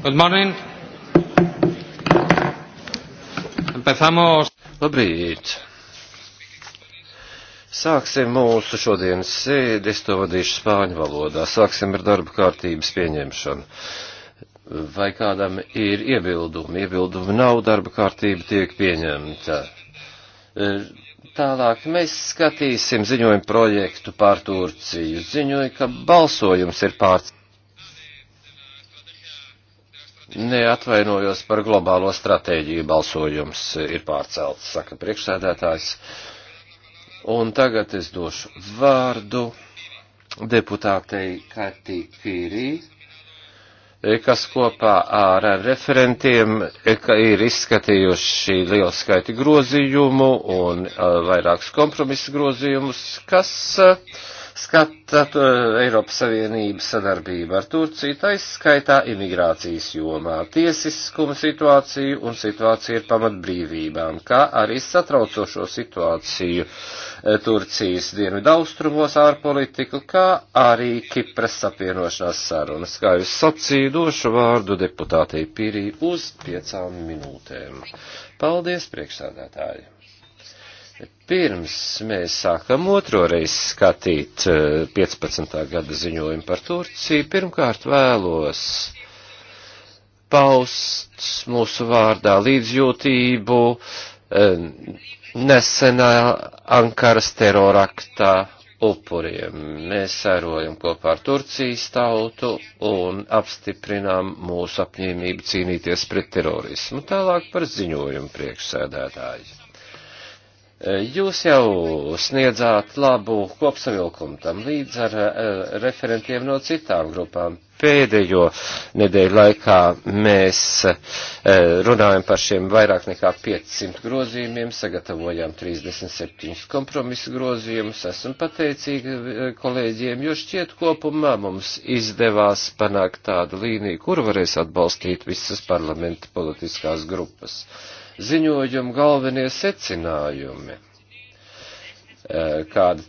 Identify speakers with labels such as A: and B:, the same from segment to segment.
A: Good morning. Empezamos. Labrīt. Sāksim mūsu šodienas sēdi, es to vadīšu spāņu valodā. Sāksim ar darba kārtības pieņemšanu. Vai kādam ir iebildumi? Iebildumi nav, darba kārtība tiek pieņemta. Tālāk mēs skatīsim ziņojumu projektu pār Turciju. Ziņoju, ka balsojums ir pārcēlts. Neatvainojos par globālo stratēģiju, balsojums ir pārcelts, saka priekšsēdētājs. Un tagad es došu vārdu deputātei Kati Pīrī, kas kopā ar referentiem ir izskatījuši lielu skaitu grozījumu un uh, vairākus kompromisu grozījumus, kas uh, skata Eiropas Savienības sadarbību ar Turciju, taiskaitā imigrācijas jomā, tiesiskumu situāciju un situāciju ar pamatbrīvībām, kā arī satraucošo situāciju eh, Turcijas dienvidaustrumos ārpolitiku, kā arī Kipras apvienošanās sarunas. Kā jūs sacīju, došu vārdu deputātei Pirī uz piecām minūtēm. Paldies, priekšsādātāji! Pirms mēs sākam otro reizi skatīt 15. Eh, gada ziņojumu par Turciju, pirmkārt vēlos paust mūsu vārdā līdzjūtību eh, nesenā Ankaras teroraktā upuriem. Mēs sērojam kopā ar Turcijas tautu un apstiprinām mūsu apņēmību cīnīties pret terorismu. Tālāk par ziņojumu priekšsēdētāju. Jūs jau sniedzāt labu kopsavilkumu tam līdz ar eh, referentiem no citām grupām. Pēdējo nedēļu laikā mēs eh, runājam par šiem vairāk nekā 500 grozījumiem, sagatavojām 37 kompromisu grozījumus. Esmu pateicīgi eh, kolēģiem, jo šķiet kopumā mums izdevās panākt tādu līniju, kur varēs atbalstīt visas parlamenta politiskās grupas ziņojuma galvenie secinājumi. Eh, kāda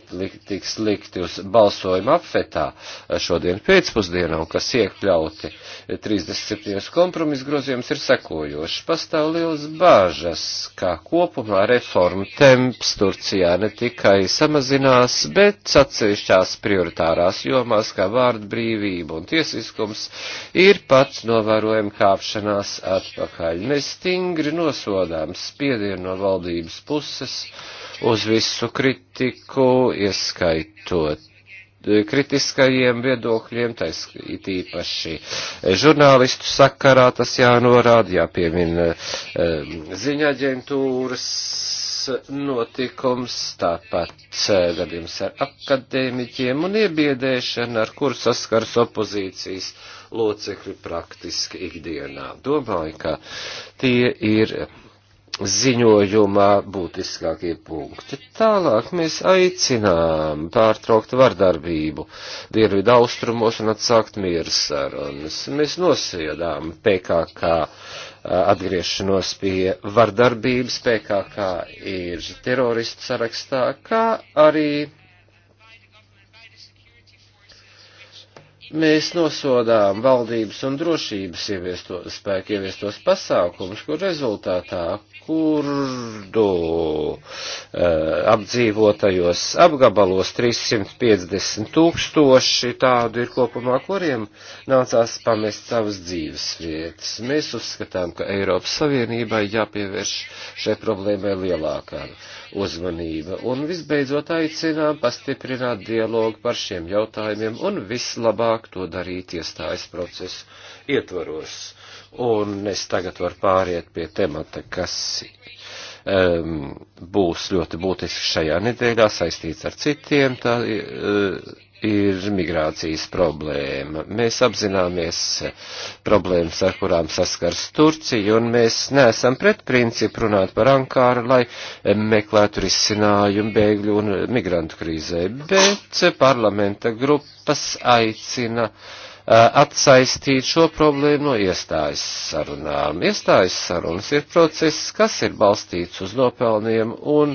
A: tiks likti uz balsojuma apfetā eh, šodien pēcpusdienā un kas iekļauti 37 eh, kompromisu grozījums ir sekojoši. Pastāv liels bāžas, ka kopumā reforma temps Turcijā ne tikai samazinās, bet atsevišķās prioritārās jomās, kā vārdu brīvība un tiesiskums, ir pats novērojama kāpšanās atpakaļ. Mēs stingri nosodām spiedienu no valdības puses uz visu kritiku, ieskaitot eh, kritiskajiem viedokļiem, tais īpaši eh, žurnālistu sakarā tas jānorāda, jāpiemina eh, ziņaģentūras notikums, tāpat gadījums ar akadēmiķiem un iebiedēšana, ar kur saskars opozīcijas locekļi praktiski ikdienā. Domāju, ka tie ir ziņojumā būtiskākie punkti. Tālāk mēs aicinām pārtraukt vardarbību Dienvidu austrumos un atsākt mieru sarunas. Mēs nosiedām PKK atgriešanos pie vardarbības, PKK ir teroristu sarakstā, kā arī Mēs nosodām valdības un drošības ieviesto, spēku ieviestos pasākumus, kur rezultātā kurdu e, apdzīvotajos apgabalos 350 tūkstoši tādu ir kopumā, kuriem nācās pamest savas dzīves vietas. Mēs uzskatām, ka Eiropas Savienībai jāpievērš šai problēmai lielākā uzmanība un visbeidzot aicinām pastiprināt dialogu par šiem jautājumiem un vislabāk to darīt iestājas procesu ietvaros un es tagad varu pāriet pie temata, kas um, būs ļoti būtisks šajā nedēļā, saistīts ar citiem. Tā, uh, ir migrācijas problēma. Mēs apzināmies problēmas, ar kurām saskars Turcija, un mēs neesam pret principu runāt par Ankāru, lai meklētu risinājumu bēgļu un migrantu krīzē, bet parlamenta grupas aicina uh, Uh, atsaistīt šo problēmu no iestājas sarunām. Iestājas sarunas ir process, kas ir balstīts uz nopelniem un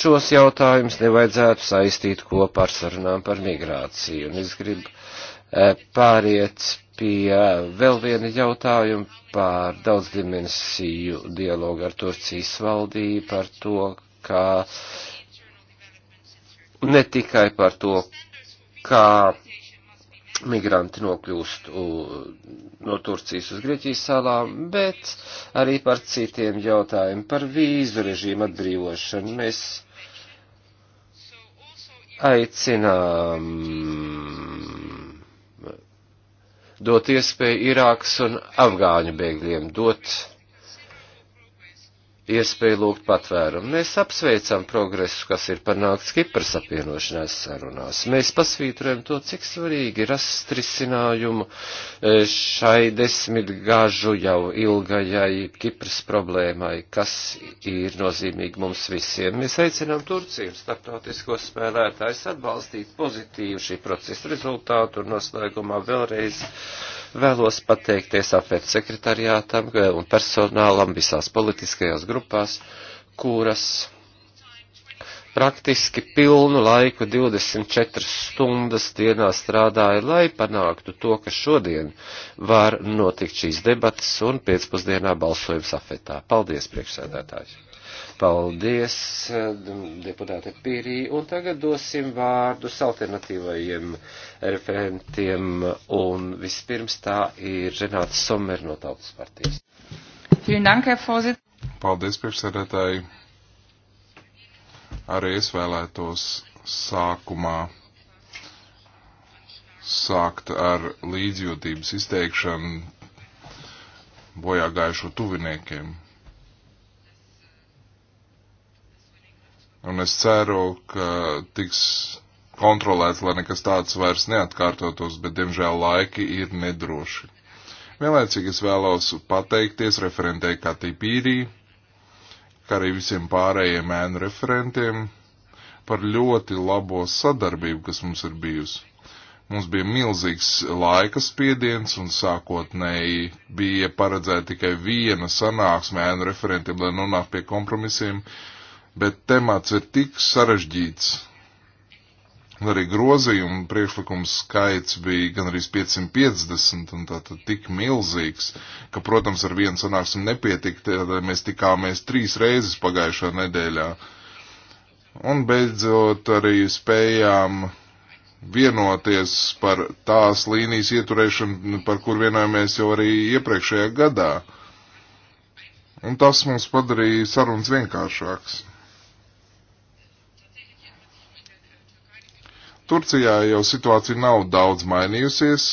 A: šos jautājumus nevajadzētu saistīt kopā ar sarunām par migrāciju. Un es gribu uh, pāriet pie vēl viena jautājuma par daudzdimensiju dialogu ar Turcijas valdību, par to, kā ne tikai par to, kā migranti nokļūst u, no Turcijas uz Grieķijas salām, bet arī par citiem jautājumiem, par vīzu režīmu atbrīvošanu. Mēs aicinām dot iespēju Irākas un Afgāņu bēgļiem dot iespēju lūgt patvērumu. Mēs apsveicam progresu, kas ir panākts Kipras apvienošanās sarunās. Mēs pasvītrojam to, cik svarīgi ir rast risinājumu e, šai desmitgažu jau ilgajai Kipras problēmai, kas ir nozīmīgi mums visiem. Mēs aicinām Turciju un starptautiskos spēlētājus atbalstīt pozitīvu šī procesa rezultātu un noslēgumā vēlreiz Vēlos pateikties apēc sekretariātam un personālam visās politiskajās grupās, kuras praktiski pilnu laiku 24 stundas dienā strādāja, lai panāktu to, ka šodien var notikt šīs debatas un pēcpusdienā balsojums afetā. Paldies, priekšsēdētāji! Paldies, eh, deputāte Pīrī, un tagad dosim vārdus alternatīvajiem referentiem, un vispirms
B: tā ir Renāta Sommer no Tautas partijas. Paldies, priekšsēdētāji. Arī es vēlētos sākumā sākt ar līdzjūtības izteikšanu bojā gājušo tuviniekiem. Un es ceru, ka tiks kontrolēts, lai nekas tāds vairs neatkārtotos, bet, diemžēl, laiki ir nedroši. Vienlaicīgi es vēlos pateikties referentei Katīpīrī, kā arī visiem pārējiem ēnu referentiem par ļoti labo sadarbību, kas mums ir bijusi. Mums bija milzīgs laika spiediens un sākotnēji bija paredzēta tikai viena sanāksme ēnu referentiem, lai nonāktu pie kompromisiem. Uh, bet temats ir tik sarežģīts, un arī grozījumu priekšlikums skaits bija gan arī 550, un tātad tik milzīgs, ka, protams, ar vienu sanāksim nepietikt, tad mēs tikāmies trīs reizes pagājušā nedēļā. Un beidzot arī spējām vienoties par tās līnijas ieturēšanu, par kur vienojamies jau arī iepriekšējā gadā. Un tas mums padarīja sarunas vienkāršākas. Turcijā jau situācija nav daudz mainījusies,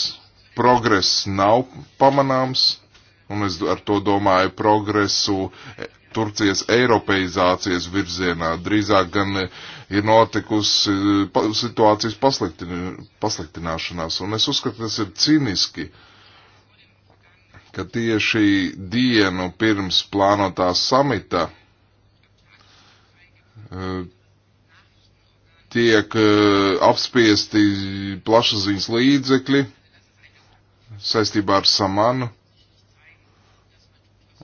B: progress nav pamanāms, un es ar to domāju progresu e, Turcijas eiropeizācijas virzienā. Drīzāk gan ir notikusi e, situācijas pasliktināšanās, un es uzskatu, tas ir ciniski, ka tieši dienu pirms plānotā samita e, tiek eh, apspiesti plašsaziņas līdzekļi saistībā ar Samanu.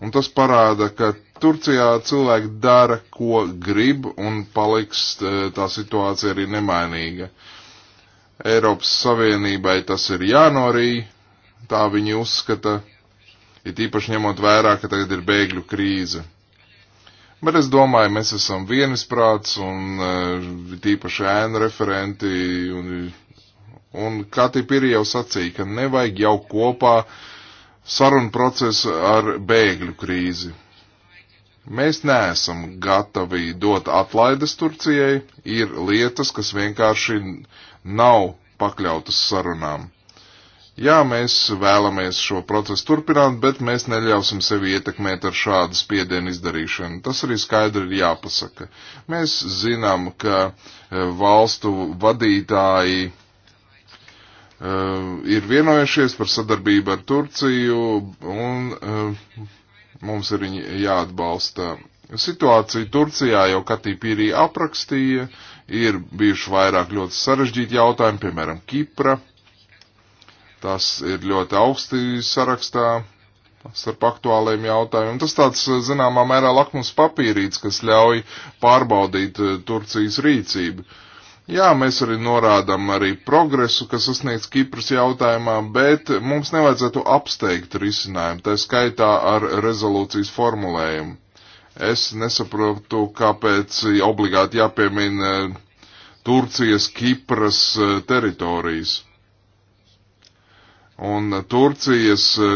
B: Un tas parāda, ka Turcijā cilvēki dara, ko grib, un paliks eh, tā situācija arī nemainīga. Eiropas Savienībai tas ir jānorī, tā viņi uzskata, ir īpaši ņemot vērā, ka tagad ir bēgļu krīze. Bet es domāju, mēs esam vienisprāts un eh, tīpaši ēna referenti un, un Katip ir jau sacīja, ka nevajag jau kopā sarunu procesu ar bēgļu krīzi. Mēs neesam gatavi dot atlaides Turcijai, ir lietas, kas vienkārši nav pakļautas sarunām. Jā, mēs vēlamies šo procesu turpināt, bet mēs neļausim sevi ietekmēt ar šādu spiedienu izdarīšanu. Tas arī skaidri ir jāpasaka. Mēs zinām, ka e, valstu vadītāji uh, ir vienojušies par sadarbību ar Turciju un uh, mums ir viņi jāatbalsta. Situācija Turcijā jau Katī Pīrī aprakstīja, ir bijuši vairāk ļoti sarežģīti jautājumi, piemēram, Kipra Tas ir ļoti augsti sarakstā starp aktuāliem jautājumiem. Tas tāds, zināmā mērā, lakmus papīrīts, kas ļauj pārbaudīt eh, Turcijas rīcību. Jā, mēs arī norādām arī progresu, kas sasniegts Kipras jautājumā, bet mums nevajadzētu apsteigt risinājumu, tā skaitā ar rezolūcijas formulējumu. Es nesaprotu, kāpēc obligāti jāpiemina eh, Turcijas, Kipras eh, teritorijas. Un Turcijas, e,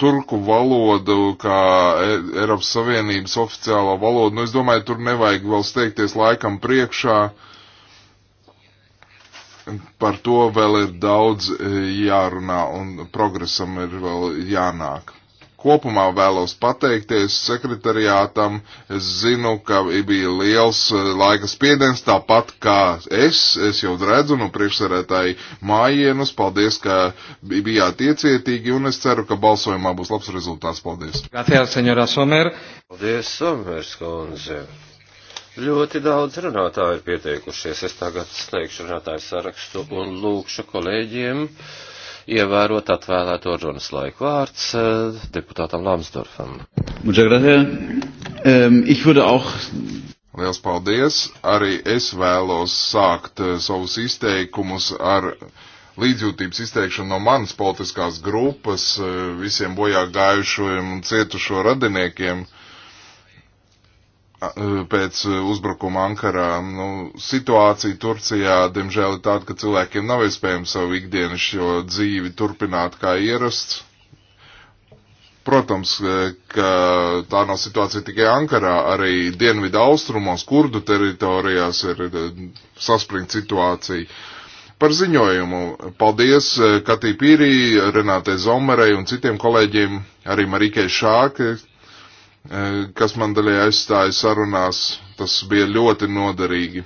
B: turku valodu kā e, Eiropas Savienības oficiālā valoda, nu es domāju, tur nevajag vēl steigties laikam priekšā. Par to vēl ir daudz e, jārunā un progresam ir vēl jānāk. Kopumā vēlos pateikties sekretariātam. Es zinu, ka bija liels eh, laika spiediens, tāpat kā es. Es jau redzu no nu, priekšsarētāji mājienus. Paldies, ka bijāt iecietīgi un es ceru, ka balsojumā būs labs rezultāts. Paldies.
A: Gracias, senora Somer. Paldies, Somers, kundze. Ļoti daudz runātāju ir pieteikušies. Es tagad slēgšu runātāju sarakstu un lūkšu kolēģiem. Uh, ievērot atvēlēto
B: runas laiku vārds eh, deputātam Lamsdorfam. Liels paldies! Arī es vēlos sākt eh, savus izteikumus ar līdzjūtības izteikšanu no manas politiskās grupas eh, visiem bojā gājušajiem un cietušo radiniekiem. Uh, E, pēc uzbrukuma Ankarā. Nu, situācija Turcijā, diemžēl, ir tāda, ka cilvēkiem nav iespējams savu ikdienas šo dzīvi turpināt kā ierasts. Protams, e, ka tā nav situācija tikai Ankarā, arī dienvidu austrumos, kurdu teritorijās ir e, saspringta situācija. Par ziņojumu paldies Katī Pīrī, Renātei Zomerei un citiem kolēģiem, arī Marīkai Šāke, Eh, kas man daļai aizstāja sarunās, tas bija ļoti noderīgi.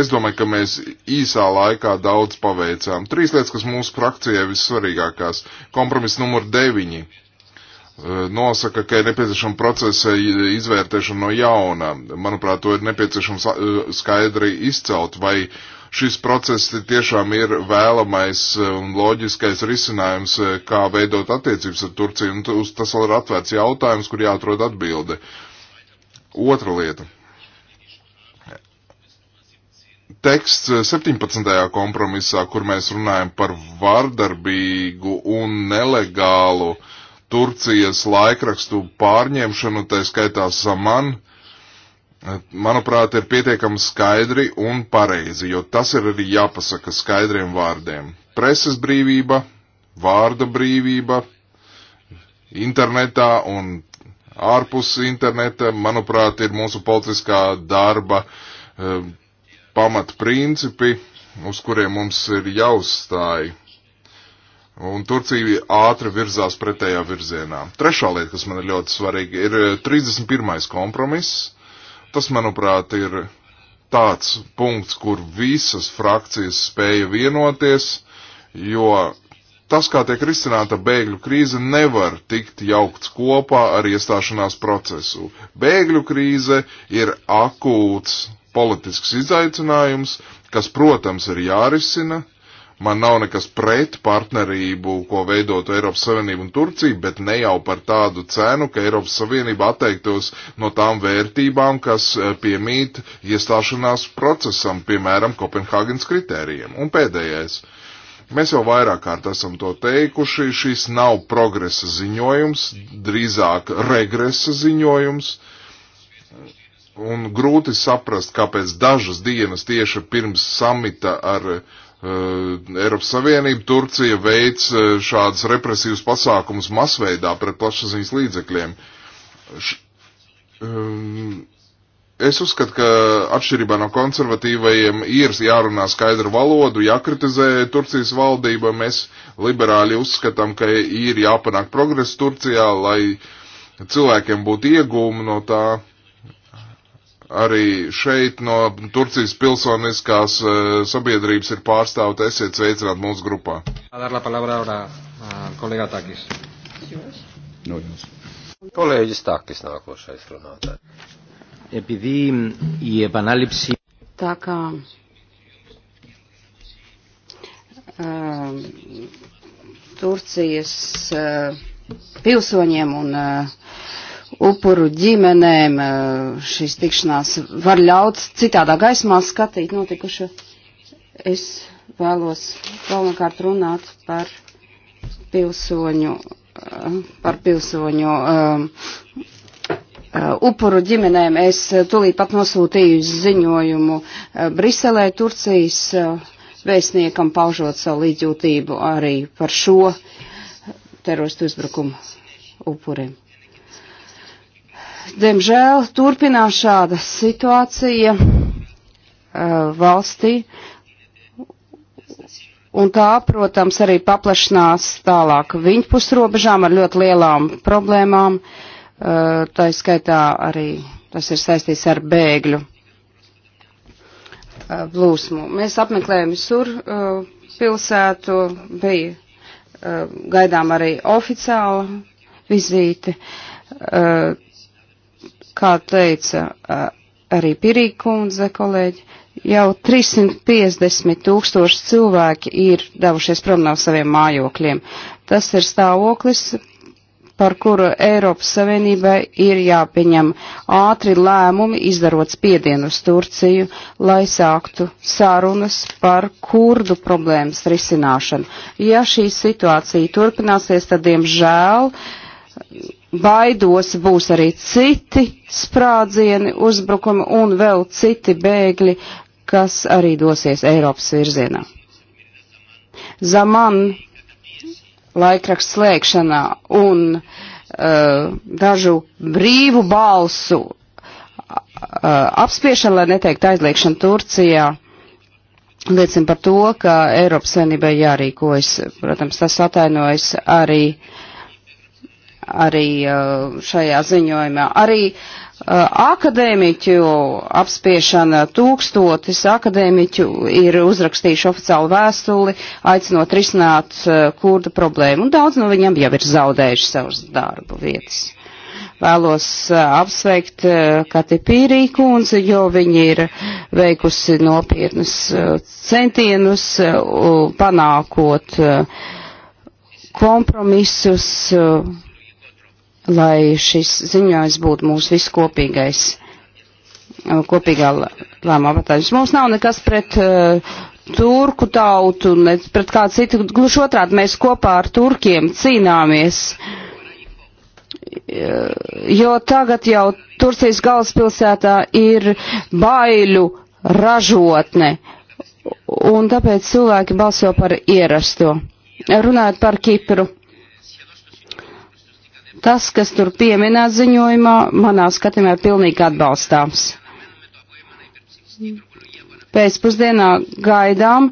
B: Es domāju, ka mēs īsā laikā daudz paveicām. Trīs lietas, kas mūsu frakcijai vissvarīgākās. Kompromiss numur deviņi eh, nosaka, ka ir nepieciešama procesa izvērtēšana no jauna. Manuprāt, to ir nepieciešams eh, skaidri izcelt, vai šis process tiešām ir vēlamais e, un loģiskais risinājums, e, kā veidot attiecības ar Turciju. Un tas vēl ir atvērts jautājums, kur jāatrod atbilde. Otra lieta. Teksts 17. kompromisā, kur mēs runājam par vardarbīgu un nelegālu Turcijas laikrakstu pārņemšanu, tā skaitā Saman, manuprāt, ir pietiekami skaidri un pareizi, jo tas ir arī jāpasaka skaidriem vārdiem. Preses brīvība, vārda brīvība, internetā un ārpus interneta, manuprāt, ir mūsu politiskā darba um, pamatprincipi, uz kuriem mums ir jāuzstāj. Un Turcija ātri virzās pretējā virzienā. Trešā lieta, kas man ir ļoti svarīga, ir 31. Eh, kompromiss Tas, manuprāt, ir tāds punkts, kur visas frakcijas spēja vienoties, jo tas, kā tiek risināta bēgļu krīze, nevar tikt jaukts kopā ar iestāšanās procesu. Bēgļu krīze ir akūts politisks izaicinājums, kas, protams, ir jārisina, Man nav nekas pret partnerību, ko veidotu Eiropas Savienība un Turcija, bet ne jau par tādu cenu, ka Eiropas Savienība atteiktos no tām vērtībām, kas eh, piemīt iestāšanās procesam, piemēram, Kopenhāgenes kritērijiem. Un pēdējais. Mēs jau vairāk kārt esam to teikuši, šis nav progresa ziņojums, drīzāk regresa ziņojums. Un grūti saprast, kāpēc dažas dienas tieši pirms samita ar uh, Eh, Eiropas Savienība, Turcija veic eh, šādas represīvas pasākumus masveidā pret plašsaziņas līdzekļiem. Š, um, es uzskatu, ka atšķirībā no konservatīvajiem ir jārunā skaidru valodu, jākritizē Turcijas valdība. Mēs liberāļi uzskatām, ka ir jāpanāk progress Turcijā, lai cilvēkiem būtu iegūmi no tā. Arī šeit no Turcijas pilsoniskās eh, sabiedrības ir pārstāvta. Esiet sveicināti mūsu grupā.
A: Kolēģis Takis nākošais runātājs.
C: Tā kā uh, Turcijas uh, pilsoņiem un uh, upuru ģimenēm eh, šīs tikšanās var ļaut citādā gaismā skatīt notikušo. Es vēlos galvenokārt runāt par pilsoņu, eh, par pilsoņu um, upuru ģimenēm. Es tulīt pat nosūtīju ziņojumu Briselē, Turcijas vēstniekam paužot savu līdzjūtību arī par šo teroristu uzbrukumu upuriem. Diemžēl turpinās šāda situācija uh, valstī, un tā, protams, arī paplašinās tālāk viņpus robežām ar ļoti lielām problēmām, uh, tā skaitā arī tas ir saistīts ar bēgļu uh, plūsmu. Mēs apmeklējām sur uh, pilsētu, bija uh, gaidām arī oficiāla vizīte. Uh, kā teica arī Pirīkundze kolēģi, jau 350 tūkstoši cilvēki ir devušies prom no saviem mājokļiem. Tas ir stāvoklis, par kuru Eiropas Savienībai ir jāpieņem ātri lēmumi, izdarot spiedienu uz Turciju, lai sāktu sarunas par kurdu problēmas risināšanu. Ja šī situācija turpināsies, tad, diemžēl, uh, baidos būs arī citi sprādzieni, uzbrukumi un vēl citi bēgļi, kas arī dosies Eiropas virzienā. Zaman laikraksts slēgšanā un uh, dažu brīvu balsu uh, apspiešana, lai neteikt aizliekšana Turcijā, liecina par to, ka Eiropas savienībai jārīkojas. Protams, tas atainojas arī uh, arī šajā ziņojumā. Arī akadēmiķu apspiešana tūkstotis akadēmiķu ir uzrakstījuši oficiālu vēstuli, aicinot risināt kurdu problēmu, un daudz no viņiem jau ir zaudējuši savus darbu vietas. Vēlos apsveikt Kati Pīrī kundzi, jo viņa ir veikusi nopietnus centienus, panākot kompromisus, lai šis ziņojums būtu mūsu visu kopīgais, uh, kopīgā lēmā patājums. Mums nav nekas pret uh, turku tautu, ne pret kādu citu, gluži otrādi mēs kopā ar turkiem cīnāmies. Uh, jo tagad jau Turcijas galvaspilsētā ir baiļu ražotne, un tāpēc cilvēki balso par ierasto. Runājot par Kipru Tas, kas tur pieminēts ziņojumā, manā skatījumā ir pilnīgi atbalstāms. Pēcpusdienā gaidām,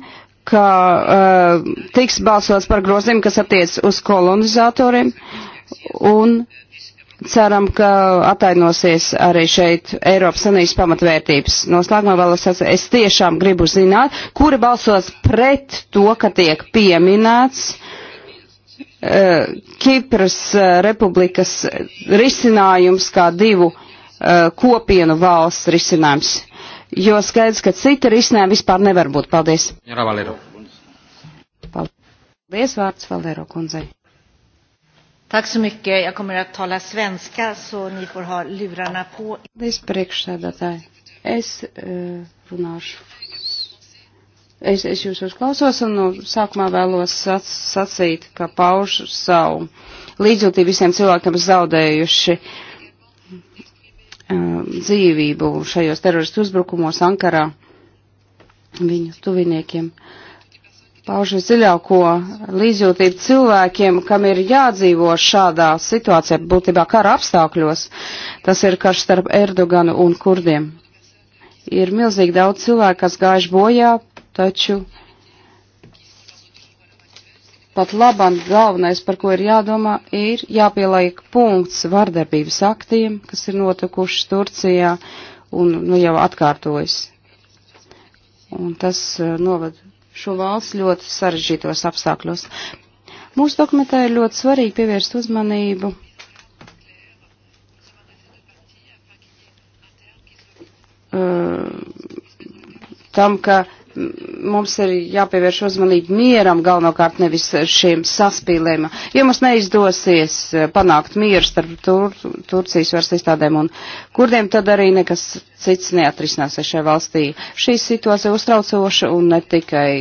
C: ka uh, tiks balsots par grozīm, kas attiec uz kolonizatoriem, un ceram, ka atainosies arī šeit Eiropas Sanības pamatvērtības. Noslēgumā vēlos sacīt, es tiešām gribu zināt, kuri balsos pret to, ka tiek pieminēts uh, Eh, Kipras eh, republikas risinājums kā divu eh, kopienu valsts risinājums, jo skaidrs, ka cita risinājuma vispār nevar būt. Paldies. Jā, Valero. Paldies vārds Valero kundzei. Tack så mycket. Jag kommer att tala svenska så ni får ha lurarna på. Vice priekšsēdētāji, es uh, runāšu Es, es jūs uzklausos un no nu, sākumā vēlos sac, sacīt, ka paužu savu līdzjūtību visiem cilvēkiem zaudējuši um, dzīvību šajos teroristu uzbrukumos Ankarā viņu tuviniekiem. Paužu dziļāko līdzjūtību cilvēkiem, kam ir jādzīvo šādā situācijā, būtībā kara apstākļos. Tas ir karš starp Erdoganu un kurdiem. Ir milzīgi daudz cilvēku, kas gājuši bojā Taču pat labam galvenais, par ko ir jādomā, ir jāpieliek punkts vardarbības aktiem, kas ir notikuši Turcijā un nu, jau atkārtojas. Un tas eh, novad šo valsts ļoti sarežģītos apstākļos. Mūsu dokumentā ir ļoti svarīgi pievērst uzmanību eh, tam, ka mums ir jāpievērš uzmanība mieram galvenokārt nevis šiem saspīlēm. Ja mums neizdosies panākt mieru starp Tur Turcijas varas iestādēm un kurdiem, tad arī nekas cits neatrisināsies šajā valstī. Šī situācija uztraucoša un ne tikai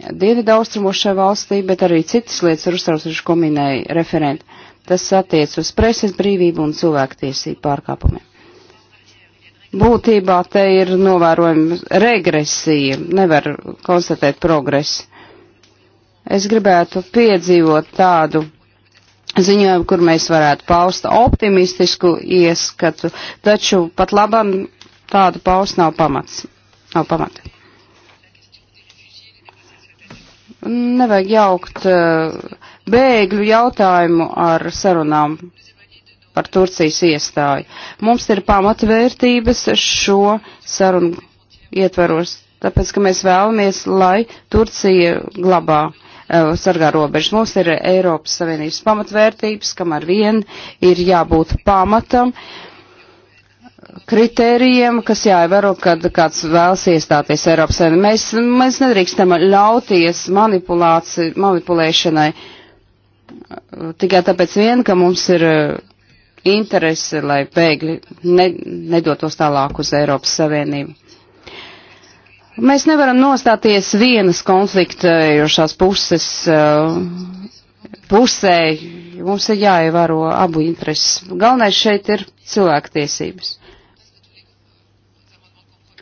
C: dienvidu austrumos šajā valstī, bet arī citas lietas ir uztraucošas, ko minēja referenti. Tas attiec uz preses brīvību un cilvēktiesību pārkāpumiem būtībā te ir novērojama regresija, nevar konstatēt progresu. Es gribētu piedzīvot tādu ziņojumu, kur mēs varētu paust optimistisku ieskatu, taču pat labam tādu paust nav pamats. Nav pamata. Nevajag jaukt eh, bēgļu jautājumu ar sarunām par Turcijas iestāju. Mums ir pamatvērtības šo sarunu ietvaros, tāpēc, ka mēs vēlamies, lai Turcija glabā eh, sargā robežas. Mums ir Eiropas Savienības pamatvērtības, kam ar vien ir jābūt pamatam kritērijiem, kas jāievēro, kad kāds vēlas iestāties Eiropas Savienībā. Mēs, mēs nedrīkstam ļauties manipulēšanai eh, tikai tāpēc vien, ka mums ir eh, interesi, lai bēgļi ne, nedotos tālāk uz Eiropas Savienību. Mēs nevaram nostāties vienas konfliktējošās puses eh, pusē, mums ir jāievaro abu intereses. Galvenais šeit ir cilvēktiesības.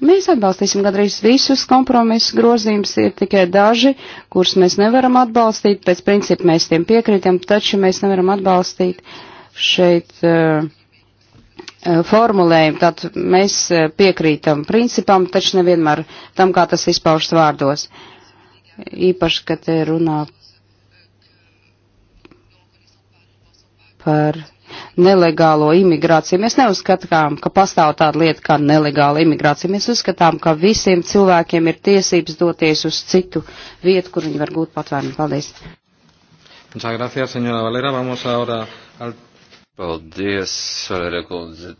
C: Mēs atbalstīsim gandrīz visus kompromisu grozījumus, ir tikai daži, kurus mēs nevaram atbalstīt, pēc principa mēs tiem piekrītam, taču mēs nevaram atbalstīt uh, šeit eh, eh, formulējumu. Tad mēs eh, piekrītam principam, taču nevienmēr tam, kā tas izpaužas vārdos. Īpaši, kad te runā par nelegālo imigrāciju. Mēs neuzskatām, ka pastāv tāda lieta kā nelegāla imigrācija. Mēs uzskatām, ka visiem cilvēkiem ir tiesības doties uz citu vietu, kur viņi var gūt patvērumu. Paldies!
A: Muchas gracias, señora Valera. Vamos ahora al Paldies, Valērija Kundze.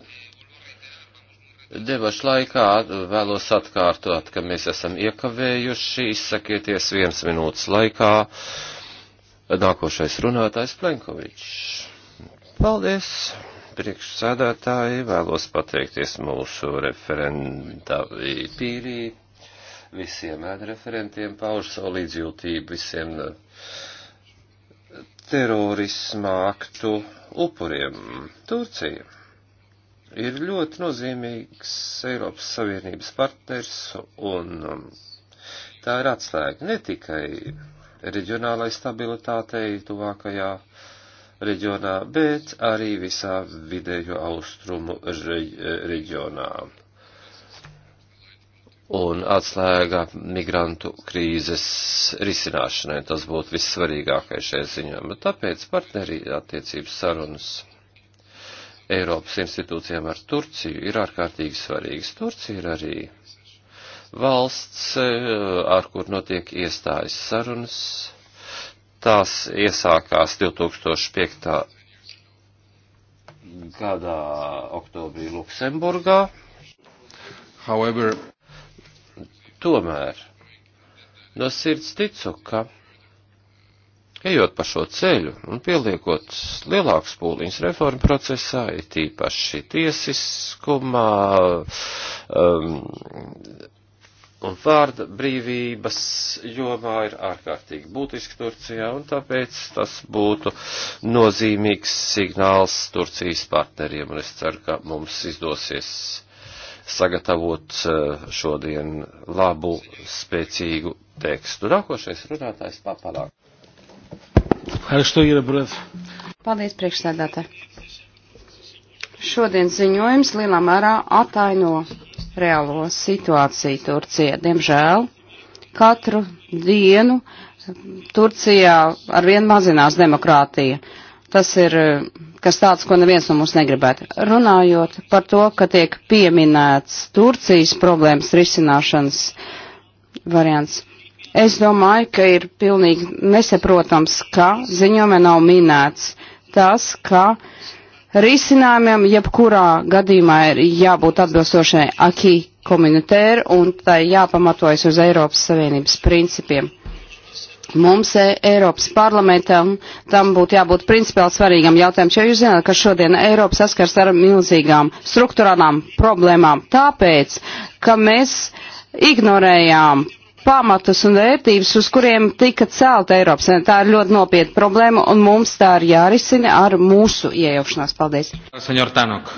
A: Debašu laikā vēlos atkārtot, ka mēs esam iekavējuši, izsakieties viens minūtes laikā. Nākošais runātājs Plenkovičs. Paldies, priekšsēdētāji, vēlos pateikties mūsu referentā Pīrī, visiem referentiem pauž savu līdzjūtību, visiem uh, terorisma aktu upuriem. Turcija ir ļoti nozīmīgs Eiropas Savienības partners un um, tā ir atslēga ne tikai reģionālai stabilitātei tuvākajā reģionā, bet arī visā vidējo austrumu reģionā un atslēga migrantu krīzes risināšanai. Tas būtu vissvarīgākais šajā ziņā. Bet tāpēc partneri attiecības sarunas Eiropas institūcijām ar Turciju ir ārkārtīgi svarīgas. Turcija ir arī valsts, e, ar kur notiek iestājas sarunas. Tās iesākās 2005. gadā oktobrī Luksemburgā. However, Tomēr no sirds ticu, ka ejot pa šo ceļu un pieliekot lielākus pūliņus reformu procesā, ir tīpaši tiesiskumā um, un vārda brīvības jomā ir ārkārtīgi būtiski Turcijā, un tāpēc tas būtu nozīmīgs signāls Turcijas partneriem, un es ceru, ka mums izdosies sagatavot eh, šodien labu, spēcīgu tekstu. Nākošais runātājs papalāk.
C: Paldies, priekšsēdētāji. Šodien ziņojums lielā mērā ataino reālo situāciju Turcijā. Diemžēl katru dienu Turcijā arvien mazinās demokrātija. Uh, tas ir eh, kas tāds, ko neviens no mums negribētu. Runājot par to, ka tiek pieminēts Turcijas problēmas risināšanas variants, es domāju, ka ir pilnīgi nesaprotams, ka ziņojumā nav minēts tas, ka risinājumiem jebkurā gadījumā ir jābūt atbilstošai akī komunitēru un tai jāpamatojas uz Eiropas Savienības principiem. Mums e, Eiropas parlamentam tam būtu jābūt principiāli svarīgam jautājumam, jo jūs zināt, ka šodien Eiropa saskars ar milzīgām struktūrālām problēmām, tāpēc, ka mēs ignorējām pamatus un vērtības, uz kuriem tika celta Eiropas. Tā ir ļoti nopietna problēma, un mums tā ir jārisina ar mūsu iejaukšanās. Paldies. Senjor Tanok.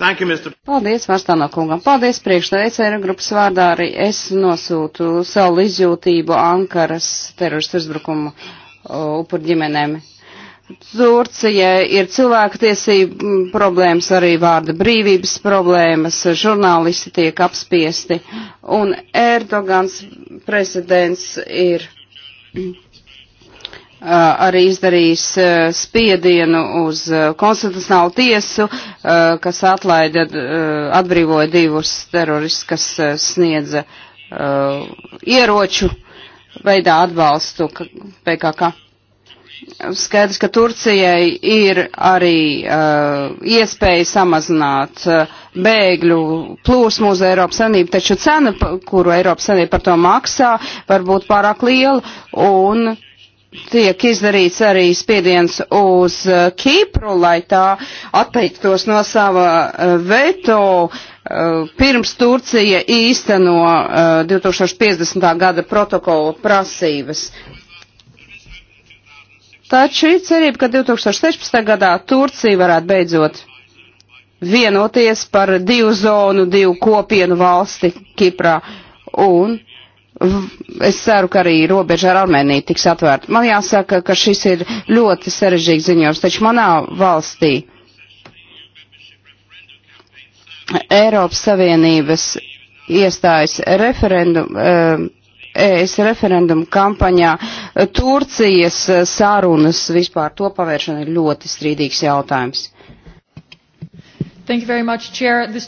C: Thank you, Mr. Paldies, Varstāno kungam. Paldies, priekšsēdētāja grupas vārdā arī es nosūtu savu izjūtību Ankaras teroristu uzbrukumu upur ģimenēm. Turcija ir cilvēktiesība problēmas, arī vārda brīvības problēmas, žurnālisti tiek apspiesti, un Erdogans prezidents ir Eh, arī izdarījis eh, spiedienu uz eh, konstitucionālu tiesu, kas atlaida, atbrīvoja divus teroristus, kas sniedza ieroču veidā atbalstu PKK. Skaidrs, ka Turcijai ir arī uh, iespēja samazināt uh, bēgļu plūsmu uz Eiropas Savienību, taču cena, kuru Eiropas Savienība par to maksā, var būt pārāk liela, un uh, tiek izdarīts arī spiediens uz uh, Kipru, lai tā atteiktos no sava uh, veto uh, pirms Turcija īsteno 2050. gada protokola prasības. Taču ir cerība, ka 2016. gadā Turcija varētu beidzot vienoties par divu zonu, divu kopienu valsti Kiprā. Un Es ceru, ka arī robeža ar Armēniju tiks atvērta. Man jāsaka, ka šis ir ļoti sarežģīts ziņojums, taču manā valstī Eiropas Savienības iestājas referendum, eh, ES referendumu kampaņā eh, Turcijas eh, sārunas vispār to pavēršana ir ļoti strīdīgs jautājums. Much,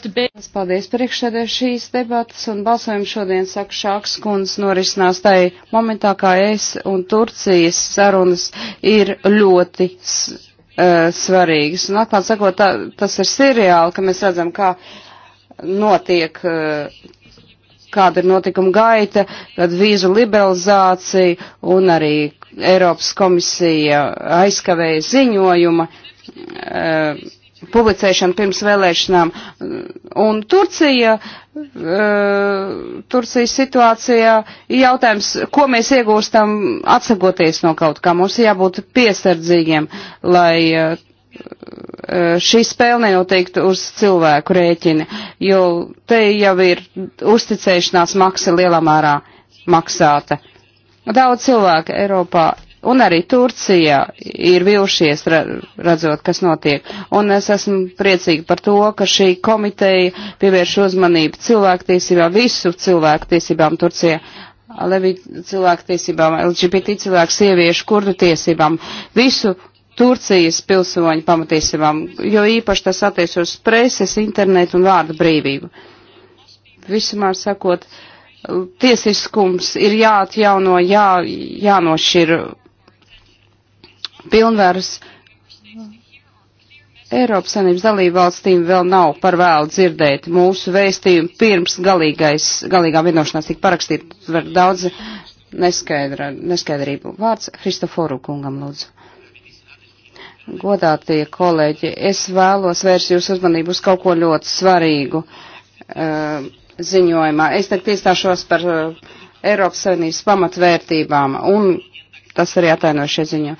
C: debate... Paldies priekšsēdē šīs debatas un balsojumu šodien saka Šāks kundz norisinās tai momentā, kā es un Turcijas sarunas ir ļoti uh, svarīgas. Un atklāt sakot, tā, tas ir seriāli, ka mēs redzam, kā notiek. Uh, kāda ir notikuma gaita, kad vīzu liberalizācija un arī Eiropas komisija aizkavēja ziņojuma. Uh, publicēšanu pirms vēlēšanām. Un Turcija, eh, Turcijas situācijā ir jautājums, ko mēs iegūstam atsakoties no kaut kā. Mums jābūt piesardzīgiem, lai eh, šī spēle nenoteikti uz cilvēku rēķina, jo te jau ir uzticēšanās maksa lielā mērā maksāta. Daudz cilvēku Eiropā Un arī Turcija ir vilšies, redzot, kas notiek. Un es esmu priecīgi par to, ka šī komiteja pievērš uzmanību cilvēktiesībām, visu cilvēktiesībām Turcijā. Levi cilvēktiesībām, LGBT cilvēku sieviešu, kurdu tiesībām, visu Turcijas pilsoņu pamatiesībām, jo īpaši tas attiec uz preses, internetu un vārdu brīvību. Visumā sakot, tiesiskums ir jāatjauno, jā, jānošķir pilnvaras Eiropas Savienības dalību valstīm vēl nav par vēlu dzirdēt mūsu vēstījumu pirms galīgais, galīgā vienošanās tika parakstīt. Var daudz neskaidra, neskaidrību. Vārds Kristoforu kungam lūdzu. Godātie kolēģi, es vēlos vērst jūsu uzmanību uz kaut ko ļoti svarīgu uh, ziņojumā. Es tagad iestāšos par uh, Eiropas Savienības pamatvērtībām un tas arī atainošie ziņo.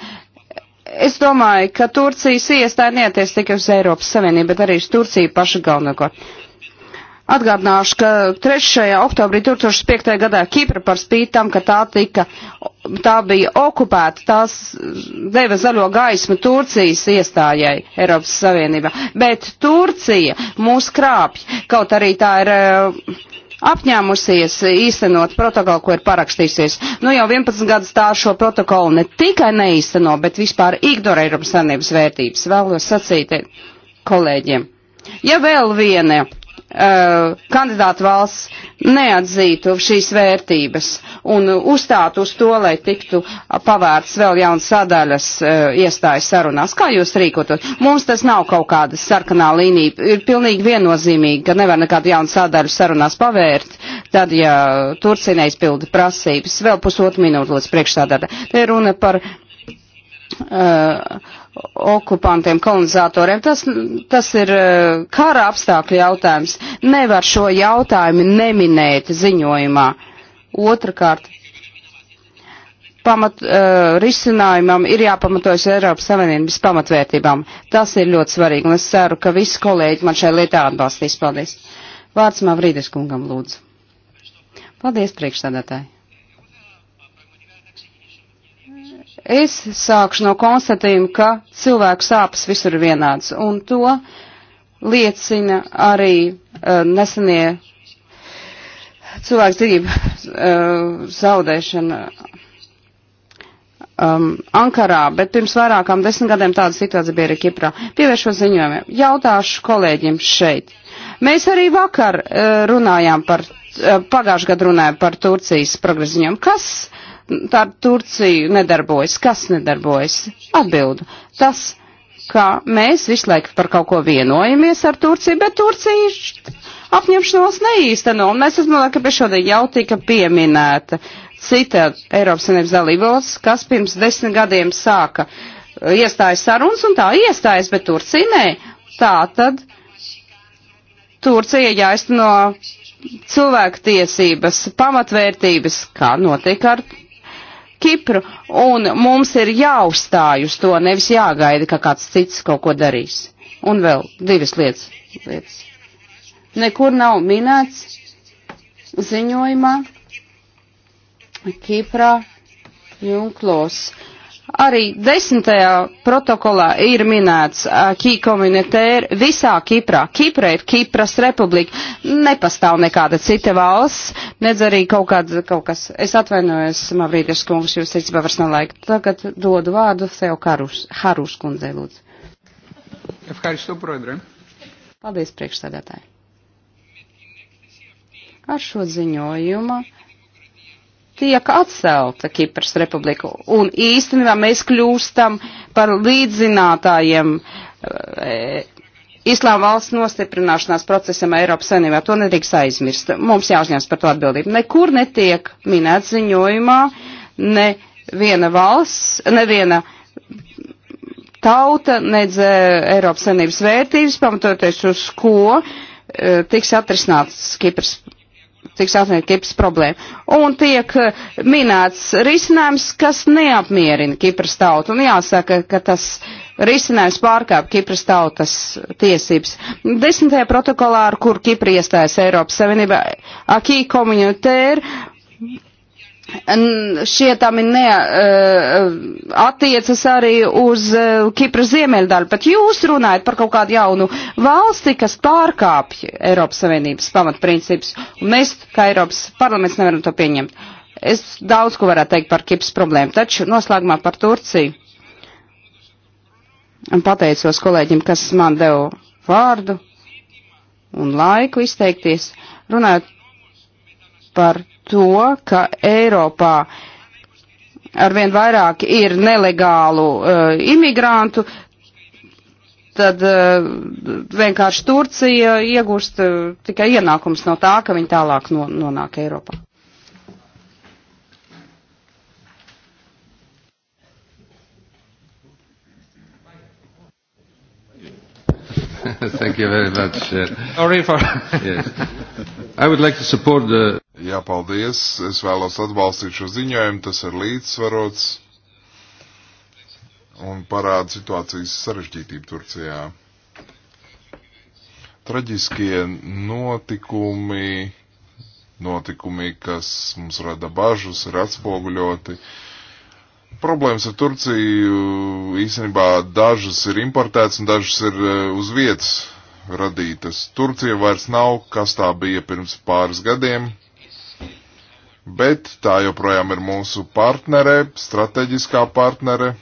C: Es domāju, ka Turcijas iestāja neaties tikai uz Eiropas Savienību, bet arī uz Turciju pašu galvenokārt. Atgādināšu, ka 3. oktobrī 2005. gadā Kipra par spīti tam, ka tā, tika, tā bija okupēta, tās deva zaļo gaismu Turcijas iestājai Eiropas Savienībā. Bet Turcija mūs krāpj, kaut arī tā ir uh, apņēmusies īstenot protokolu, ko ir parakstīsies. Nu jau 11 gadus tā šo protokolu ne tikai neīsteno, bet vispār ignorē Eiropas saimnības vērtības. Vēlos sacīt eh, kolēģiem. Ja vēl viena Eh, kandidātu valsts neatzītu šīs vērtības un uzstātu uz to, lai tiktu pavērts vēl jaunas sadaļas eh, iestājas sarunās. Kā jūs rīkotot? Mums tas nav kaut kāda sarkanā līnija. Ir pilnīgi viennozīmīgi, ka nevar nekādu jaunu sadaļu sarunās pavērt, tad, ja Turcija neizpilda prasības. Vēl pusotru minūtu līdz priekšstādātā. Te runa par uh, okupantiem, kolonizatoriem. Tas, tas ir uh, kara apstākļu jautājums. Nevar šo jautājumu neminēt ziņojumā. Otrakārt, pamat, uh, risinājumam ir jāpamatojas Eiropas Savienības pamatvērtībām. Tas ir ļoti svarīgi, un es ceru, ka visi kolēģi man šajā lietā atbalstīs. Paldies. Vārds Mavrīdes kungam lūdzu. Paldies, priekšsādātāji. Es sākšu no konstatējuma, ka cilvēku sāpes visur ir vienāds, un to liecina arī uh, nesenie cilvēku dzīvību uh, zaudēšana um, Ankarā, bet pirms vairākām desmit gadiem tāda situācija bija arī Kiprā. Pievēršos ziņojumiem. Jautāšu kolēģim šeit. Mēs arī vakar uh, runājām par, uh, pagājušajā gadā runājām par Turcijas progresiņiem. Kas uh, ar Turciju nedarbojas. Kas nedarbojas? Atbildu. Tas, ka mēs visu laiku par kaut ko vienojamies ar Turciju, bet Turcija apņemšanos neīsteno. Un mēs esam, ka pie šodien jau tika pieminēta cita Eiropas Savienības dalībvalsts, kas pirms desmit gadiem sāka uh, iestājas sarunas un tā iestājas, bet Turcija nē. Tā tad Turcija jāizteno cilvēku tiesības, pamatvērtības, kā notika ar Kipru, un mums ir jāuzstāj uz to, nevis jāgaida, ka kāds cits kaut ko darīs. Un vēl divas lietas. lietas. Nekur nav minēts ziņojumā Kiprā Junklos. Uh, Arī desmitajā protokolā ir minēts Kī komunitēri visā Kiprā. Kipra ir Kipras republika. Nepastāv nekāda cita valsts, nedz arī kaut, kāds, kaut kas. Es atvainojos, Mavrīdis kungs, jūs teicībā vairs nav laika. Tagad dodu vārdu sev Karus, Harus kundzei, lūdzu. Paldies, priekšsēdētāji. Ar šo ziņojumu tiek atcelta Kipras republika. Un īstenībā mēs kļūstam par līdzinātājiem e, eh, Islāma valsts nostiprināšanās procesam Eiropas Savienībā. To nedrīkst aizmirst. Mums jāuzņems par to atbildību. Nekur netiek minēt ziņojumā ne viena valsts, neviena tauta, nedz eh, Eiropas Savienības vērtības, pamatoties uz ko eh, tiks atrisināts Kipras tiks atzīt Kipras problēma. Un tiek eh, minēts risinājums, kas neapmierina Kipras tautu. Un jāsaka, ka tas risinājums pārkāp Kipras tautas tiesības. Desmitajā protokolā, ar kur Kipra iestājas Eiropas Savienībā, akī komunitēra šietami ne, eh, attiecas arī uz eh, Kipras ziemeļdaļu, bet jūs runājat par kaut kādu jaunu valsti, kas pārkāpj Eiropas Savienības pamatprincipus, un mēs, kā Eiropas parlaments, nevaram to pieņemt. Es daudz ko varētu teikt par Kipras problēmu, taču noslēgumā par Turciju. Un pateicos kolēģim, kas man deva vārdu un laiku izteikties, runājot par to, ka Eiropā arvien vairāk ir nelegālu uh, imigrantu, tad uh, vienkārši Turcija iegūst uh, tikai ienākums no tā, ka viņi tālāk no, nonāk Eiropā.
A: Thank you very much. Uh, Sorry for. yes.
B: I would like to support the Jā, paldies. Es vēlos atbalstīt šo ziņojumu. Tas ir līdzsvarots un parāda situācijas sarežģītību Turcijā. Traģiskie notikumi, notikumi, kas mums rada bažas, ir atspoguļoti. Problēmas ar Turciju īstenībā dažas ir importētas un dažas ir eh, uz vietas radītas. Turcija vairs nav, kas tā bija pirms pāris gadiem bet tā joprojām ir mūsu partnere, strateģiskā partnere,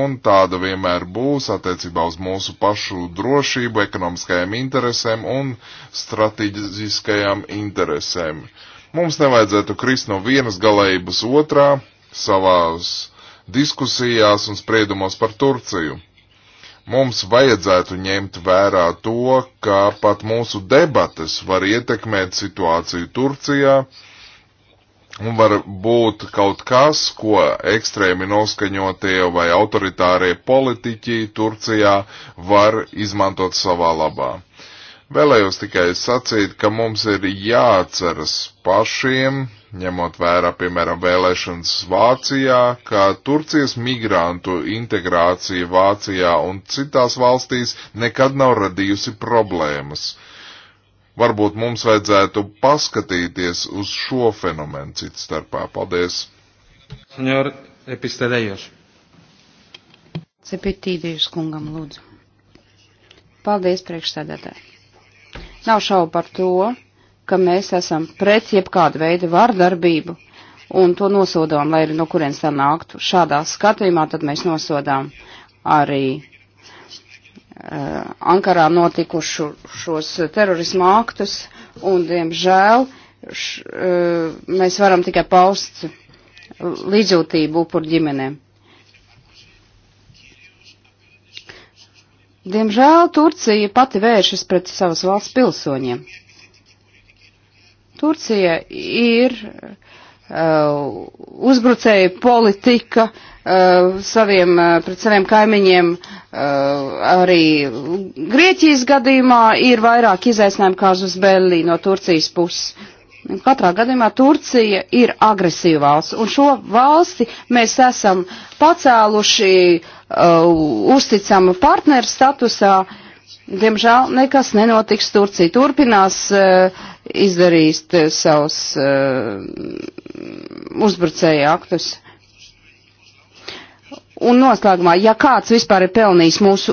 B: un tāda vienmēr būs attiecībā uz mūsu pašu drošību, ekonomiskajiem interesēm un strateģiskajām interesēm. Mums nevajadzētu krist no vienas galējības otrā savās diskusijās un spriedumos par Turciju. Mums vajadzētu ņemt vērā to, ka pat mūsu debates var ietekmēt situāciju Turcijā, uh, Un var būt kaut kas, ko ekstrēmi noskaņotie vai autoritārie politiķi Turcijā var izmantot savā labā. Vēlējos tikai sacīt, ka mums ir jāatceras pašiem, ņemot vērā, piemēram, vēlēšanas Vācijā, ka Turcijas migrantu integrācija Vācijā un citās valstīs nekad nav radījusi problēmas. Uh, Varbūt mums vajadzētu paskatīties uz šo fenomenu citu starpā. Paldies!
A: Senjor Epistēdējos.
C: Cepitīdījus kungam lūdzu. Paldies priekšsēdētāji. Nav šaubu par to, ka mēs esam pret jebkādu veidu vardarbību un to nosodām, lai arī no kurienes tā nāktu. Šādā skatījumā tad mēs nosodām arī Uh, Ankarā notikušu šos terorismu aktus, un, diemžēl, š, uh, mēs varam tikai paust līdzjūtību upuru ģimenēm. Diemžēl Turcija pati vēršas pret savas valsts pilsoņiem. Turcija ir uh, Uh, uzbrucēja politika uh, saviem, uh, pret saviem kaimiņiem uh, arī Grieķijas gadījumā ir vairāk izaicinājumu kā uz Berlī no Turcijas puses. Katrā gadījumā Turcija ir agresīva valsts, un šo valsti mēs esam pacēluši uh, uzticama partneru statusā. Diemžēl nekas nenotiks Turcija. Turpinās uh, izdarījis eh, savus uh, uzbrucēja aktus. Un noslēgumā, ja kāds vispār ir pelnījis mūsu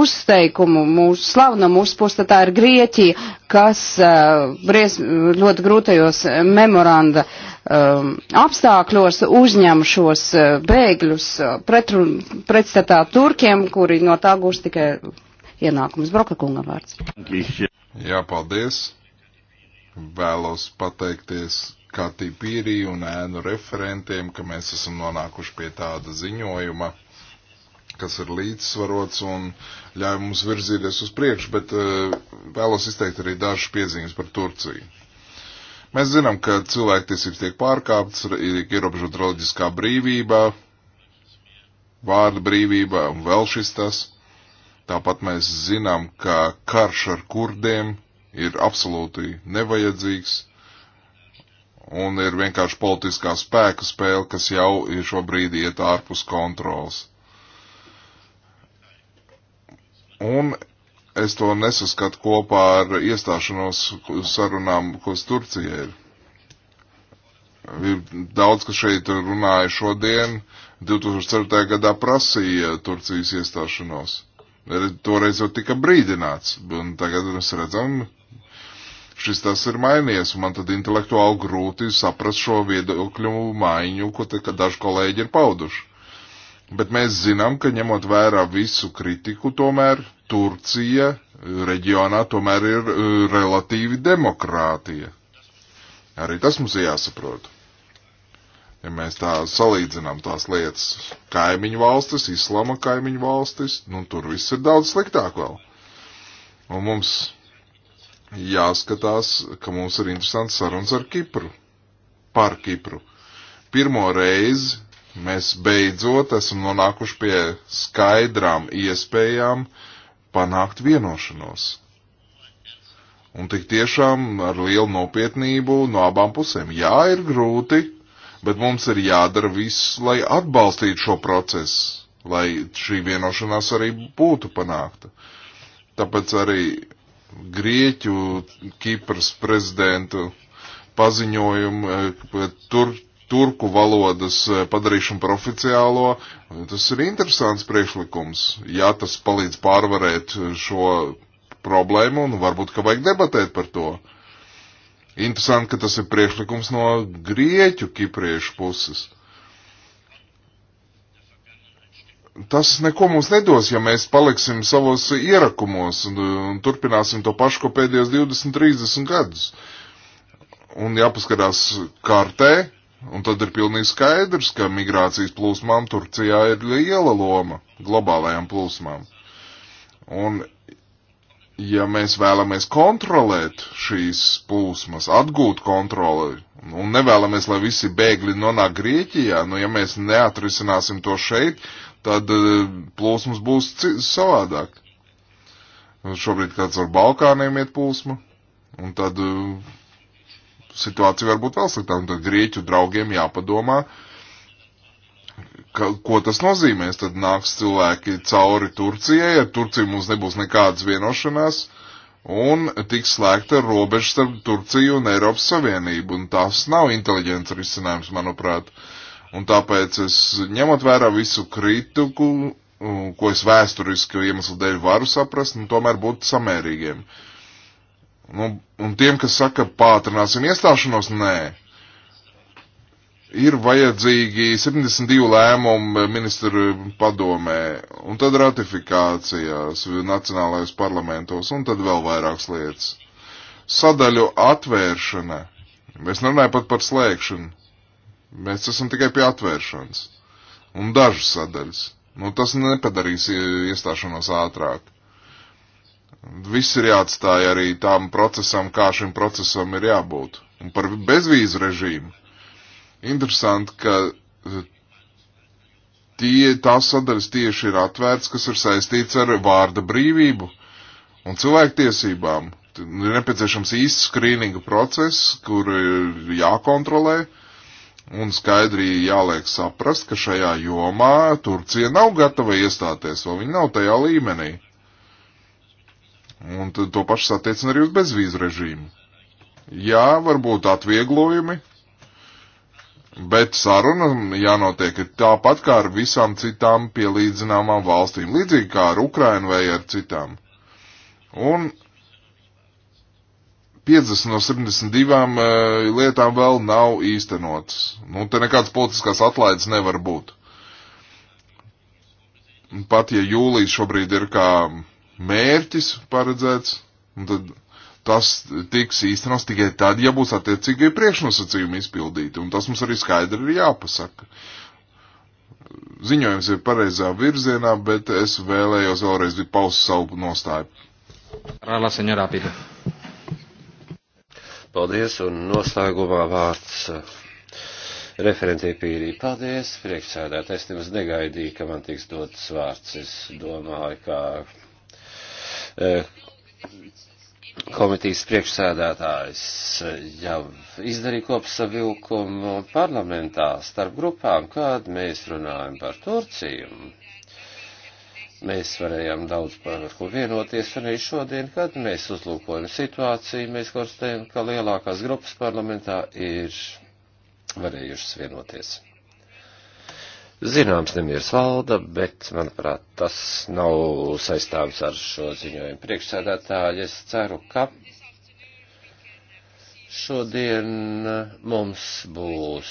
C: uzteikumu, mūsu slavnu mūsu pusi, tad tā ir Grieķija, kas uh, eh, bries, ļoti grūtajos memoranda um, apstākļos uzņem šos uh, bēgļus pretrun, pretstatā turkiem, kuri no tā gūs tikai ienākums. Broka kunga vārds.
B: Jā, paldies. Vēlos pateikties Katī Pīrī un ēnu referentiem, ka mēs esam nonākuši pie tāda ziņojuma, kas ir līdzsvarots un ļauj mums virzīties uz priekšu, bet eh, vēlos izteikt arī dažas piezīmes par Turciju. Mēs zinām, ka cilvēktiesības tiek pārkāptas, ir ierobežota reliģiskā brīvība, vārda brīvība un vēl šis tas. Tāpat mēs zinām, ka karš ar kurdiem ir absolūti nevajadzīgs un ir vienkārši politiskā spēka spēle, kas jau ir šobrīd iet ārpus kontrols. Un es to nesaskatu kopā ar iestāšanos sarunām, kas Turcija ir. Ir daudz, kas šeit runāja šodien, 2004. gadā prasīja Turcijas iestāšanos. Toreiz jau tika brīdināts, un tagad mēs redzam, šis tas ir mainījies, un man tad intelektuāli grūti saprast šo viedokļu maiņu, ko te, daži kolēģi ir pauduši. Bet mēs zinām, ka ņemot vērā visu kritiku, tomēr Turcija reģionā tomēr ir e, relatīvi demokrātija. Arī tas mums ir jāsaprot. Ja mēs tā salīdzinām tās lietas, kaimiņu valstis, islama kaimiņu valstis, nu tur viss ir daudz sliktāk vēl. Un mums jāskatās, ka mums ir interesants sarunas ar Kipru, par Kipru. Pirmo reizi mēs beidzot esam nonākuši pie skaidrām iespējām panākt vienošanos. Un tik tiešām ar lielu nopietnību no abām pusēm. Jā, ir grūti, bet mums ir jādara viss, lai atbalstītu šo procesu, lai šī vienošanās arī būtu panākta. Tāpēc arī Grieķu Kipras prezidentu paziņojumu, eh, tur, turku valodas eh, padarīšanu par oficiālo. Tas ir interesants priekšlikums, ja tas palīdz pārvarēt eh, šo problēmu, un nu, varbūt, ka vajag debatēt par to. Interesanti, ka tas ir priekšlikums no grieķu kipriešu puses. tas neko mums nedos, ja mēs paliksim savos ierakumos un, un turpināsim to pašu, ko pēdējos 20, 30 gadus. Un jāpaskatās kartē, un tad ir pilnīgi skaidrs, ka migrācijas plūsmām Turcijā ir liela loma globālajām plūsmām. Un ja mēs vēlamies kontrolēt šīs plūsmas, atgūt kontroli, un nevēlamies, lai visi bēgļi nonāk Grieķijā, nu ja mēs neatrisināsim to šeit, tad e, plūsmas būs savādāk. Šobrīd kāds ar Balkāniem iet plūsma, un tad e, situācija var būt vēl sliktāka, un tad grieķu draugiem jāpadomā, ka, ko tas nozīmēs. Tad nāks cilvēki cauri Turcijai, ar Turciju mums nebūs nekādas vienošanās, un tiks slēgta robeža starp Turciju un Eiropas Savienību, un tas nav inteliģents risinājums, manuprāt. Uh, Un tāpēc es ņemot vērā visu kritiku, ko es vēsturisku iemeslu dēļ varu saprast, un nu, tomēr būt samērīgiem. Nu, un tiem, kas saka, pātrināsim iestāšanos, nē. Ir vajadzīgi 72 lēmumu ministru padomē, un tad ratifikācijās nacionālajos parlamentos, un tad vēl vairākas lietas. Sadaļu atvēršana. Es nerunāju pat par slēgšanu Mēs esam tikai pie atvēršanas un dažas sadaļas. Nu, tas nepadarīs iestāšanos ātrāk. Viss ir jāatstāj arī tām procesam, kā šim procesam ir jābūt. Un par bezvīzu režīmu. Interesanti, ka e, tie, tās sadaļas tieši ir atvērts, kas ir saistīts ar vārda brīvību un cilvēktiesībām. Ir nepieciešams īsts skrīninga process, kur ir jākontrolē, uh, Un skaidri jāliek saprast, ka šajā jomā Turcija nav gatava iestāties, vēl viņa nav tajā līmenī. Un to pašu satiecina arī uz bezvīzu režīmu. Jā, varbūt atvieglojumi, Bet saruna jānotiek tāpat kā ar visām citām pielīdzināmām valstīm, līdzīgi kā ar Ukrainu vai ar citām. Un 50 no 72 eh, lietām vēl nav īstenotas. Nu, te nekādas politiskās atlaides nevar būt. Pat ja jūlijas šobrīd ir kā mērķis paredzēts, nu, tad tas tiks īstenos tikai tad, ja būs attiecīgie priekšnosacījumi izpildīti, un tas mums arī skaidri ir jāpasaka. Ziņojums ir pareizā virzienā, bet es vēlējos vēlreiz paust savu nostāju.
A: Rāla, senjorā, pīta. Paldies, un noslēgumā vārds eh, referentē pīrī. Paldies, priekšsēdētājs nemaz negaidīju, ka man tiks dots vārds. Es domāju, ka eh, komitīs priekšsēdētājs jau izdarīja kopsavilkumu parlamentā starp grupām, kad mēs runājam par Turciju mēs varējām daudz par ko vienoties, un arī šodien, kad mēs uzlūkojam situāciju, mēs konstatējam, ka lielākās grupas parlamentā ir varējušas vienoties. Zināms, nemieris valda, bet, manuprāt, tas nav saistāms ar šo ziņojumu priekšsēdētāju. Es ceru, ka šodien mums būs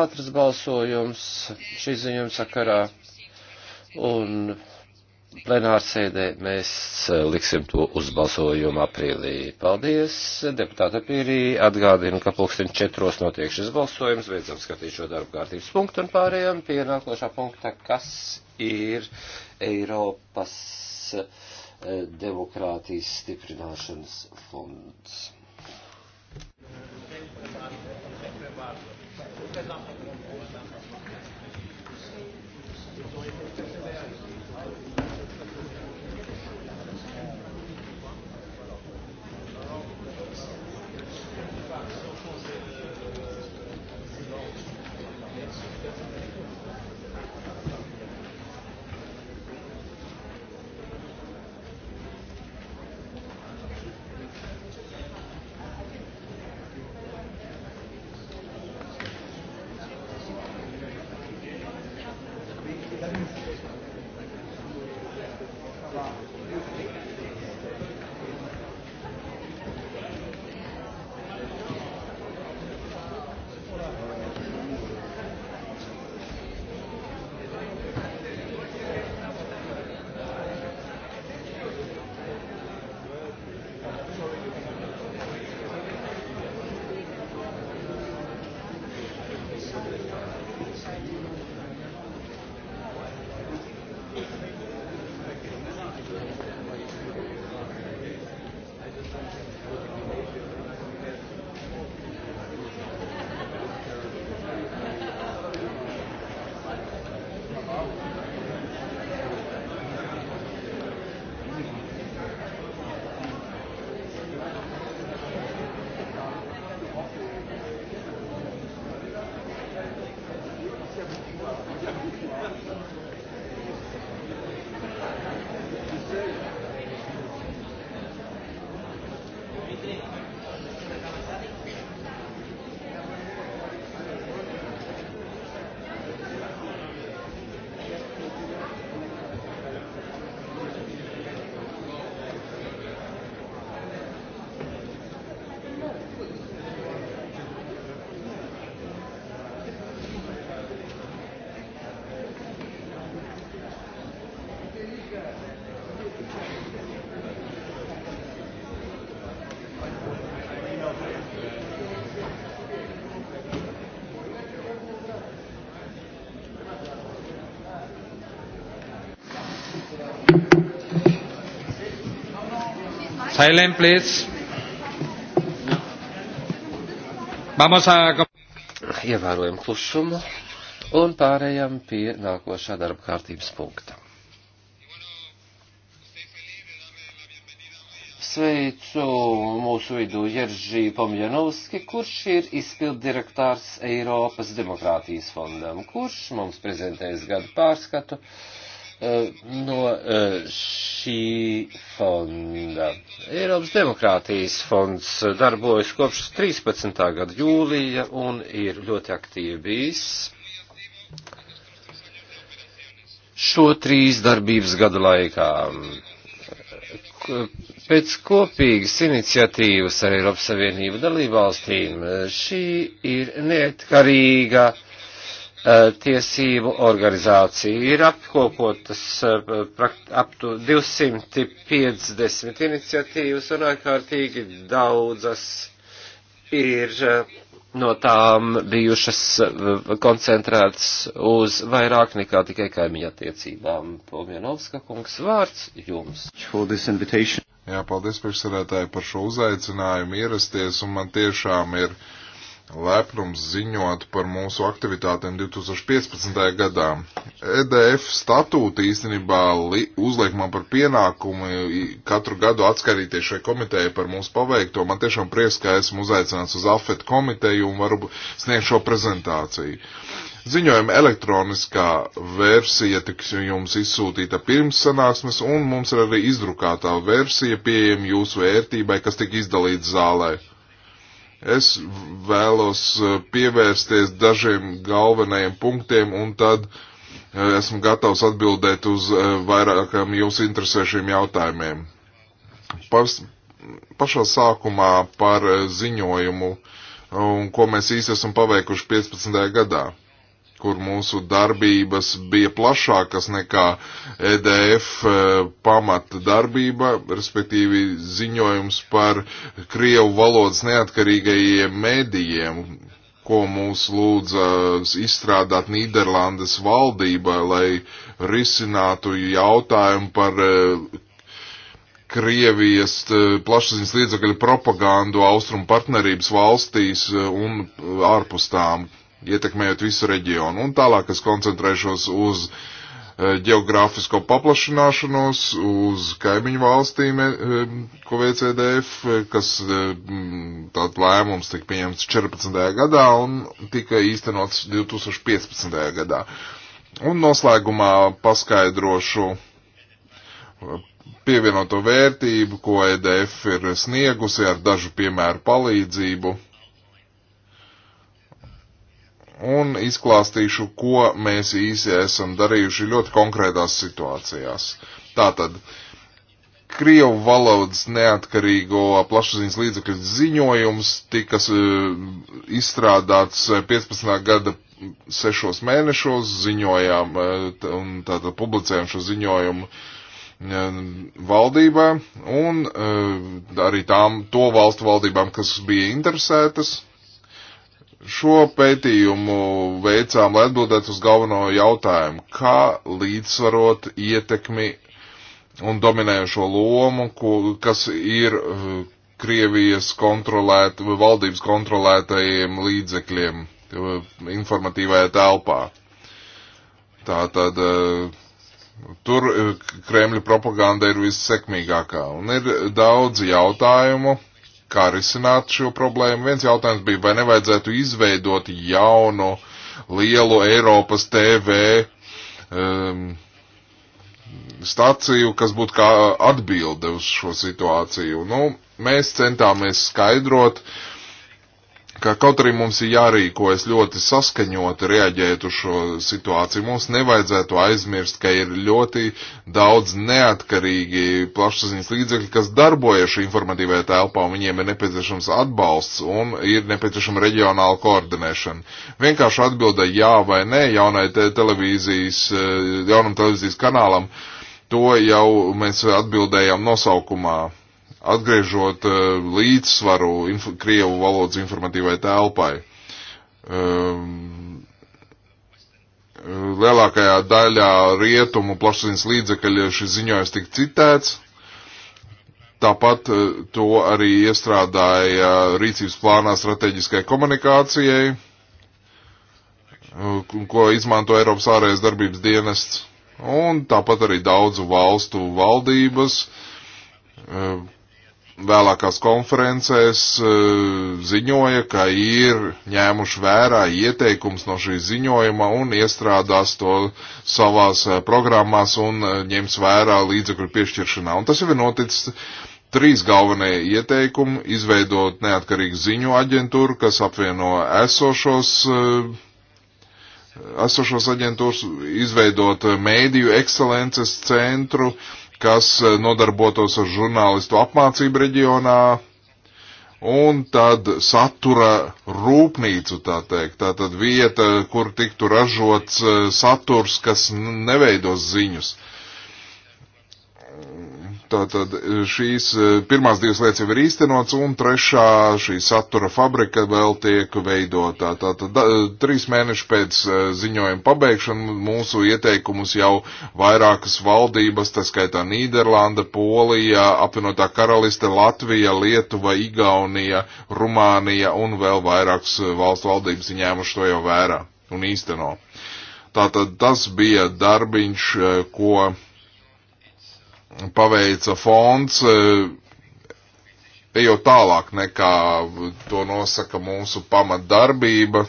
A: ātrs balsojums šī ziņojuma sakarā, un plenārsēdē mēs e, liksim to uzbalsojumu aprīlī. Paldies, deputāta Pīrī, atgādinu, ka pulksten četros notiek šis balsojums, beidzam skatīt šo darbu kārtības punktu un pārējām pie nākošā punkta, kas ir Eiropas e, demokrātijas stiprināšanas fonds.
C: Thank you.
A: Silent, please. Vamos a... Ievērojam klusumu un pārējām pie nākošā darba kārtības punkta. Sveicu mūsu vidū Jeržī Pomjanovski, kurš ir izpildirektārs Eiropas demokrātijas fondam, kurš mums prezentēs gadu pārskatu. Uh, Eh, no eh, šī fonda. Eiropas demokrātijas fonds darbojas kopš 13. gada jūlija un ir ļoti aktīvi bijis. Šo trīs darbības gadu laikā eh, pēc kopīgas iniciatīvas ar Eiropas Savienību dalībvalstīm šī ir neatkarīga uh, Eh, tiesību organizācija. Ir apkopotas eh, ap 250 iniciatīvas un ārkārtīgi daudzas ir eh, no tām bijušas koncentrētas uz vairāk nekā tikai kaimiņa attiecībām. Pomjanovska
B: kungs, vārds jums.
A: Jā,
B: paldies priekšsarētāji par šo uzaicinājumu ierasties, un man tiešām ir uh, lepnums ziņot par mūsu aktivitātēm 2015. gadā. EDF statūti īstenībā uzliek man par pienākumu katru gadu atskaitīties šai komitejai par mūsu paveikto. Man tiešām prieks, ka esmu uzaicināts uz AFET komiteju un varu sniegt šo prezentāciju. Ziņojuma elektroniskā versija tiks jums izsūtīta pirms sanāksmes, un mums ir arī izdrukātā versija pieejama jūsu vērtībai, kas tika izdalīta zālē. Es vēlos eh, pievērsties dažiem galvenajiem punktiem un tad eh, esmu gatavs atbildēt uz eh, vairākam jūs interesēšiem jautājumiem. Pas, pašā sākumā par ziņojumu un ko mēs īsti esam paveikuši 15. gadā kur mūsu darbības bija plašākas nekā EDF e, pamata darbība, respektīvi ziņojums par Krievu valodas neatkarīgajiem mēdījiem, ko mūs lūdza izstrādāt Nīderlandes valdība, lai risinātu jautājumu par e, Krievijas e, plašsaziņas līdzakļu propagandu austrumu partnerības valstīs un ārpus tām ietekmējot visu reģionu. Un tālāk es koncentrēšos uz ģeogrāfisko e, paplašināšanos, uz kaimiņu valstīm, e, ko veic EDF, e, kas tāds lēmums tika pieņemts 14. gadā un tika īstenots 2015. gadā. Un noslēgumā paskaidrošu pievienoto vērtību, ko EDF ir sniegusi ar dažu piemēru palīdzību un izklāstīšu, ko mēs īsi esam darījuši ļoti konkrētās situācijās. Tātad, Krievu valodas neatkarīgo plašsaziņas līdzekļu ziņojums tika eh, izstrādāts 15. Eh, gada sešos mēnešos, ziņojām eh, un tātad publicējām šo ziņojumu valdībā un arī tām to valstu valdībām, kas bija interesētas Šo pētījumu veicām, lai atbildētu uz galveno jautājumu, kā līdzsvarot ietekmi un dominējošo lomu, kas ir uh, Krievijas kontrolēt, valdības kontrolētajiem līdzekļiem uh, informatīvajā telpā. Tā tad uh, tur Kremļa propaganda ir vissekmīgākā. Un ir daudz jautājumu kā risināt šo problēmu. Viens jautājums bija, vai nevajadzētu izveidot jaunu lielu Eiropas TV um, staciju, kas būtu kā atbilde uz šo situāciju. Nu, mēs centāmies skaidrot, uh, ka kaut arī mums ir jārīkojas ļoti saskaņoti reaģēt uz šo situāciju, mums nevajadzētu aizmirst, ka ir ļoti daudz neatkarīgi plašsaziņas līdzekļi, kas darbojas šī informatīvajā telpā, un viņiem ir nepieciešams atbalsts un ir nepieciešama reģionāla koordinēšana. Vienkārši atbilda jā vai nē jaunai te televīzijas, eh, jaunam televīzijas kanālam, to jau mēs atbildējām nosaukumā atgriežot eh, līdzsvaru inf Krievu valodas informatīvai telpai. Um, lielākajā daļā rietumu plašsaziņas līdzekļu šis ziņojums tika citēts. Tāpat eh, to arī iestrādāja rīcības plānā strateģiskai komunikācijai, eh, ko izmanto Eiropas ārējais darbības dienests, un tāpat arī daudzu valstu valdības vēlākās konferencēs e, ziņoja, ka ir ņēmuši vērā ieteikums no šī ziņojuma un iestrādās to savās e, programmās un e, ņems vērā līdzekļu piešķiršanā. Un tas jau ir noticis trīs galvenie ieteikumi - izveidot neatkarīgu ziņu aģentūru, kas apvieno esošos esošos aģentūras, izveidot mēdīju ekscelences centru, kas eh, nodarbotos ar žurnālistu apmācību reģionā, un tad satura rūpnīcu, tā teikt, tā tad vieta, kur tiktu ražots eh, saturs, kas neveidos ziņus. Uh, Tātad e, šīs e, pirmās divas lietas jau ir īstenots, un trešā šī satura fabrika vēl tiek veidotā. Tātad da, e, trīs mēneši pēc ziņojuma pabeigšana mūsu ieteikumus jau vairākas valdības, tā skaitā Nīderlanda, Polija, apvienotā karaliste, Latvija, Lietuva, Igaunija, Rumānija un vēl vairākas valstu valdības ņēmuši to jau vērā un īsteno. Tātad tas bija darbiņš, ko paveica fonds, eh, ejot tālāk nekā to nosaka mūsu pamatdarbība.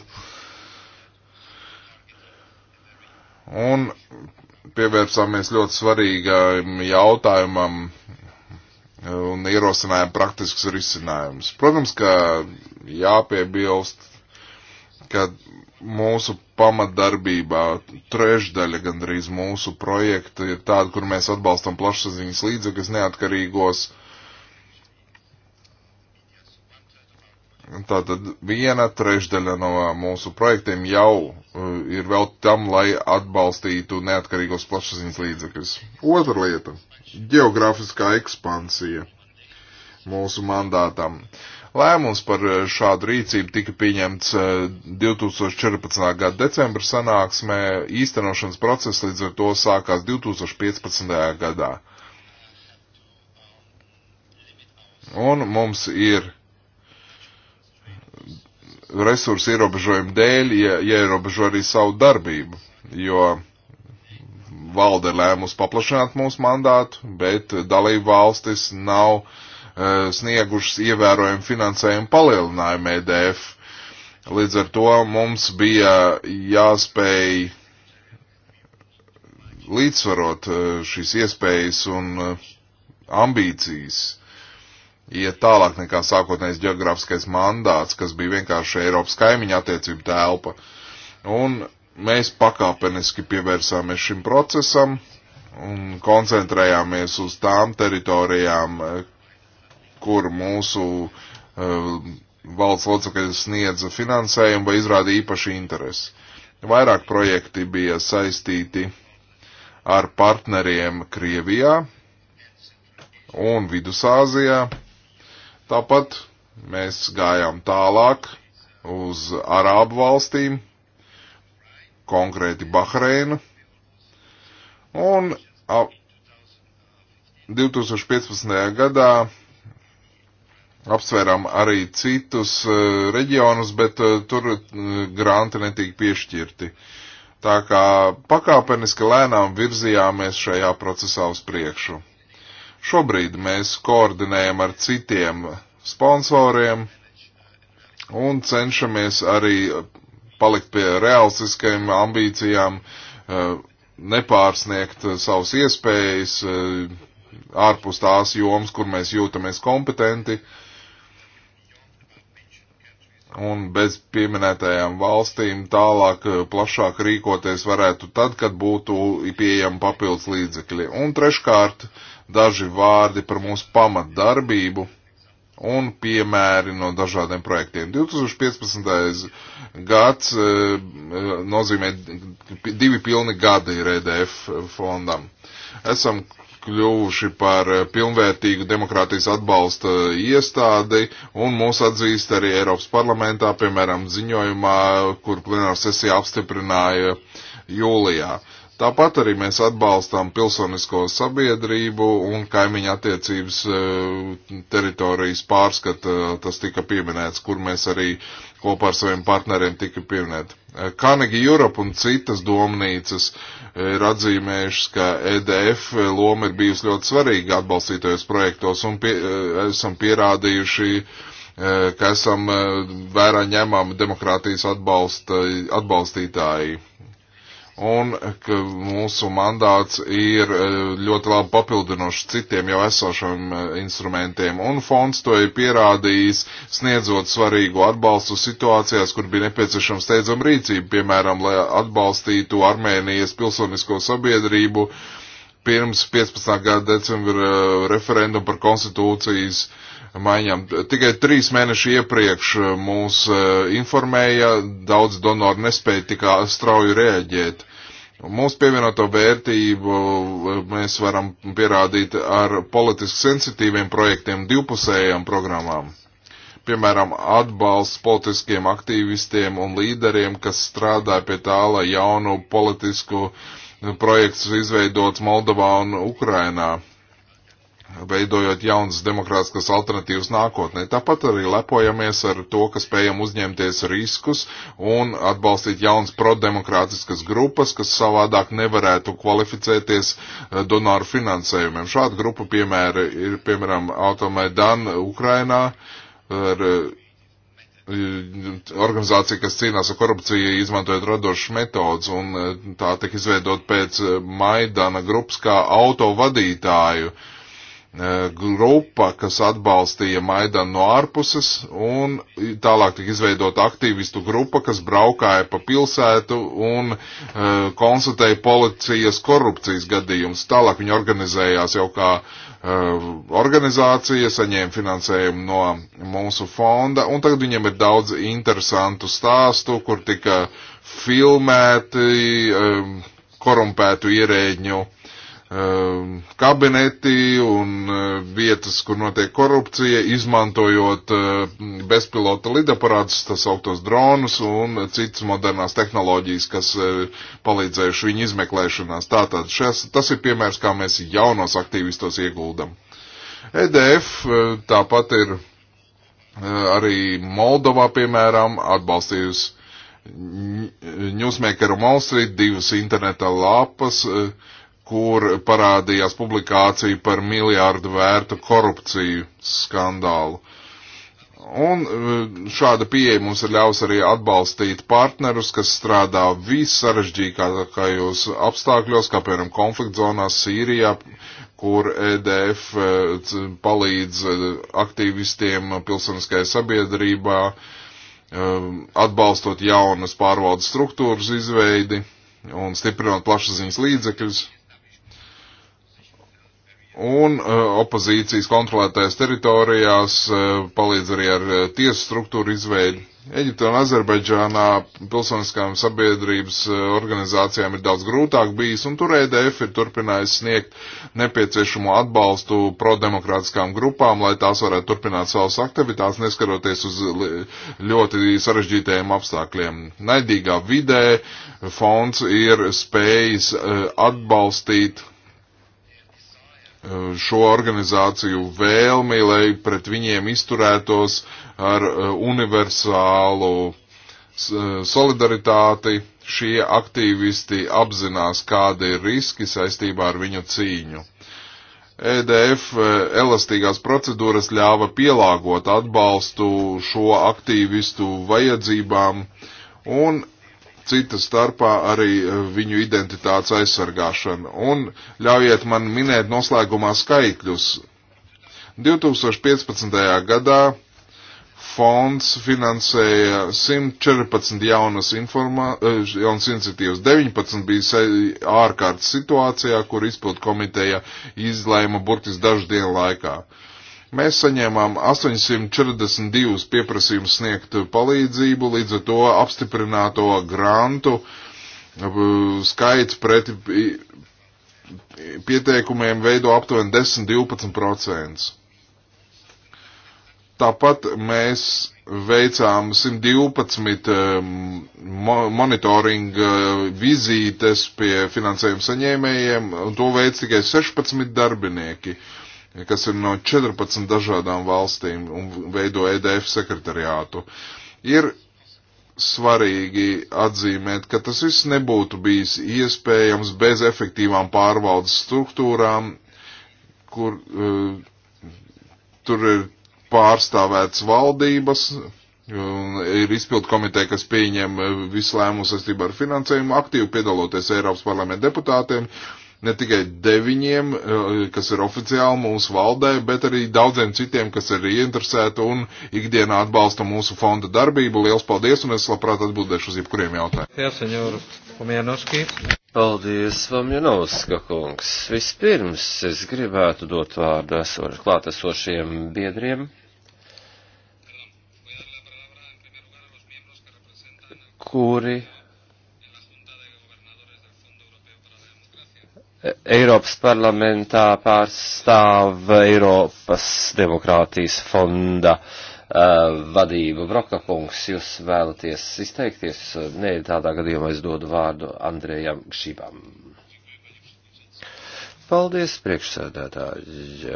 B: Un pievērsāmies ļoti svarīgam jautājumam un ierosinājām praktiskus risinājumus. Protams, ka jāpiebilst, ka mūsu pamatdarbībā trešdaļa gandrīz mūsu projekta ir tāda, kur mēs atbalstam plašsaziņas līdzekļus neatkarīgos. Tātad viena trešdaļa no mūsu projektiem jau uh, ir vēl tam, lai atbalstītu neatkarīgos plašsaziņas līdzekļus. Otra lieta - geogrāfiskā ekspansija mūsu mandātam. Uh, Lēmums par eh, šādu rīcību tika pieņemts 2014. Eh, gada decembra sanāksmē, īstenošanas process līdz ar to sākās 2015. gadā. Un mums ir resursu ierobežojumu dēļ ierobežo arī savu darbību, jo valde lēmus paplašināt mūsu mandātu, bet dalību valstis nav uh, Eh, sniegušas ievērojumu finansējumu palielinājumu EDF. Līdz ar to mums bija jāspēj līdzsvarot eh, šīs iespējas un eh, ambīcijas iet tālāk nekā sākotnējais geogrāfiskais mandāts, kas bija vienkārši Eiropas kaimiņa attiecību telpa. Un mēs pakāpeniski pievērsāmies šim procesam un koncentrējāmies uz tām teritorijām, kur mūsu uh, valsts locekļi sniedza finansējumu vai izrādīja īpaši interesi. Vairāk projekti bija saistīti ar partneriem Krievijā un Vidusāzijā. Tāpat mēs gājām tālāk uz Arābu valstīm, konkrēti Bahreinu. Un 2015. gadā apsvērām arī citus uh, reģionus, bet uh, tur uh, granti netika piešķirti. Tā kā pakāpeniski lēnām virzījāmies šajā procesā uz priekšu. Šobrīd mēs koordinējam ar citiem sponsoriem un cenšamies arī palikt pie realistiskajām ambīcijām, nepārsniegt savas iespējas ārpus tās jomas, kur mēs jūtamies kompetenti. Uh, un bez pieminētajām valstīm tālāk eh, plašāk rīkoties varētu tad, kad būtu pieejami papildus līdzekļi. Un treškārt, daži vārdi par mūsu pamatdarbību un piemēri no dažādiem projektiem. 2015. gads eh, eh, nozīmē divi pilni gadi ir EDF fondam. Esam kļuvuši par eh, pilnvērtīgu demokrātijas atbalsta eh, iestādi un mūs atzīst arī Eiropas parlamentā, piemēram, ziņojumā, kur plenāra sesija apstiprināja jūlijā. Tāpat arī mēs atbalstām pilsonisko sabiedrību un kaimiņu attiecības eh, teritorijas pārskata, tas tika pieminēts, kur mēs arī kopā ar saviem partneriem tika pieminēti. Eh, Carnegie Europe un citas domnīcas eh, ir atzīmējušas, ka EDF eh, loma ir bijusi ļoti svarīga atbalstītajos projektos un pie, esam pierādījuši, ka esam vērā ņemami demokrātijas atbalsta, atbalstītāji un ka mūsu mandāts ir e, ļoti labi papildinošs citiem jau esošiem e, instrumentiem. Un fonds to ir pierādījis, sniedzot svarīgu atbalstu situācijās, kur bija nepieciešama steidzama rīcība, piemēram, lai atbalstītu Armēnijas pilsonisko sabiedrību pirms 15. gada decembra e, referendumu par konstitūcijas uh, maiņām. Tikai trīs mēneši iepriekš eh, mūs eh, informēja, daudz donoru nespēja tik ah, strauji reaģēt. Mūsu pievienoto vērtību eh, mēs varam pierādīt ar politiski sensitīviem projektiem, divpusējām programmām. Piemēram, atbalsts politiskiem aktīvistiem un līderiem, kas strādā pie tā, lai jaunu politisku projektu izveidots Moldovā un Ukrainā veidojot jaunas demokrātiskas alternatīvas nākotnē. Tāpat arī lepojamies ar to, ka spējam uzņemties riskus un atbalstīt jaunas prodemokrātiskas grupas, kas savādāk nevarētu kvalificēties eh, donoru finansējumiem. Šāda grupa piemēra ir, piemēram, Automaidan Ukrainā ar eh, organizācija, kas cīnās ar korupciju, izmantojot radošas metodas, un eh, tā tika izveidot pēc Maidana grupas kā autovadītāju uh, E, grupa, kas atbalstīja Maidanu no ārpuses, un tālāk tika izveidota aktīvistu grupa, kas braukāja pa pilsētu un uh, konstatēja policijas korupcijas gadījumus. Tālāk viņi organizējās jau kā uh, organizācija, saņēma finansējumu no mūsu fonda, un tagad viņiem ir daudz interesantu stāstu, kur tika filmēti uh, korumpētu ierēģņu uh, Um, kabineti un uh, vietas, kur notiek korupcija, izmantojot uh, bezpilota lidaparātus, tas augtos dronus un citas modernās tehnoloģijas, kas uh, palīdzējuši viņu izmeklēšanās. Tātad šas, tas ir piemērs, kā mēs jaunos aktīvistos ieguldam. EDF tāpat ir arī Moldovā, piemēram, atbalstījusi Newsmaker un Wall Street divas interneta lapas, uh, kur parādījās publikācija par miljārdu vērtu korupciju skandālu. Un e, šāda pieeja mums ir ļaus arī atbalstīt partnerus, kas strādā vissarežģītākajos apstākļos, kā piemēram konflikt zonās Sīrijā, kur EDF e, palīdz e, aktīvistiem pilsoniskajai sabiedrībā, atbalstot jaunas pārvaldes struktūras izveidi un stiprinot plašsaziņas līdzekļus. Un uh, opozīcijas kontrolētajās teritorijās uh, palīdz arī ar uh, tiesu struktūru izveidi. Eģipte un Azerbaidžānā pilsoniskām sabiedrības organizācijām ir daudz grūtāk bijis, un tur EDF ir turpinājis sniegt nepieciešamo atbalstu prodemokrātiskām grupām, lai tās varētu turpināt savas aktivitātes, neskaroties uz ļoti sarežģītajiem apstākļiem. Naidīgā vidē fonds ir spējis atbalstīt Eh, šo organizāciju vēlmi, lai pret viņiem izturētos ar eh, universālu eh, solidaritāti. Šie aktīvisti apzinās, kādi ir riski saistībā ar viņu cīņu. EDF elastīgās procedūras ļāva pielāgot atbalstu šo aktīvistu vajadzībām, un cita starpā arī eh, viņu identitātes aizsargāšana. Un ļaujiet man minēt noslēgumā skaitļus. 2015. gadā fonds finansēja 114 jaunas, informā, eh, jaunas iniciatīvas, 19 bija ārkārtas situācijā, kur izpildu komiteja izlēma burtis dažu dienu laikā. Uh, Mēs saņēmām 842 pieprasījumus sniegt palīdzību, līdz ar to apstiprināto grantu skaits pret pieteikumiem veido aptuveni 10-12%. Tāpat mēs veicām 112 monitoringa e, vizītes pie finansējuma saņēmējiem, un to veic tikai 16 darbinieki. Uh, kas ir no 14 dažādām valstīm un veido EDF sekretariātu. Ir svarīgi atzīmēt, ka tas viss nebūtu bijis iespējams bez efektīvām pārvaldes struktūrām, kur uh, tur ir pārstāvēts valdības, ir izpildu komiteja, kas pieņem eh, visu lēmumu saistībā ar finansējumu, aktīvi piedaloties Eiropas parlamenta deputātiem, uh, ne tikai deviņiem, eh, kas ir oficiāli mūsu valdē, bet arī daudziem citiem, kas ir ieinteresēti un ikdienā atbalsta mūsu fonda darbību. Liels paldies, un es labprāt atbildēšu uz jebkuriem
A: jautājumiem.
B: Paldies, Vamjanovska kungs. Vispirms es
A: gribētu dot vārdu esor, klātesošiem biedriem. kuri Eiropas parlamentā pārstāv Eiropas demokrātijas fonda uh, vadību. Brokakungs, jūs vēlaties izteikties? Nē, tādā gadījumā es dodu vārdu Andrejam Šībam. Paldies, priekšsēdētāji.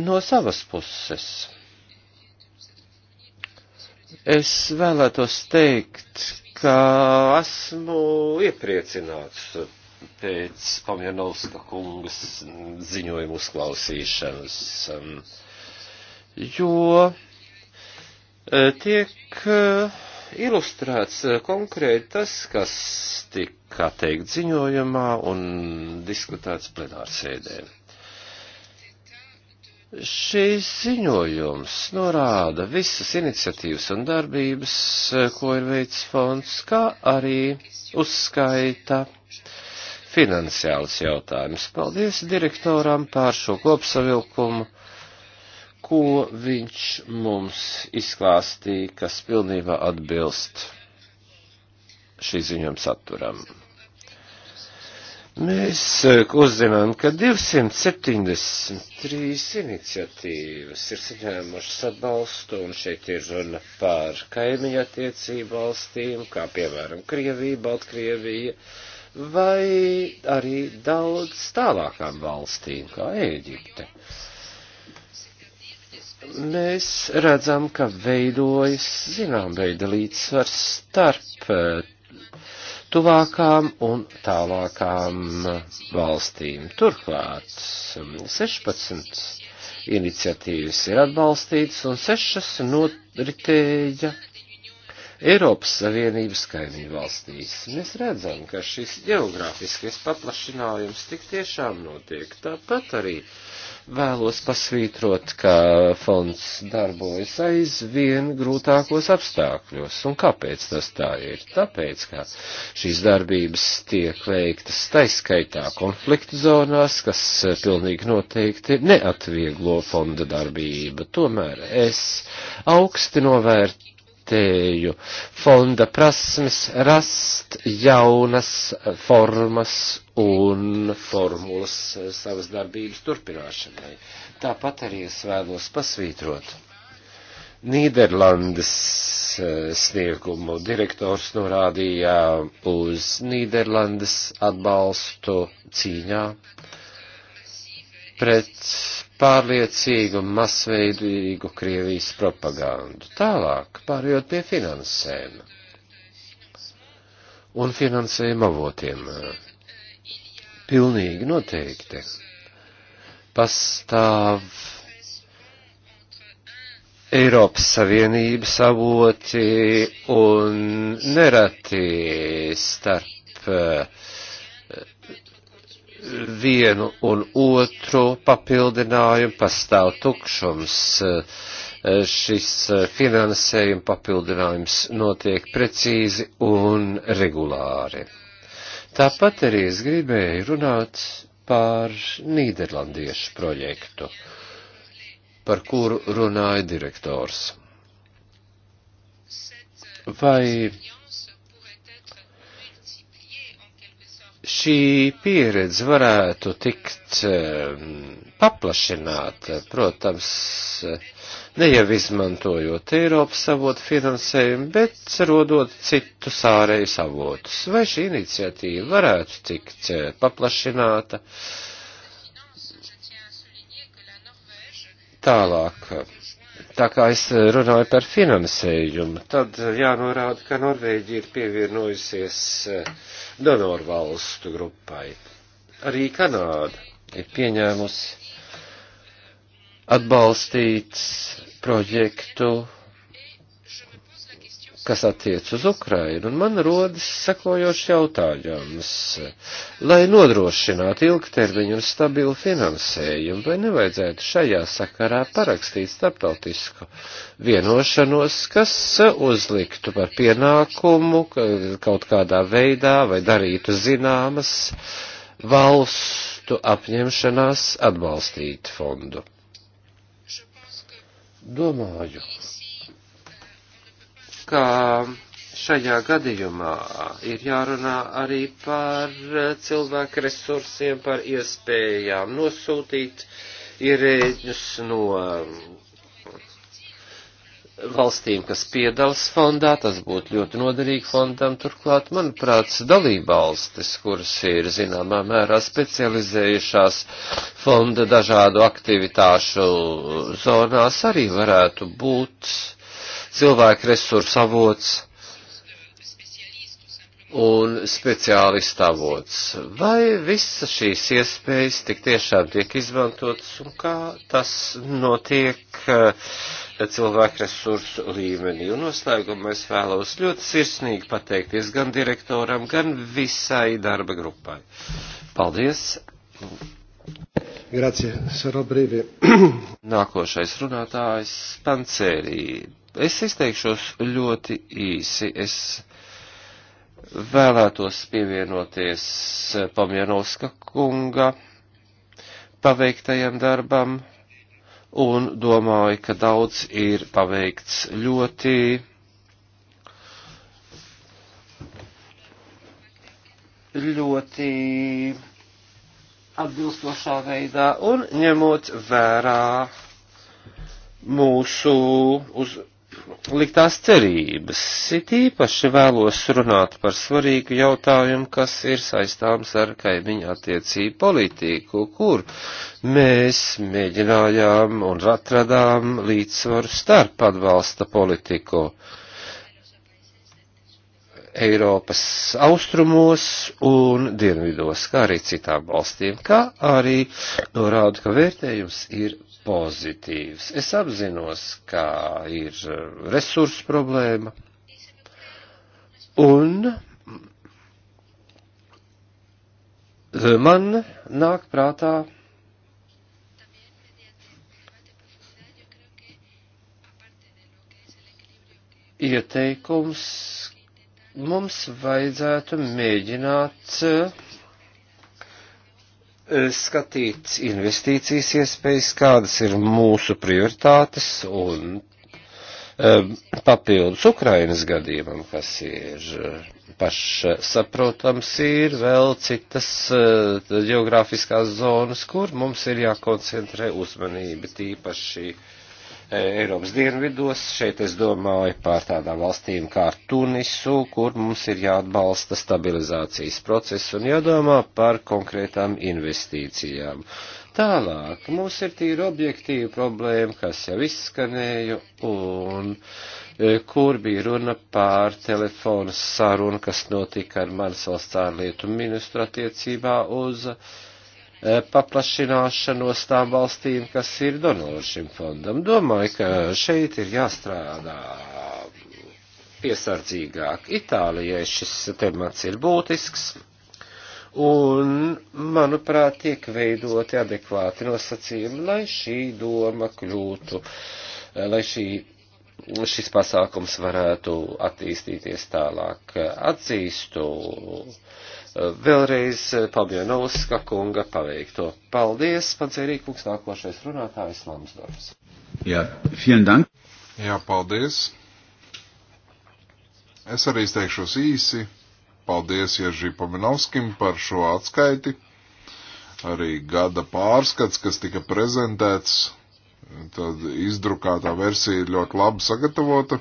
A: No savas puses Es vēlētos teikt, ka esmu iepriecināts pēc Pamjanovska kungas ziņojuma uzklausīšanas, um, jo eh, tiek eh, ilustrēts eh, konkrēti tas, kas tika teikt ziņojumā un diskutēts plenārsēdēm. Šis ziņojums norāda visas iniciatīvas un darbības, eh, ko ir veids fonds, kā arī uzskaita finansiāls jautājums. Paldies direktoram pār šo kopsavilkumu, ko viņš mums izklāstīja, kas pilnībā atbilst šī ziņojuma saturam. Mēs eh, uzzinām, ka 273 iniciatīvas ir saņēmušas atbalstu, un šeit ir runa par kaimiņu attiecību valstīm, kā piemēram Krievija, Baltkrievija, vai arī daudz tālākām valstīm, kā Ēģipte. Mēs redzam, ka veidojas zinām veida līdzsvars starp eh, tuvākām un tālākām valstīm. Turklāt 16 iniciatīvas ir atbalstītas un 6 noritēja Eiropas Savienības kaimiņu valstīs. Mēs redzam, ka šis geogrāfiskais paplašinājums tik tiešām notiek. Tāpat arī uh, vēlos pasvītrot, ka fonds darbojas aizvien grūtākos apstākļos. Un kāpēc tas tā ir? Tāpēc, ka šīs darbības tiek veiktas taiskaitā konfliktu zonās, kas pilnīgi noteikti neatvieglo fonda darbību. Tomēr es augsti novērtu vērtēju fonda prasmes rast jaunas formas un formulas savas darbības turpināšanai. Tāpat arī es vēlos pasvītrot. Nīderlandes eh, sniegumu direktors norādīja uz Nīderlandes atbalstu cīņā pret pārliecīgu masveidīgu Krievijas propagandu. Tālāk, pārējot pie finansēm un finansējuma avotiem. Pilnīgi noteikti pastāv Eiropas Savienības avoti un nereti starp uh, vienu un otru papildinājumu, pastāv tukšums. Eh, šis eh, finansējuma papildinājums notiek precīzi un regulāri. Tāpat arī es gribēju runāt par Nīderlandiešu projektu, par kuru runāja direktors. Vai šī pieredze varētu tikt ehm, paplašināta, protams, ne jau izmantojot Eiropas avotu finansējumu, bet rodot citus ārējus avotus. Vai šī iniciatīva varētu tikt eh, paplašināta? Tālāk Tā kā es eh, runāju par finansējumu, tad eh, jānorāda, ka Norvēģija ir pievienojusies eh, donoru valstu grupai. Arī Kanāda ir pieņēmusi atbalstīt projektu kas attiec uz Ukrainu, un man rodas sekojošs jautājums. Lai nodrošinātu ilgtermiņu un stabilu finansējumu, vai nevajadzētu šajā sakarā parakstīt starptautisku vienošanos, kas uzliktu par pienākumu kaut kādā veidā vai darītu zināmas valstu apņemšanās atbalstīt fondu? Domāju ka šajā gadījumā ir jārunā arī par cilvēku resursiem, par iespējām nosūtīt ierēģus no valstīm, kas piedalās fondā, tas būtu ļoti noderīgi fondam. Turklāt, manuprāt, dalībvalstis, kuras ir zināmā mērā specializējušās fonda dažādu aktivitāšu zonās, arī varētu būt cilvēku resursu avots un speciālistu avots. Vai visas šīs iespējas tik tiešām tiek izmantotas un kā tas notiek eh, cilvēku resursu līmenī? Un noslēgumā es vēlos ļoti sirsnīgi pateikties gan direktoram, gan visai darba grupai. Paldies! Grazie, Saro Brīvi. Nākošais runātājs Pancērī. Es izteikšos ļoti īsi. Es vēlētos pievienoties Pamjanovska kunga paveiktajam darbam un domāju, ka daudz ir paveikts ļoti ļoti atbilstošā veidā un ņemot vērā mūsu uz liktās cerības. It īpaši vēlos runāt par svarīgu jautājumu, kas ir saistāms ar kaimiņu attiecību politiku, kur mēs mēģinājām un atradām līdzsvaru starp atbalsta politiku Eiropas austrumos un dienvidos, kā arī citām valstīm, kā arī norāda, ka vērtējums ir pozitīvs. Es apzinos, kā ir resursu problēma. Un man nāk prātā ieteikums, mums vajadzētu mēģināt skatīt investīcijas iespējas, kādas ir mūsu prioritātes un um, papildus Ukrainas gadījumam, kas ir uh, pašsaprotams, ir vēl citas uh, geogrāfiskās zonas, kur mums ir jākoncentrē uzmanība, tīpaši uh, E, Eiropas dienvidos. Šeit es domāju par tādām valstīm kā Tunisu, kur mums ir jāatbalsta stabilizācijas process un jādomā par konkrētām investīcijām. Tālāk mums ir tīri objektīva problēma, kas jau izskanēja un e, kur bija runa pār telefonu sarunu, kas notika ar manas valsts ārlietu ministru attiecībā uz uh, E, paplašināšanos tām valstīm, kas ir donori šim fondam. Domāju, ka šeit ir jāstrādā piesardzīgāk. Itālijai šis temats ir būtisks, un, manuprāt, tiek veidoti adekvāti nosacījumi, lai šī doma kļūtu, lai šī šis pasākums varētu attīstīties tālāk. Atzīstu Vēlreiz eh, Pabjanovska kunga paveikto. Paldies, Pancerīkungs,
B: nākošais runātājs Lamsdorfs.
C: Jā, vielen dank.
B: Jā, paldies. Es arī izteikšos īsi. Paldies Jeržī Paminovskim par šo atskaiti. Arī gada pārskats, kas tika prezentēts, tad izdrukātā versija ir ļoti labi sagatavota.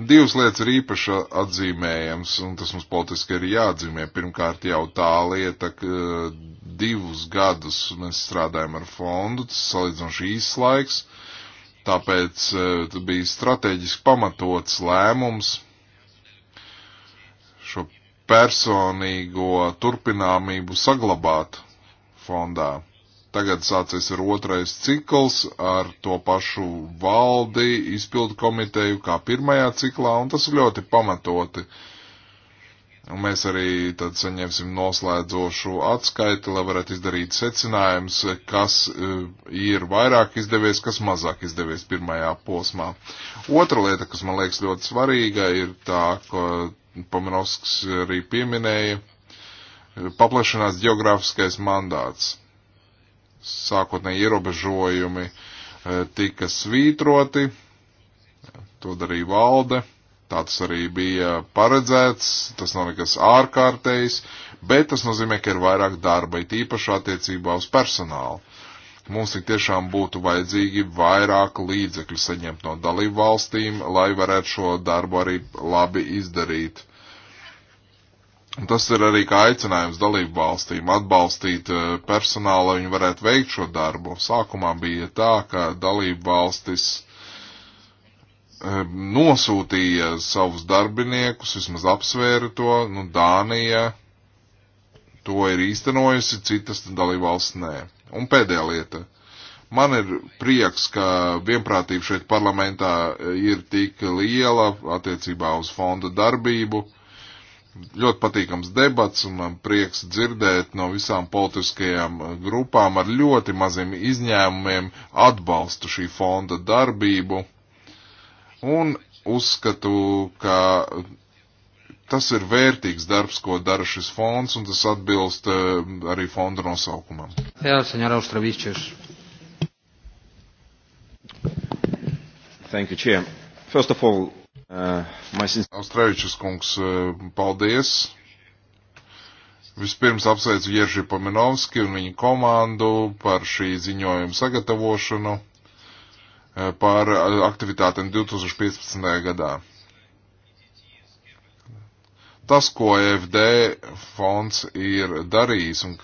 B: Divas lietas ir īpaši atzīmējams, un tas mums politiski ir jāatzīmē. Pirmkārt, jau tā lieta, ka eh, divus gadus mēs strādājam ar fondu, tas salīdzinoši īsts laiks, tāpēc eh, tā bija strateģiski pamatots lēmums šo personīgo turpināmību saglabāt fondā. Tagad sācies ir otrais cikls ar to pašu valdi, izpildu komiteju kā pirmajā ciklā, un tas ir ļoti pamatoti. Un mēs arī tad saņemsim noslēdzošu atskaiti, lai varētu izdarīt secinājums, kas e, ir vairāk izdevies, kas mazāk izdevies pirmajā posmā. Otra lieta, kas man liekas ļoti svarīga, ir tā, ko Pamanovskis arī pieminēja, e, paplašanās geogrāfiskais mandāts sākotnēji ierobežojumi e, tika svītroti, to darīja valde, tā tas arī bija paredzēts, tas nav nekas ārkārtējs, bet tas nozīmē, ka ir vairāk darba, it īpaši attiecībā uz personālu. Mums tik tiešām būtu vajadzīgi vairāk līdzekļu saņemt no dalību valstīm, lai varētu šo darbu arī labi izdarīt Un tas ir arī kā aicinājums dalību valstīm atbalstīt eh, personālu, lai viņi varētu veikt šo darbu. Sākumā bija tā, ka dalību valstis eh, nosūtīja savus darbiniekus, vismaz apsvēra to, nu Dānija to ir īstenojusi, citas dalību valsts nē. Un pēdējā lieta. Man ir prieks, ka vienprātība šeit parlamentā eh, ir tik liela attiecībā uz fonda darbību ļoti patīkams debats un man um, prieks dzirdēt no visām politiskajām uh, grupām ar ļoti maziem izņēmumiem atbalstu šī fonda darbību. Un uzskatu, ka uh, tas ir vērtīgs darbs, ko dara šis fonds, un tas atbilst uh, arī fonda nosaukumam.
A: Jā, senjora Austravičers.
B: Thank you, Chair. First of all, Uh, Austrēvičs kungs, uh, paldies! Vispirms apsveicu Jerži Paminovski un viņu komandu par šī ziņojuma sagatavošanu uh, par aktivitātēm 2015. gadā. Tas, ko FD fonds ir darījis un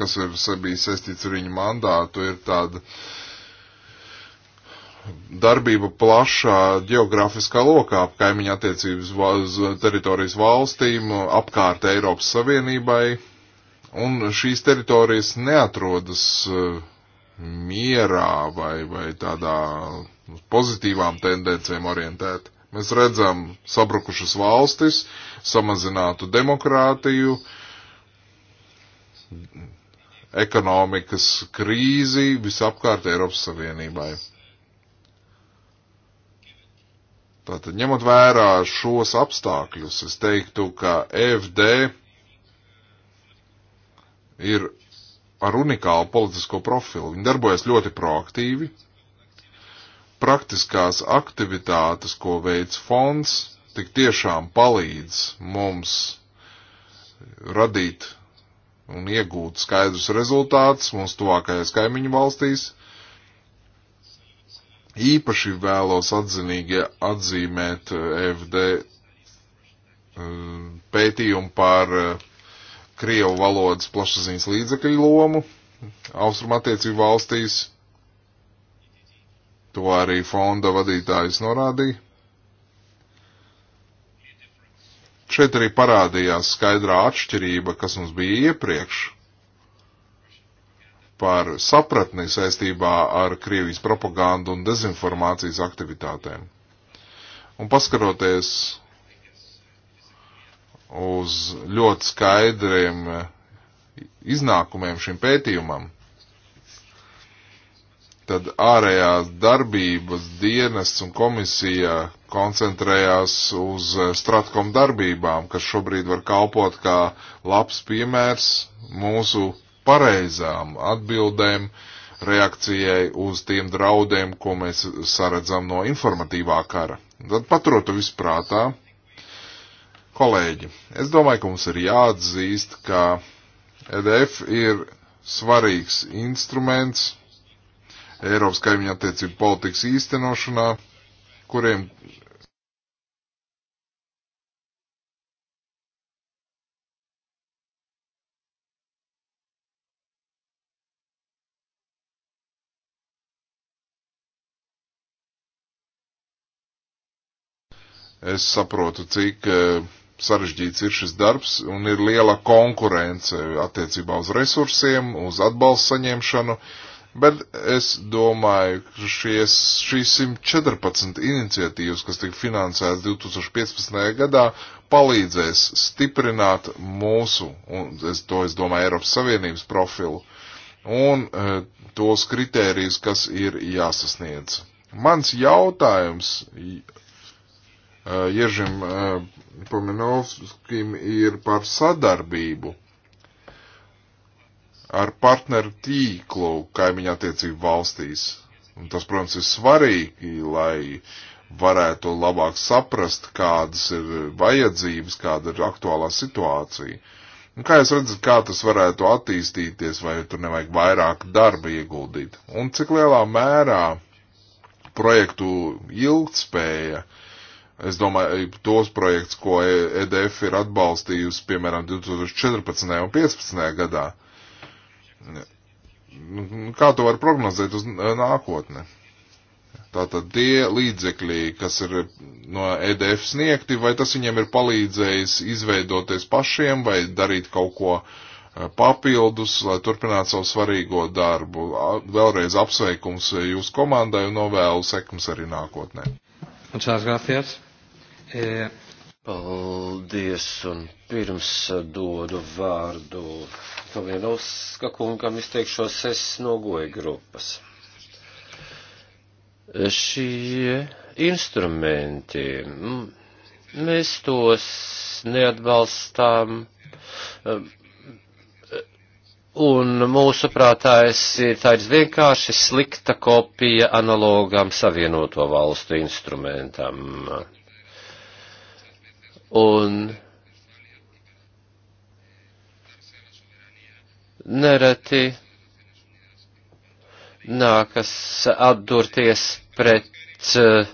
B: kas ir bijis saistīts ar viņu mandātu, ir tāda uh, darbība plašā geogrāfiskā lokā ap kaimiņa attiecības teritorijas valstīm, apkārt Eiropas Savienībai, un šīs teritorijas neatrodas eh, mierā vai, vai tādā nu, pozitīvām tendencēm orientēt. Mēs redzam sabrukušas valstis, samazinātu demokrātiju, ekonomikas krīzi visapkārt Eiropas Savienībai. Tātad, ņemot vērā šos apstākļus, es teiktu, ka FD ir ar unikālu politisko profilu. Viņi darbojas ļoti proaktīvi. Praktiskās aktivitātes, ko veids fonds, tik tiešām palīdz mums radīt un iegūt skaidrus rezultātus mūsu tuvākajās kaimiņu valstīs. Īpaši vēlos atzinīgi atzīmēt eh, FD eh, pētījumu par eh, Krievu valodas plašsaziņas līdzekļu lomu austrumu attiecību valstīs. To arī fonda vadītājs norādīja. Šeit arī parādījās skaidrā atšķirība, kas mums bija iepriekš par sapratni saistībā ar Krievijas propagandu un dezinformācijas aktivitātēm. Un paskaroties uz ļoti skaidriem iznākumiem šim pētījumam, tad ārējās darbības dienests un komisija koncentrējās uz stratkom darbībām, kas šobrīd var kalpot kā labs piemērs mūsu pareizām atbildēm reakcijai uz tiem draudiem, ko mēs saredzam no informatīvā kara. Tad paturot to visprātā, kolēģi, es domāju, ka mums ir jāatzīst, ka EDF ir svarīgs instruments Eiropas kaimiņu attiecību politikas īstenošanā, kuriem Es saprotu, cik eh, sarežģīts ir šis darbs un ir liela konkurence attiecībā uz resursiem, uz atbalstu saņemšanu, bet es domāju, ka šies, šīs 114 iniciatīvas, kas tika finansētas 2015. gadā, palīdzēs stiprināt mūsu, un es to es domāju, Eiropas Savienības profilu un e, tos kritērijus, kas ir jāsasniedz. Mans jautājums Eh, Ježim eh, Pomenovskim ir par sadarbību ar partneru tīklu kaimiņā tiecību valstīs. Un tas, protams, ir svarīgi, lai varētu labāk saprast, kādas ir vajadzības, kāda ir aktuālā situācija. Un kā jūs redzat, kā tas varētu attīstīties, vai tur nevajag vairāk darba ieguldīt? Un cik lielā mērā projektu ilgtspēja uh, Es domāju, tos projekts, ko EDF e ir atbalstījusi, piemēram, 2014. un 2015. gadā. Nu, nu, kā to var prognozēt uz nākotni? Tātad tie līdzekļi, kas ir no EDF sniegti, vai tas viņiem ir palīdzējis izveidoties pašiem vai darīt kaut ko e, papildus, lai turpinātu savu svarīgo darbu. Vēlreiz apsveikums e, jūsu komandai un novēlu sekums arī nākotnē.
A: Muchas gracias.
B: E, Paldies, un pirms dodu
A: vārdu Tomienovska kungam izteikšos es no goja grupas. Šie instrumenti, mēs tos neatbalstām. E, un mūsu prātājs ir tāds vienkārši slikta kopija analogam savienoto valstu instrumentam un nereti nākas atdurties pret, eh,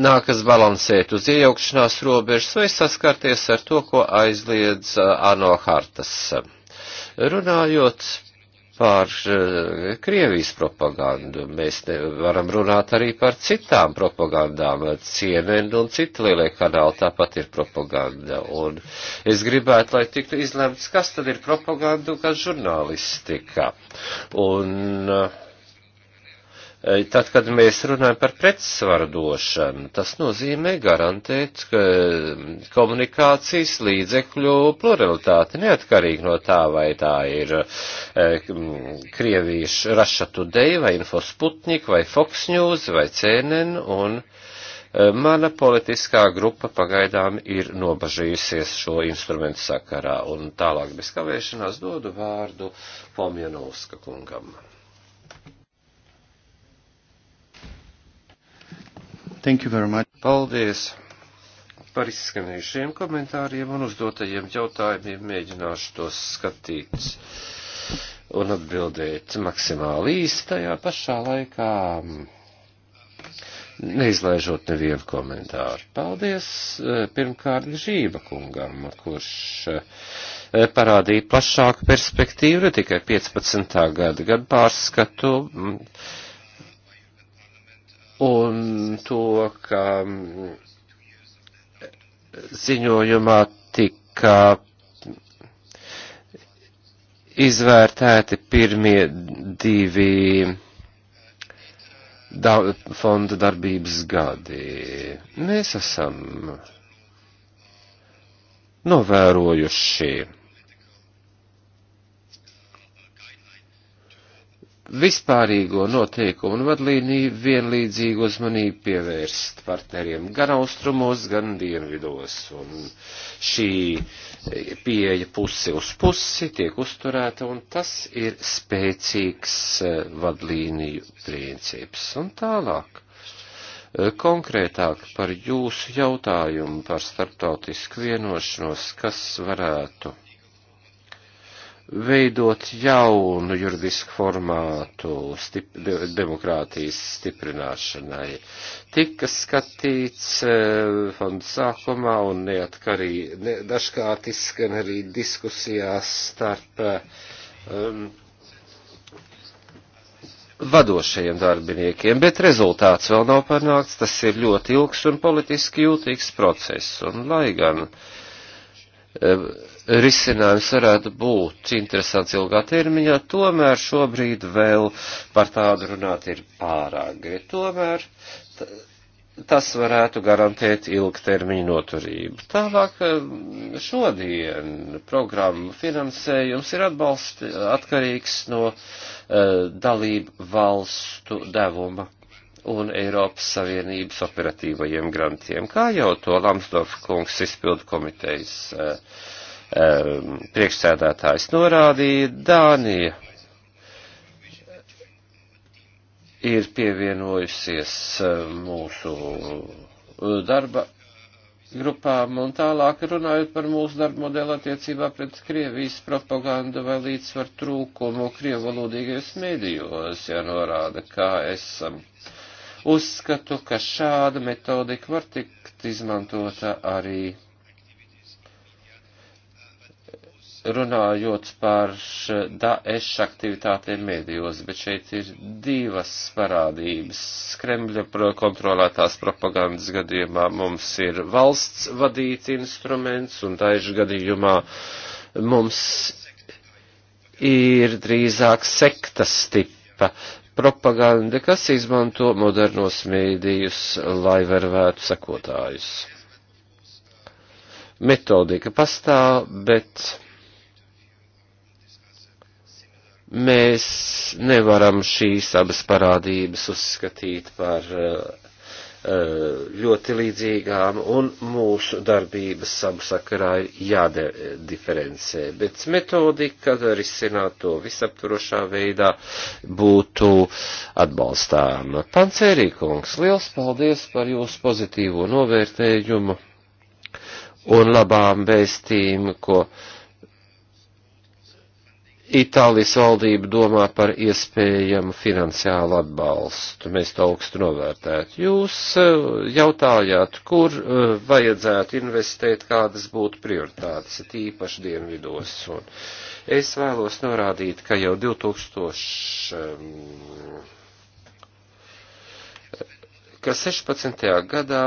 A: nākas balansēt uz iejaukšanās robežas vai saskarties ar to, ko aizliedz eh, ANO hartas. Runājot par eh, Krievijas propagandu. Mēs varam runāt arī par citām propagandām. CNN un citi lielie kanāli tāpat ir propaganda. Un es gribētu, lai tiktu izlemts, kas tad ir propaganda un kas žurnālistika. Un, uh, Eh, tad, kad mēs runājam par pretsvaru došanu, tas nozīmē garantēt mm, komunikācijas līdzekļu pluralitāti, neatkarīgi no tā, vai tā ir eh, mm, Krievijas Raša Today, vai Infosputnik, vai Fox News, vai CNN, un eh, mana politiskā grupa pagaidām ir nobažījusies šo instrumentu sakarā, un tālāk bez kavēšanās dodu vārdu Pomjanovska kungam. Thank you very much. Paldies par izskanējušiem komentāriem un uzdotajiem jautājumiem. Mēģināšu tos skatīt un atbildēt maksimāli īsti tajā pašā laikā, neizlaižot nevienu komentāru. Paldies e, pirmkārt Žība kungam, kurš e, parādīja plašāku perspektīvu, ne tikai 15. gada gadu pārskatu un to, ka mm, ziņojumā tika izvērtēti pirmie divi da fonda darbības gadi. Mēs esam novērojuši vispārīgo noteikumu un vadlīniju vienlīdzīgu uzmanību pievērst partneriem gan austrumos, gan dienvidos. Un šī pieeja pusi uz pusi tiek uzturēta, un tas ir spēcīgs eh, vadlīniju princips. Un tālāk. Eh, konkrētāk par jūsu jautājumu par starptautisku vienošanos, kas varētu veidot jaunu juridisku formātu stip, de, demokrātijas stiprināšanai. Tika skatīts e, fonda sākumā un neatkarī, ne, dažkārt izskan arī diskusijās starp e, um, vadošajiem darbiniekiem, bet rezultāts vēl nav panākts, tas ir ļoti ilgs un politiski jūtīgs process, un lai gan uh, Ehm, risinājums varētu būt interesants ilgā termiņā, tomēr šobrīd vēl par tādu runāt ir pārāk gri. Tomēr tas varētu garantēt ilgtermiņu noturību. Tālāk ehm, šodien programmu finansējums ir atbalsts atkarīgs no uh, dalību valstu devuma un Eiropas Savienības operatīvajiem grantiem. Kā jau to Lamsdorf kungs izpildu komitejas uh, um, priekšsēdētājs norādīja, Dānija ir pievienojusies eh, mūsu darba grupām un tālāk runājot par mūsu darba modeli attiecībā pret Krievijas propagandu vai līdzsvar trūkumu Krievu valodīgajos mēdījos, ja norāda, kā esam. Um, Uzskatu, ka šāda metodika var tikt izmantota arī runājot par Daesh aktivitātēm mēdījos, bet šeit ir divas parādības. Kremļa kontrolētās propagandas gadījumā mums ir valsts vadīts instruments, un Daesh gadījumā mums ir drīzāk sektas tipa propaganda, kas izmanto modernos mēdījus, lai vervētu sekotājus. Metodika pastāv, bet mēs nevaram šīs abas parādības uzskatīt par uh, Eh, ļoti līdzīgām, un mūsu darbības savu sakarā ir jādiferencē. Bet metodika, kad risināt to visaptvarošā veidā, būtu atbalstāma. Pancērīkungs, liels paldies par jūsu pozitīvo novērtējumu un labām vēstījumu, ko Itālijas valdība domā par iespējamu finansiālu atbalstu. Mēs to augstu novērtētu. Jūs eh, jautājāt, kur eh, vajadzētu investēt, kādas būtu prioritātes, tīpaši dienvidos. Un es vēlos norādīt, ka jau 2000. Ehm, ka 16. gadā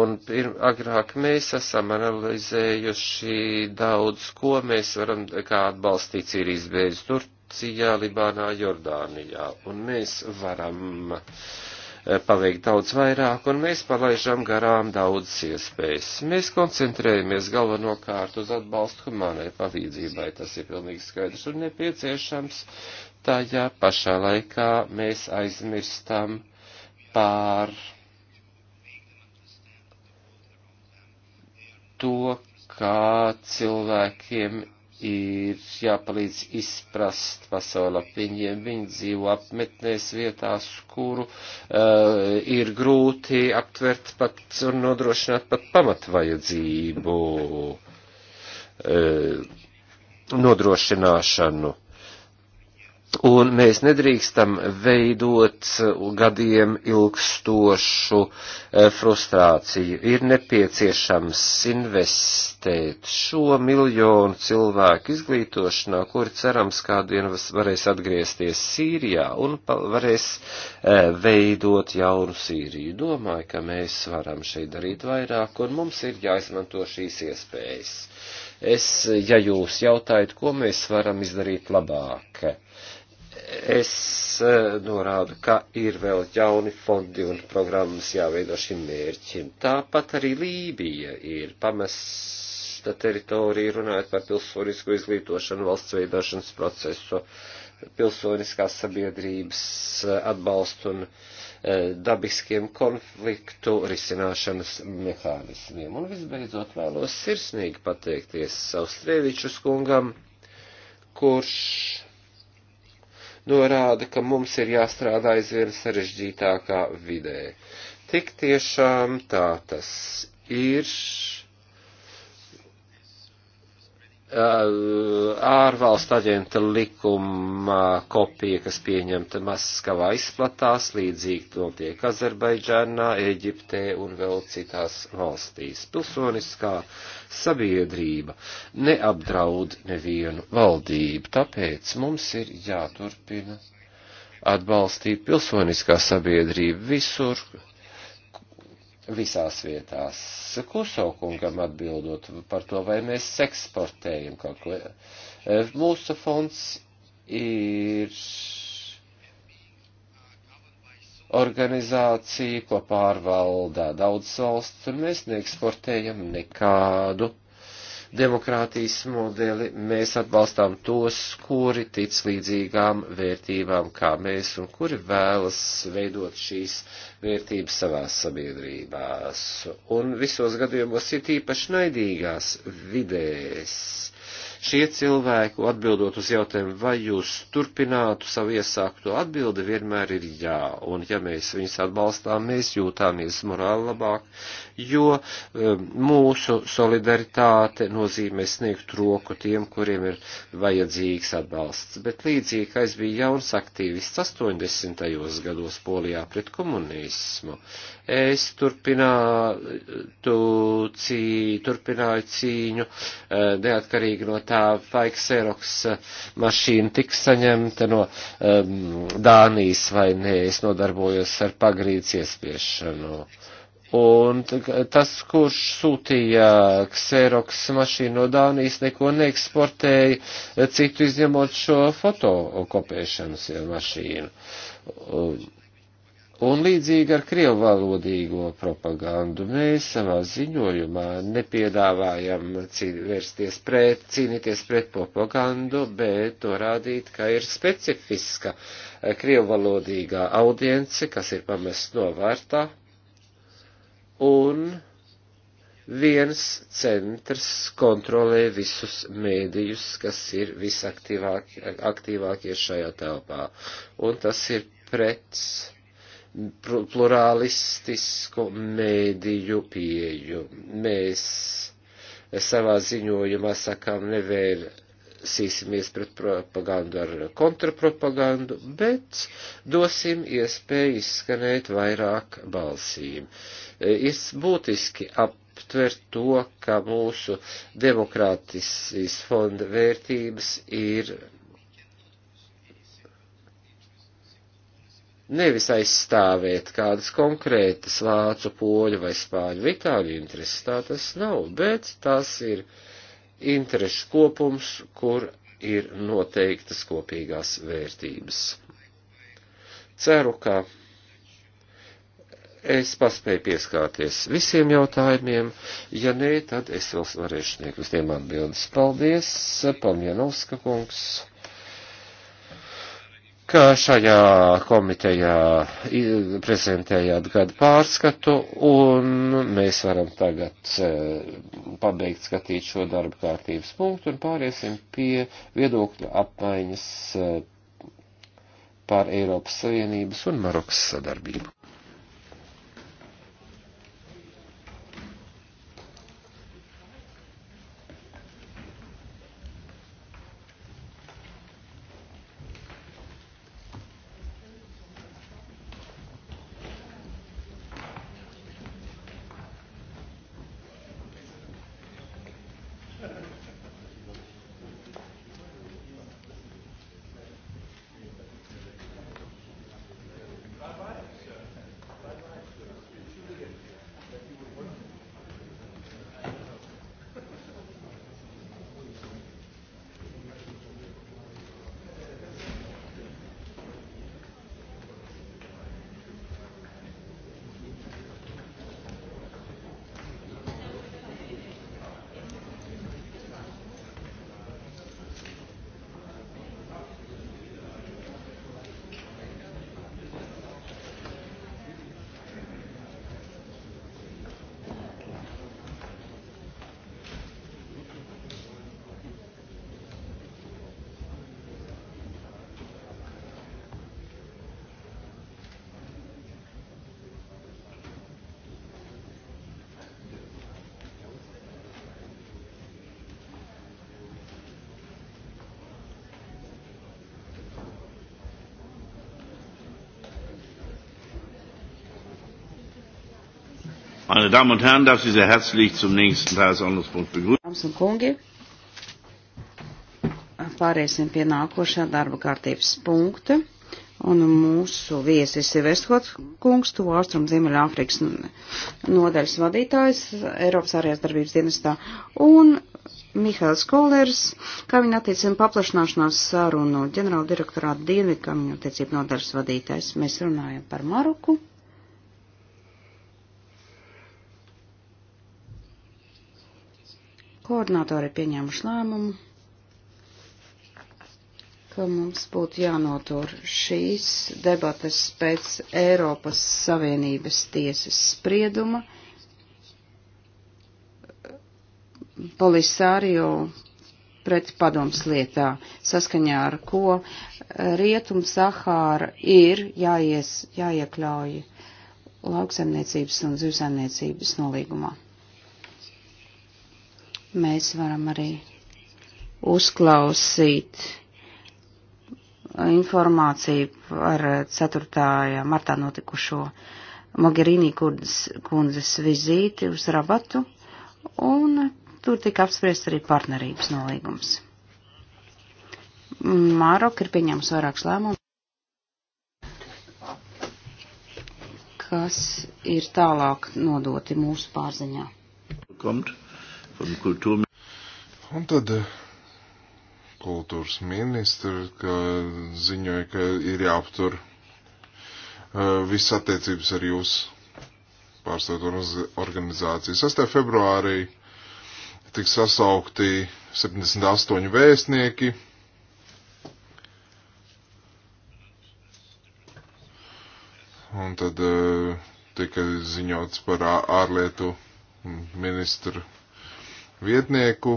A: Un pirm, agrāk mēs esam analizējuši daudz, ko mēs varam kā atbalstīt Sīrijas bēdz Turcijā, Libānā, Jordānijā. Un mēs varam eh, paveikt daudz vairāk, un mēs palaižam garām daudz iespējas. Mēs koncentrējamies galvenokārt uz atbalstu humanai palīdzībai, tas ir pilnīgi skaidrs un nepieciešams. Tajā pašā laikā mēs aizmirstam pār to, kā cilvēkiem ir jāpalīdz izprast pasauli ap viņiem. Viņi dzīvo apmetnēs vietās, kuru uh, ir grūti aptvert pat un nodrošināt pat pamatvajadzību uh, nodrošināšanu. Un mēs nedrīkstam veidot gadiem ilgstošu e, frustrāciju. Ir nepieciešams investēt šo miljonu cilvēku izglītošanā, kuri cerams kādien varēs atgriezties Sīrijā un varēs e, veidot jaunu Sīriju. Domāju, ka mēs varam šeit darīt vairāk un mums ir jāizmanto šīs iespējas. Es, ja jūs jautājat, ko mēs varam izdarīt labāk Es eh, norādu, ka ir vēl jauni fondi un programmas jāveido šim mērķim. Tāpat arī Lībija ir pamesta teritorija, runājot par pilsonisko izglītošanu, valsts veidošanas procesu, pilsoniskās sabiedrības eh, atbalstu un eh, dabiskiem konfliktu risināšanas mehānismiem. Un visbeidzot vēlos sirsnīgi pateikties Austrēvičus kungam, kurš norāda, ka mums ir jāstrādā aizvien sarežģītākā vidē. Tik tiešām tā tas ir Uh, ārvalstu aģenta likuma kopija, kas pieņemta Maskavā, izplatās, līdzīgi notiek Azerbaidžānā, Eģiptē un vēl citās valstīs. Pilsoniskā sabiedrība neapdraud nevienu valdību, tāpēc mums ir jāturpina atbalstīt pilsoniskā sabiedrība visur, visās vietās. Kusaukungam atbildot par to, vai mēs eksportējam kaut ko. E, mūsu fonds ir organizācija, ko pārvalda daudz valsts, un mēs neeksportējam nekādu demokrātijas modeli, mēs atbalstām tos, kuri tic līdzīgām vērtībām kā mēs un kuri vēlas veidot šīs vērtības savās sabiedrībās. Un visos gadījumos ir īpaši naidīgās vidēs. Šie cilvēki, atbildot uz jautājumu, vai jūs turpinātu savu iesākto atbildi, vienmēr ir jā, un ja mēs viņus atbalstām, mēs jūtāmies morāli labāk, jo eh, mūsu solidaritāte nozīmē sniegt roku tiem, kuriem ir vajadzīgs atbalsts. Bet līdzīgi, ka es biju jauns aktīvists 80. gados Polijā pret komunismu, es turpināju, cī, turpināju cīņu, eh, neatkarīgi no tā, vai Xerox eh, mašīna tiks saņemta no um, Dānijas vai nē, es nodarbojos ar pagrīdes iespiešanu. Uh, Un tas, kurš sūtīja Xerox mašīnu no Dānijas, neko neeksportēja, citu izņemot šo fotokopēšanas mašīnu. Un, un līdzīgi ar krievu valodīgo propagandu mēs savā ziņojumā nepiedāvājam vērsties pret, cīnīties pret propagandu, bet to rādīt, ka ir specifiska krievu valodīgā audience, kas ir pamest novārtā un viens centrs kontrolē visus mēdījus, kas ir visaktīvākie aktīvāk, šajā telpā. Un tas ir pret plurālistisku mēdīju pieju. Mēs savā ziņojumā sakām nevēr cīsimies pret propagandu ar kontrapropagandu, bet dosim iespēju izskanēt vairāk balsīm. Uh, ir būtiski aptvert to, ka mūsu demokrātisīs fonda vērtības ir nevis aizstāvēt kādas konkrētas vācu, poļu vai spāņu vai itāļu intereses, tā tas nav, bet tas ir interešu kopums, kur ir noteiktas kopīgās vērtības. Ceru, ka es paspēju pieskārties visiem jautājumiem. Ja nē, tad es vēl varēšu sniegt uz tiem atbildes. Paldies, Palmjanovska kungs, ka šajā komitejā prezentējāt gadu pārskatu, un mēs varam tagad e, pabeigt skatīt šo darba kārtības punktu un pāriesim pie viedokļa apmaiņas e, par Eiropas Savienības un Marokas sadarbību.
C: Meine Damen und Herren, darf Sie sehr herzlich zum nächsten Tagesordnungspunkt begrüßen. Pāriesim pie nākošā darba kārtības punkta. Un mūsu viesis ir Vesthots kungs, to Austrum Ziemeļāfrikas nodaļas vadītājs Eiropas ārējās darbības dienestā. Un Mihails Kolers, kā viņa attiecina paplašanāšanās sarunu ģenerāla direktorāta dienvidu, kā viņa attiecība nodaļas vadītājs. Mēs runājam par Maroku. koordinātori pieņēmuši lēmumu, ka mums būtu jānotur šīs debates pēc Eiropas Savienības tiesas sprieduma Polisārio pret padoms lietā, saskaņā ar ko eh, Rietum Sahāra ir jāies, jāiekļauj lauksaimniecības un zivsaimniecības nolīgumā. Mēs varam arī uzklausīt informāciju par 4. martā notikušo Mogherini kundzes vizīti uz Rabatu, un tur tika apspriest arī partnerības nolīgums. Māroka ir pieņēmusi vairākus lēmumus, kas ir tālāk nodoti mūsu pārziņā.
B: Komt. Un tad eh, kultūras ministra, ka ziņoja, ka ir jāaptur eh, viss attiecības ar jūs pārstāvot organizāciju. 6. februārī tiks sasaukti 78 vēstnieki. Un tad eh, tika ziņots par ārlietu ministru vietnieku,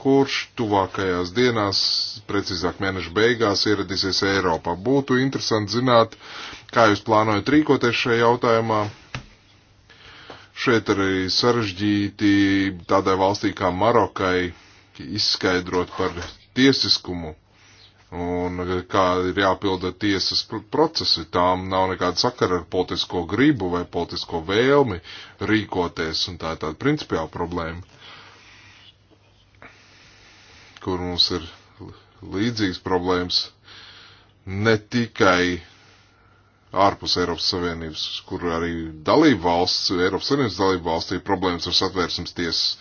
B: kurš tuvākajās dienās, precīzāk mēneša beigās, ieradīsies Eiropā. Būtu interesanti zināt, kā jūs plānojat rīkoties šajā jautājumā. Šeit arī sarežģīti tādai valstī kā Marokai izskaidrot par tiesiskumu un kā ir jāpilda tiesas procesi. Tām nav nekāda sakara ar politisko gribu vai politisko vēlmi rīkoties, un tā ir tāda principiāla problēma, kur mums ir līdzīgas problēmas ne tikai ārpus Eiropas Savienības, kur arī dalība valsts, Eiropas Savienības dalība valstī problēmas ar satvērsmes tiesas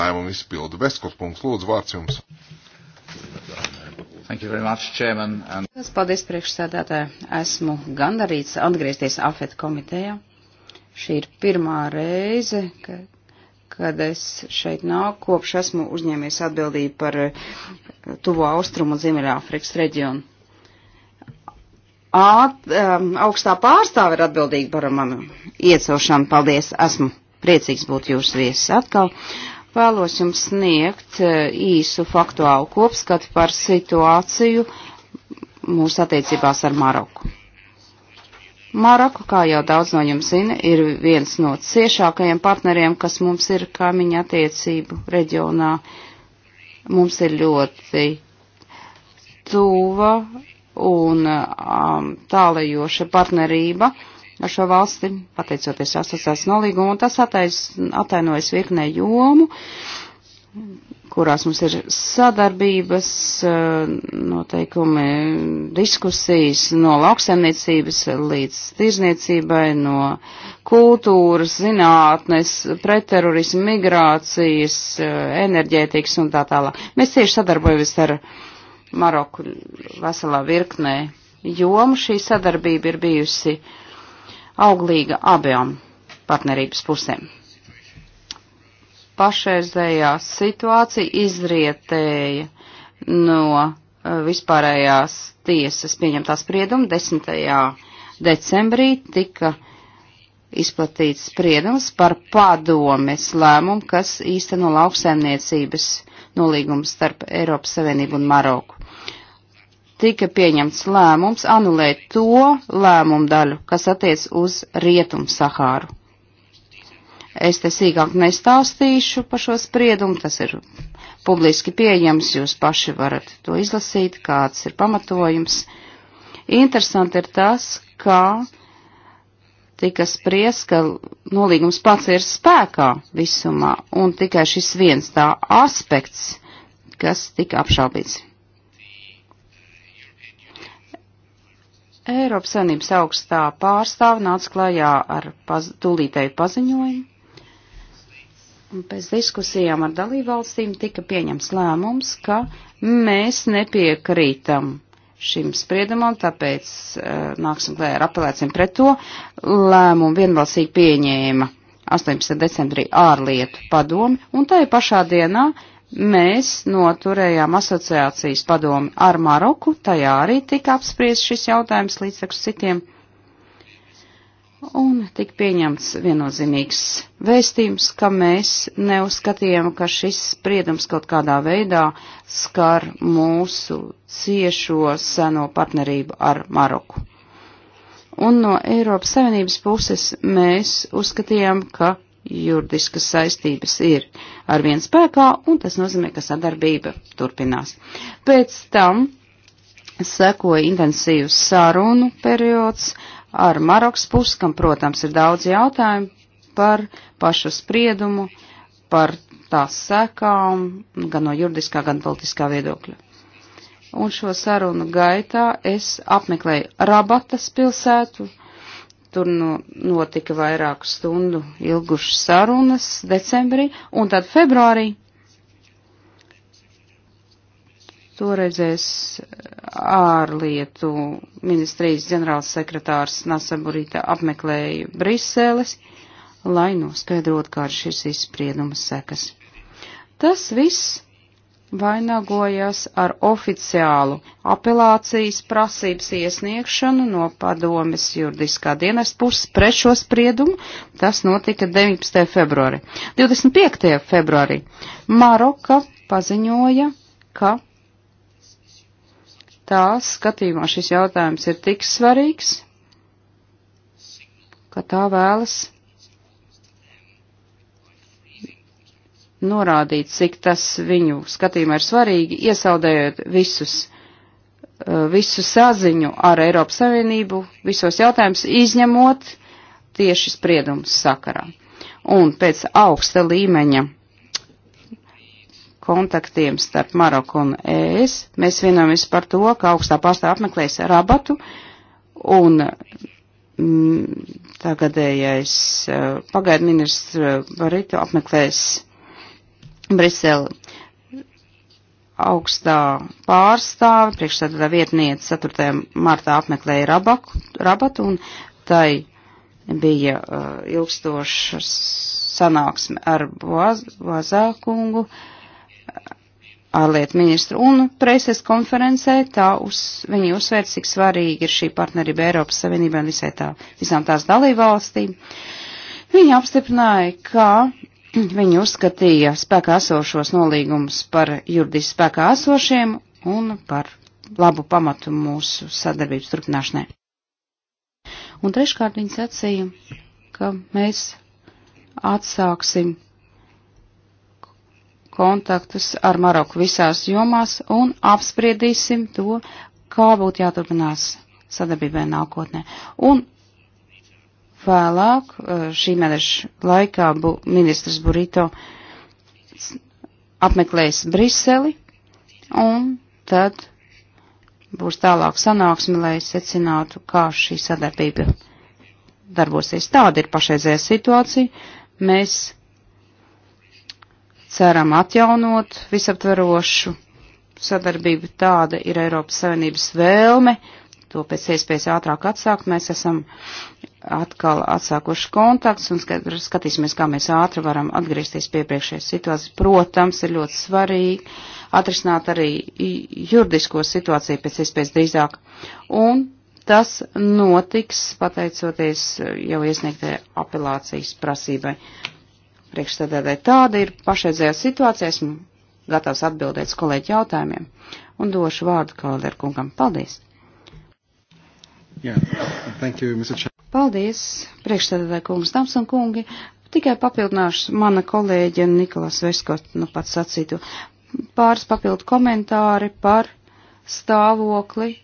B: lēmumu izpildu. Veskot punkts, lūdzu, vārds jums. Much, chairman, and...
C: Paldies priekšsēdētāji. Esmu gandarīts atgriezties AFET komitejā. Šī ir pirmā reize, ka, kad es šeit nāku, kopš esmu uzņēmies atbildību par eh, tuvo austrumu Ziemeļāfrikas reģionu. At, um, augstā pārstāve ir atbildīga par manu iecelšanu. Paldies, esmu priecīgs būt jūsu viesis atkal. Uh, Vēlos jums sniegt eh, īsu faktuālu kopskatu par situāciju mūsu attiecībās ar Maroku. Maroku, kā jau daudz no jums zina, ir viens no ciešākajiem partneriem, kas mums ir kaimiņa attiecību reģionā. Mums ir ļoti tuva un um, tālajoša partnerība ar šo valsti, pateicoties asociācijas nolīgumu, un tas atainojas virknē jomu, kurās mums ir sadarbības eh, noteikumi, diskusijas no lauksaimniecības līdz tirzniecībai, no kultūras, zinātnes, pretterorismu, migrācijas, eh, enerģētikas un tā tālāk. Mēs tieši sadarbojamies ar Maroku veselā virknē jomu. Šī sadarbība ir bijusi uh, auglīga abām partnerības pusēm. Pašreizējā situācija izrietēja no eh, vispārējās tiesas pieņemtā sprieduma 10. decembrī tika izplatīts spriedums par padomes lēmumu, kas īsteno lauksēmniecības nolīgumu starp Eiropas Savienību un Maroku tika pieņemts lēmums anulēt to lēmumu daļu, kas attiec uz Rietumu Sahāru. Es te sīkāk nestāstīšu par šo spriedumu, tas ir publiski pieejams, jūs paši varat to izlasīt, kāds ir pamatojums. Interesanti ir tas, ka tika spries, ka nolīgums pats ir spēkā visumā, un tikai šis viens tā aspekts, kas tika apšaubīts. Eiropas Savienības augstā pārstāve nāca klajā ar paz tūlītēju paziņojumu. Pēc diskusijām ar dalībvalstīm tika pieņemts lēmums, ka mēs nepiekrītam šim spriedumam, tāpēc uh, nāksim klajā ar apelācijām pret to. Lēmumu vienbalsīgi pieņēma 18. decembrī ārlietu padomi, un tajā pašā dienā uh, mēs noturējām asociācijas padomi ar Maroku, tajā arī tika apspriest šis jautājums līdz citiem. Un tika pieņemts viennozīmīgs vēstījums, ka mēs neuzskatījām, ka šis spriedums kaut kādā veidā skar mūsu ciešo seno partnerību ar Maroku. Un no Eiropas Savienības puses mēs uzskatījām, ka juridiskas saistības ir ar viens spēkā, un tas nozīmē, ka sadarbība turpinās. Pēc tam sekoja intensīvs sarunu periods ar Maroks pusi, kam, protams, ir daudz jautājumu par pašu spriedumu, par tās sekām, gan no juridiskā, gan politiskā viedokļa. Un šo sarunu gaitā es apmeklēju Rabatas pilsētu, Tur no, nu, notika vairāku stundu ilgušas sarunas decembrī, un tad februārī toreizēs ārlietu ministrijas ģenerāls sekretārs Nasaburīta apmeklēja Briseles, lai noskaidrotu, kā šis izspriedums sekas. Tas viss vainagojas ar oficiālu apelācijas prasības iesniegšanu no padomes juridiskā dienas puses pret šo spriedumu. Tas notika 19. februāri. 25. februārī Maroka paziņoja, ka tās skatījumā šis jautājums ir tik svarīgs, ka tā vēlas norādīt, cik tas viņu skatījumā ir svarīgi, iesaldējot visus, eh, visu saziņu ar Eiropas Savienību, visos jautājumus izņemot tieši spriedumu sakarā. Un pēc augsta līmeņa kontaktiem starp Maroku un ES mēs vienojamies par to, ka augstā pārstāv apmeklēs rabatu un mm, tagadējais eh, pagaidu ministrs eh, Barito apmeklēs Brisele augstā pārstāve, priekšsēdētā vietniece 4. martā apmeklēja Rabaku, Rabatu un tai bija uh, ilgstošas sanāksme ar Vazākungu, ārlietu ministru un preses konferencē, tā uz, viņi uzsvērt, cik svarīgi ir šī partnerība Eiropas Savienībā un visai tā, visām tās dalībvalstīm. Viņi apstiprināja, ka Viņi uzskatīja spēkā esošos nolīgumus par juridiski spēkā esošiem un par labu pamatu mūsu sadarbības turpināšanai. Un treškārt viņi sacīja, ka mēs atsāksim kontaktus ar Maroku visās jomās un apspriedīsim to, kā būtu jāturpinās sadarbībai nākotnē. Un Vēlāk eh, šī mēneša laikā bu, ministrs Burito apmeklēs Briseli un tad būs tālāk sanāksme, lai secinātu, kā šī sadarbība darbosies. Tāda ir pašreizējā situācija. Mēs ceram atjaunot visaptverošu sadarbību. Tāda ir Eiropas Savienības vēlme to pēc iespējas ātrāk atsākt. Mēs esam atkal atsākuši kontakts un skatīsimies, kā mēs ātri varam atgriezties pie priekšējās situācijas. Protams, ir ļoti svarīgi atrisināt arī juridisko situāciju pēc iespējas drīzāk. Un tas notiks pateicoties jau iesniegtajai apelācijas prasībai. Priekšstādētāji tāda ir pašreizējā situācija. Esmu gatavs atbildēt uz kolēģi jautājumiem un došu vārdu Kalderkungam. Paldies! Yeah. You, Paldies, priekšstādātāji kungs, dāmas un kungi. Tikai papildināšu mana kolēģa Nikolas Veskot, nu pats sacītu, pāris papildu komentāri par stāvokli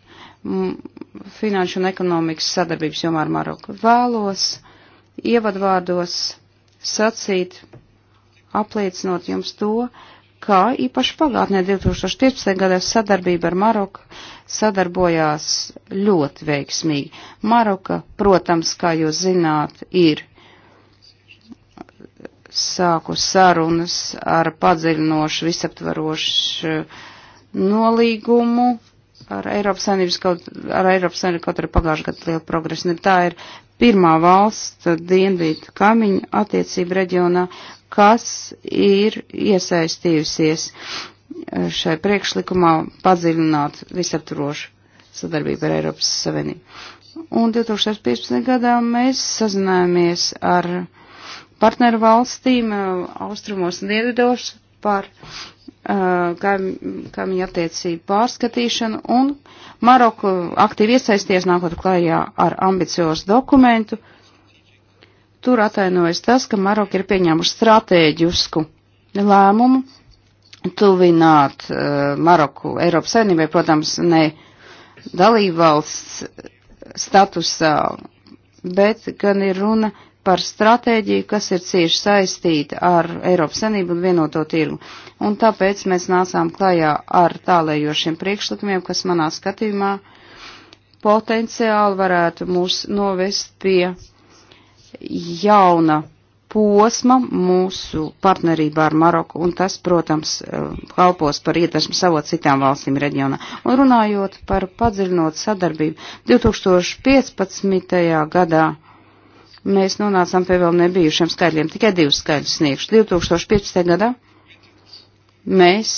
C: mm, finanšu un ekonomikas sadarbības jomā ar Maroku. Vēlos ievadvārdos sacīt, apliecinot jums to, kā īpaši pagātnē 2015. gadā sadarbība ar Maroku sadarbojās ļoti veiksmīgi. Maroka, protams, kā jūs zināt, ir sāku sarunas ar padziļinošu, visaptvarošu nolīgumu ar Eiropas Savienības, kaut, ar Eiropas Savienību kaut arī pagājušajā gadā liela progresa. Tā ir pirmā valsts dienvidu kaimiņu attiecību reģionā, kas ir iesaistījusies eh, šai priekšlikumā padziļināt visaptvarošu sadarbību ar Eiropas Savienību. Un 2015. gadā mēs sazinājāmies ar partneru valstīm eh, austrumos un dienvidos par Uh, kaimiņu attiecību pārskatīšanu, un Maroku aktīvi iesaisties nākot klājā ar ambiciozu dokumentu. Tur atainojas tas, ka Maroka ir pieņēmuši stratēģisku lēmumu tuvināt uh, Maroku Eiropas Savienībai, protams, ne dalībvalsts statusā, bet gan ir runa par stratēģiju, kas ir cieši saistīta ar Eiropas Savienību un vienoto tirgu un tāpēc mēs nācām klajā ar tālējošiem priekšlikumiem, kas manā skatījumā potenciāli varētu mūs novest pie jauna posma mūsu partnerībā ar Maroku, un tas, protams, kalpos par ietversmu savot citām valstīm reģionā. Un runājot par padziļinot sadarbību, 2015. gadā mēs nonācām pie vēl nebijušiem skaidriem, tikai divus skaidrus sniegšu. 2015. gadā mēs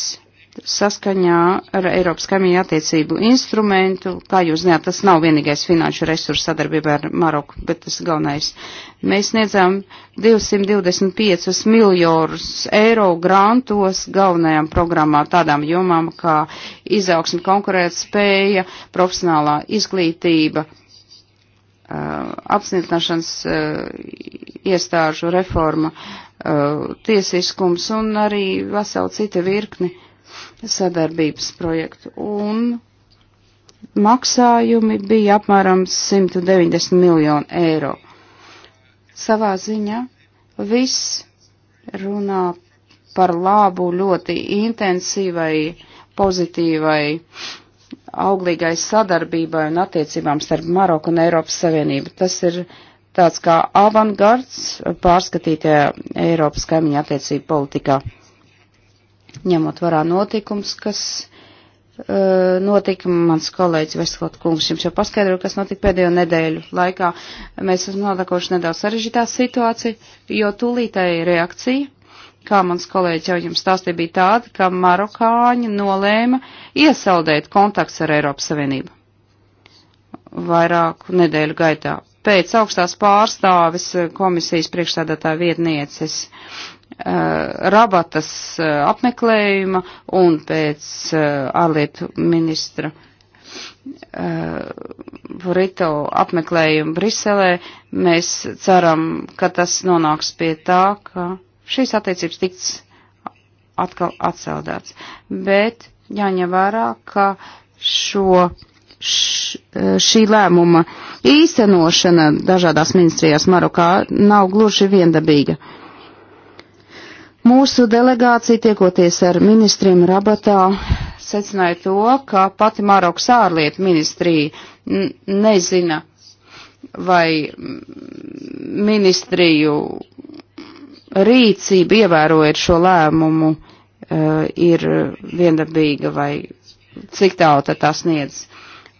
C: saskaņā ar Eiropas kaimiņu attiecību instrumentu, kā jūs zināt, tas nav vienīgais finanšu resursu sadarbība ar Maroku, bet tas galvenais. Mēs sniedzām 225 miljonus eiro grantos galvenajām programmām, tādām jomām kā izaugsme, konkurētspēja, profesionālā izglītība, apsniegšanas iestāžu reforma uh, tiesiskums un arī vesela cita virkni sadarbības projektu. Un maksājumi bija apmēram 190 miljonu eiro. Savā ziņā viss runā par labu ļoti intensīvai, pozitīvai, auglīgai sadarbībai un attiecībām starp Maroku un Eiropas Savienību. Tas ir tāds kā avangards pārskatītajā Eiropas kaimiņa attiecību politikā, ņemot varā notikums, kas e, notika mans kolēģis Veselot kungs, jums jau paskaidroju, kas notika pēdējo nedēļu laikā. Mēs esam nonākuši nedaudz sarežģītā situācija, jo tūlītēji reakcija, kā mans kolēģis jau jums stāstīja, bija tāda, ka marokāņi nolēma iesaldēt kontakts ar Eiropas Savienību vairāku nedēļu gaitā pēc augstās pārstāves eh, komisijas priekšstādātāja vietnieces eh, rabatas eh, apmeklējuma un pēc ārlietu ministra Rito apmeklējumu Briselē, mēs ceram, ka tas nonāks pie tā, ka šīs attiecības tiks atkal atceldāts. Bet jāņem vērā, ka šo Eh, šī lēmuma īstenošana dažādās ministrijās Marokā nav gluži viendabīga. Mūsu delegācija tiekoties ar ministriem Rabatā secināja to, ka pati Marokas ārlietu ministrija nezina, vai ministriju rīcība ievērojot šo lēmumu eh, ir viendabīga vai cik tālu tad tā sniedz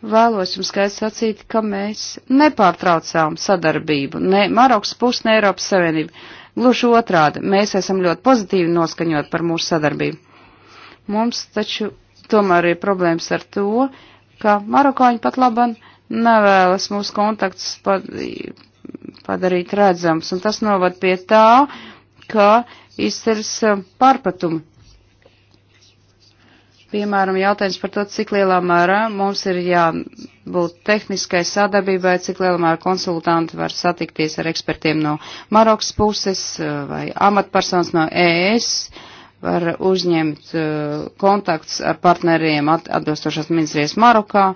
C: vēlos jums skaidri sacīt, ka mēs nepārtraucām sadarbību ne Marokas pusi, ne Eiropas Savienību. Gluži otrādi, mēs esam ļoti pozitīvi noskaņot par mūsu sadarbību. Mums taču tomēr ir problēmas ar to, ka marokāņi pat laban nevēlas mūsu kontaktus padarīt redzams, un tas novad pie tā, ka izceļas uh, pārpatumi Piemēram, jautājums par to, cik lielā mērā mums ir jābūt tehniskai sadarbībai, cik lielā mērā konsultanti var satikties ar ekspertiem no Marokas puses eh, vai amatpersonas no ES, var uzņemt eh, kontakts ar partneriem atbilstošās ministrijas Marokā.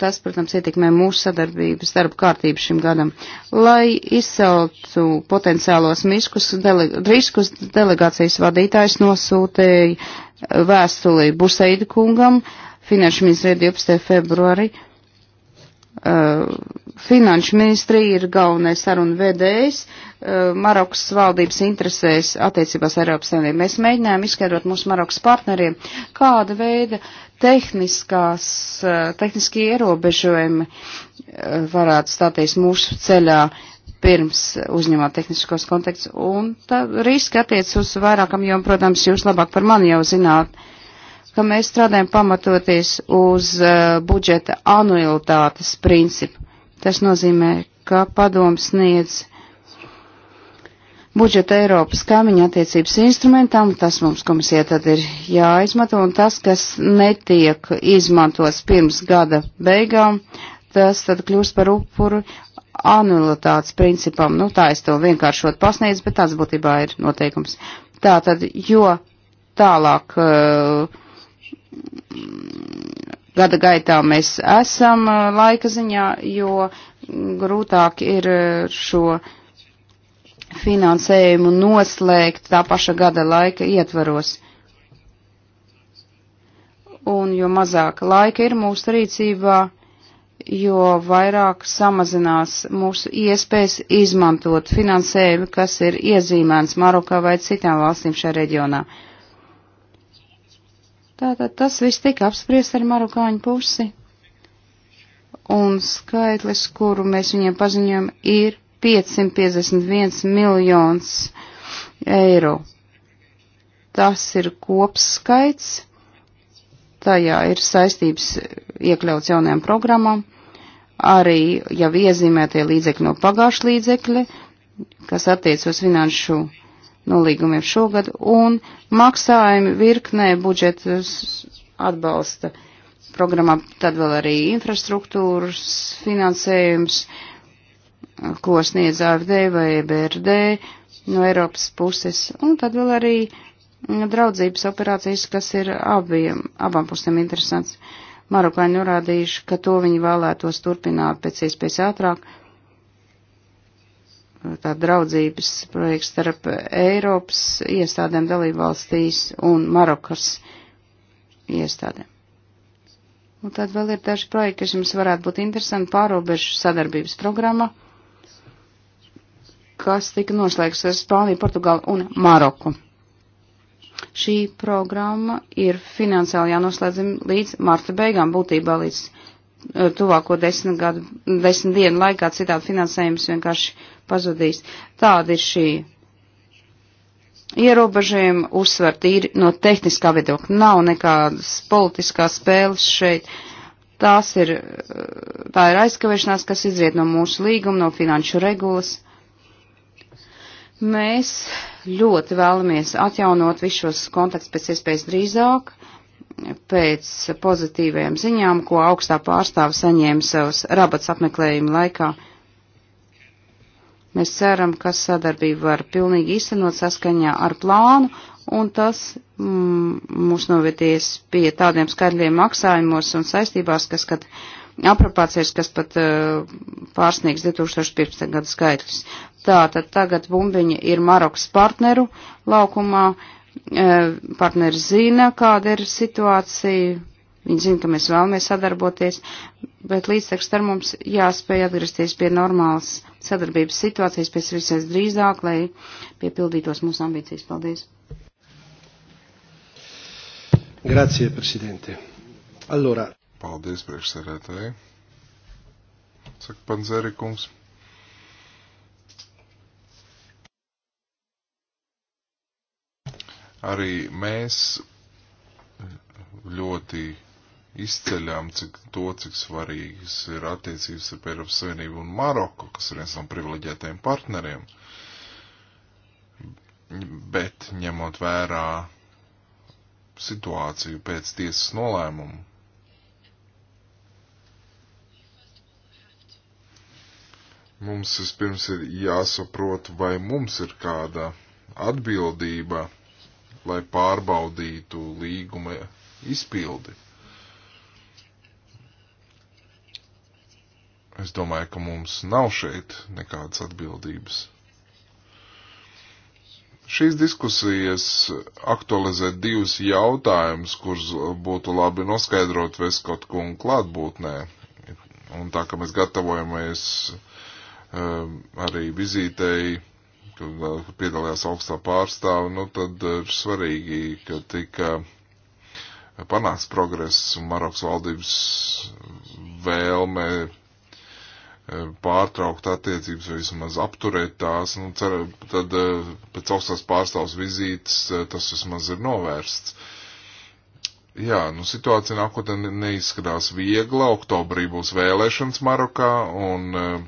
C: Tas, protams, ietekmē mūsu sadarbības darba kārtību šim gadam. Lai izceltu potenciālos miskus, dele, riskus, delegācijas vadītājs nosūtēja vēstulī Buseida kungam, finanšu ministrija 12. februārī. Uh, finanšu ministrija ir galvenais sarunu vedējs uh, Marokas valdības interesēs attiecībās ar Eiropas Savienību. Mēs mēģinājām izskaidrot mūsu Marokas partneriem, kāda veida tehniskās, uh, tehniskie ierobežojumi varētu stāties mūsu ceļā pirms uzņemot tehniskos kontekstus, un tā riski attiec uz vairākam, jo, protams, jūs labāk par mani jau zināt, ka mēs strādājam pamatoties uz uh, budžeta anuilitātes principu. Tas nozīmē, ka padoms sniedz budžeta Eiropas kaimiņa attiecības instrumentam, tas mums komisija tad ir jāizmanto, un tas, kas netiek izmantots pirms gada beigām, tas tad kļūst par upuru, anulitātes principam. Nu, tā es to vienkāršot pasniedzu, bet tāds būtībā ir noteikums. Tā tad, jo tālāk uh, gada gaitā mēs esam uh, laika ziņā, jo grūtāk ir eh, šo finansējumu noslēgt tā paša gada laika ietvaros. Un jo mazāk laika ir mūsu rīcībā, uh, jo vairāk samazinās mūsu iespējas izmantot finansējumu, kas ir iezīmēns Marokā vai citām valstīm šajā reģionā. Tātad tas viss tika apspriests ar marokāņu pusi, un skaitlis, kuru mēs viņiem paziņojam, ir 551 miljons eiro. Tas ir kopskaits, tajā ir saistības iekļauts jaunajām programmām arī jau iezīmētie līdzekļi no pagājušā līdzekļa, kas attiec uz finanšu nolīgumiem šogad, un maksājumi virknē budžetas atbalsta programmā, tad vēl arī infrastruktūras finansējums, ko sniedz AFD vai EBRD no Eiropas puses, un tad vēl arī draudzības operācijas, kas ir abiem, abām pusēm interesants. Uh, Marokai norādījuši, ka to viņi vēlētos turpināt pēc iespējas ātrāk. Tā draudzības projekts starp Eiropas iestādēm dalībvalstīs un Marokas iestādēm. Un tad vēl ir daži projekti, kas jums varētu būt interesanti pārobežu sadarbības programma kas tika noslēgts ar Spāniju, Portugāli un Maroku. Šī programma ir finansiāli jānoslēdzam līdz marta beigām, būtībā līdz eh, tuvāko desmit, gadu, desmit dienu laikā, citādi finansējums vienkārši pazudīs. Tāda ir šī ierobežojuma uzsver tīri no tehniskā viedokļa. Nav nekādas politiskās spēles šeit. Tās ir, eh, tā ir aizkavēšanās, kas izriet no mūsu līguma, no finanšu regulas. Uh, Mēs ļoti vēlamies atjaunot visus kontaktus pēc iespējas drīzāk, pēc pozitīvajām ziņām, ko augstā pārstāve saņēma savas rabats apmeklējuma laikā. Mēs ceram, ka sadarbība var pilnīgi īstenot saskaņā ar plānu, un tas mm, mūs novietīs pie tādiem skaidriem maksājumos un saistībās, kas, kad apropācijas, kas pat uh, pārsniegs 2015. gada skaitļus. Tātad tagad bumbiņa ir Marokas partneru laukumā. E, partneri zina, kāda ir situācija. Viņi zina, ka mēs vēlamies sadarboties, bet līdztekus tam mums jāspēj atgriezties pie normālas sadarbības situācijas pēc visais drīzāk, lai piepildītos mūsu ambīcijas. Paldies!
B: Grazie, Presidente. Allora. Paldies, priekšsēdētāji. Saka Panzeri kungs. Arī mēs ļoti izceļām cik, to, cik svarīgas ir attiecības ar Eiropas Savienību un Maroku, kas ir viens no privileģētajiem partneriem. Bet ņemot vērā situāciju pēc tiesas nolēmumu, mums vispirms ir jāsaprot, vai mums ir kāda atbildība lai pārbaudītu līguma izpildi. Es domāju, ka mums nav šeit nekādas atbildības. Šīs diskusijas aktualizē divus jautājumus, kurus būtu labi noskaidrot Veskot kungu klātbūtnē. Un tā kā mēs gatavojamies um, arī vizītei kad piedalījās augstā pārstāva, nu tad ir svarīgi, ka tika panāks progress un Maroks valdības vēlme e, pārtraukt attiecības vai vismaz apturēt tās. Nu, ceru, tad e, pēc augstās pārstāvs vizītes e, tas vismaz ir novērsts. Jā, nu situācija nākotnē neizskatās viegla. Oktobrī būs vēlēšanas Marokā un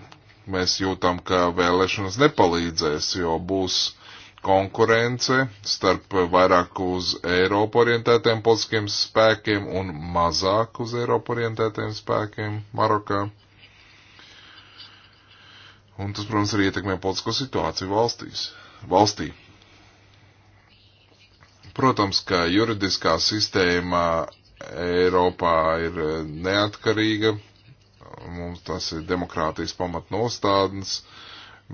B: mēs jūtam, ka vēlēšanas nepalīdzēs, jo būs konkurence starp vairāk uz Eiropu orientētiem politiskiem spēkiem un mazāk uz Eiropu orientētiem spēkiem Marokā. Un tas, protams, arī ietekmē politisko situāciju valstīs, valstī. Protams, ka juridiskā sistēma Eiropā ir neatkarīga, mums tas ir demokrātijas pamatnostādnes,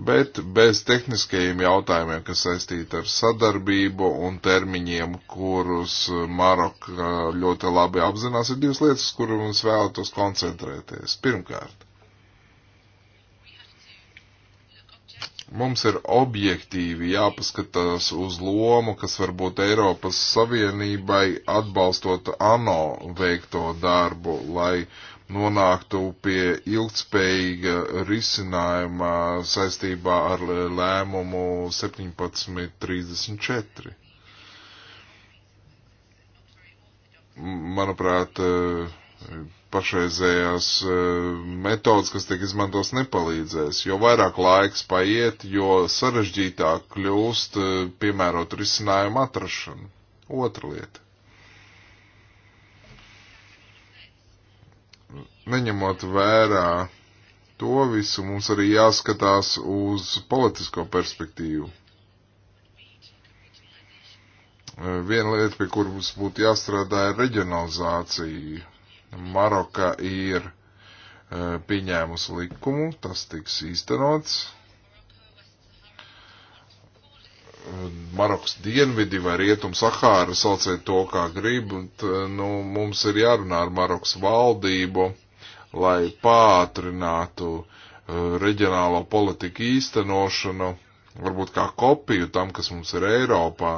B: bet bez tehniskajiem jautājumiem, kas saistīti ar sadarbību un termiņiem, kurus Maroka uh, ļoti labi apzinās, ir divas lietas, kuru mums vēlētos koncentrēties. Pirmkārt, mums ir objektīvi jāpaskatās uz lomu, kas varbūt Eiropas Savienībai atbalstot ANO veikto darbu, lai uh, nonāktu pie ilgtspējīga risinājuma saistībā ar lēmumu 1734. Manuprāt, pašreizējās e, metodas, kas tiek izmantos, nepalīdzēs. Jo vairāk laiks paiet, jo sarežģītāk kļūst e, piemērot risinājumu atrašanu. Otra lieta. neņemot vērā to visu, mums arī jāskatās uz politisko perspektīvu. Viena lieta, pie kuras būtu jāstrādā, ir reģionalizācija. Maroka ir eh, pieņēmusi likumu, tas tiks īstenots. Marokas dienvidi vai rietum Sahāra, sauciet to, kā grib, un, nu, mums ir jārunā ar Marokas valdību, lai pātrinātu e, reģionālo politiku īstenošanu, varbūt kā kopiju tam, kas mums ir Eiropā.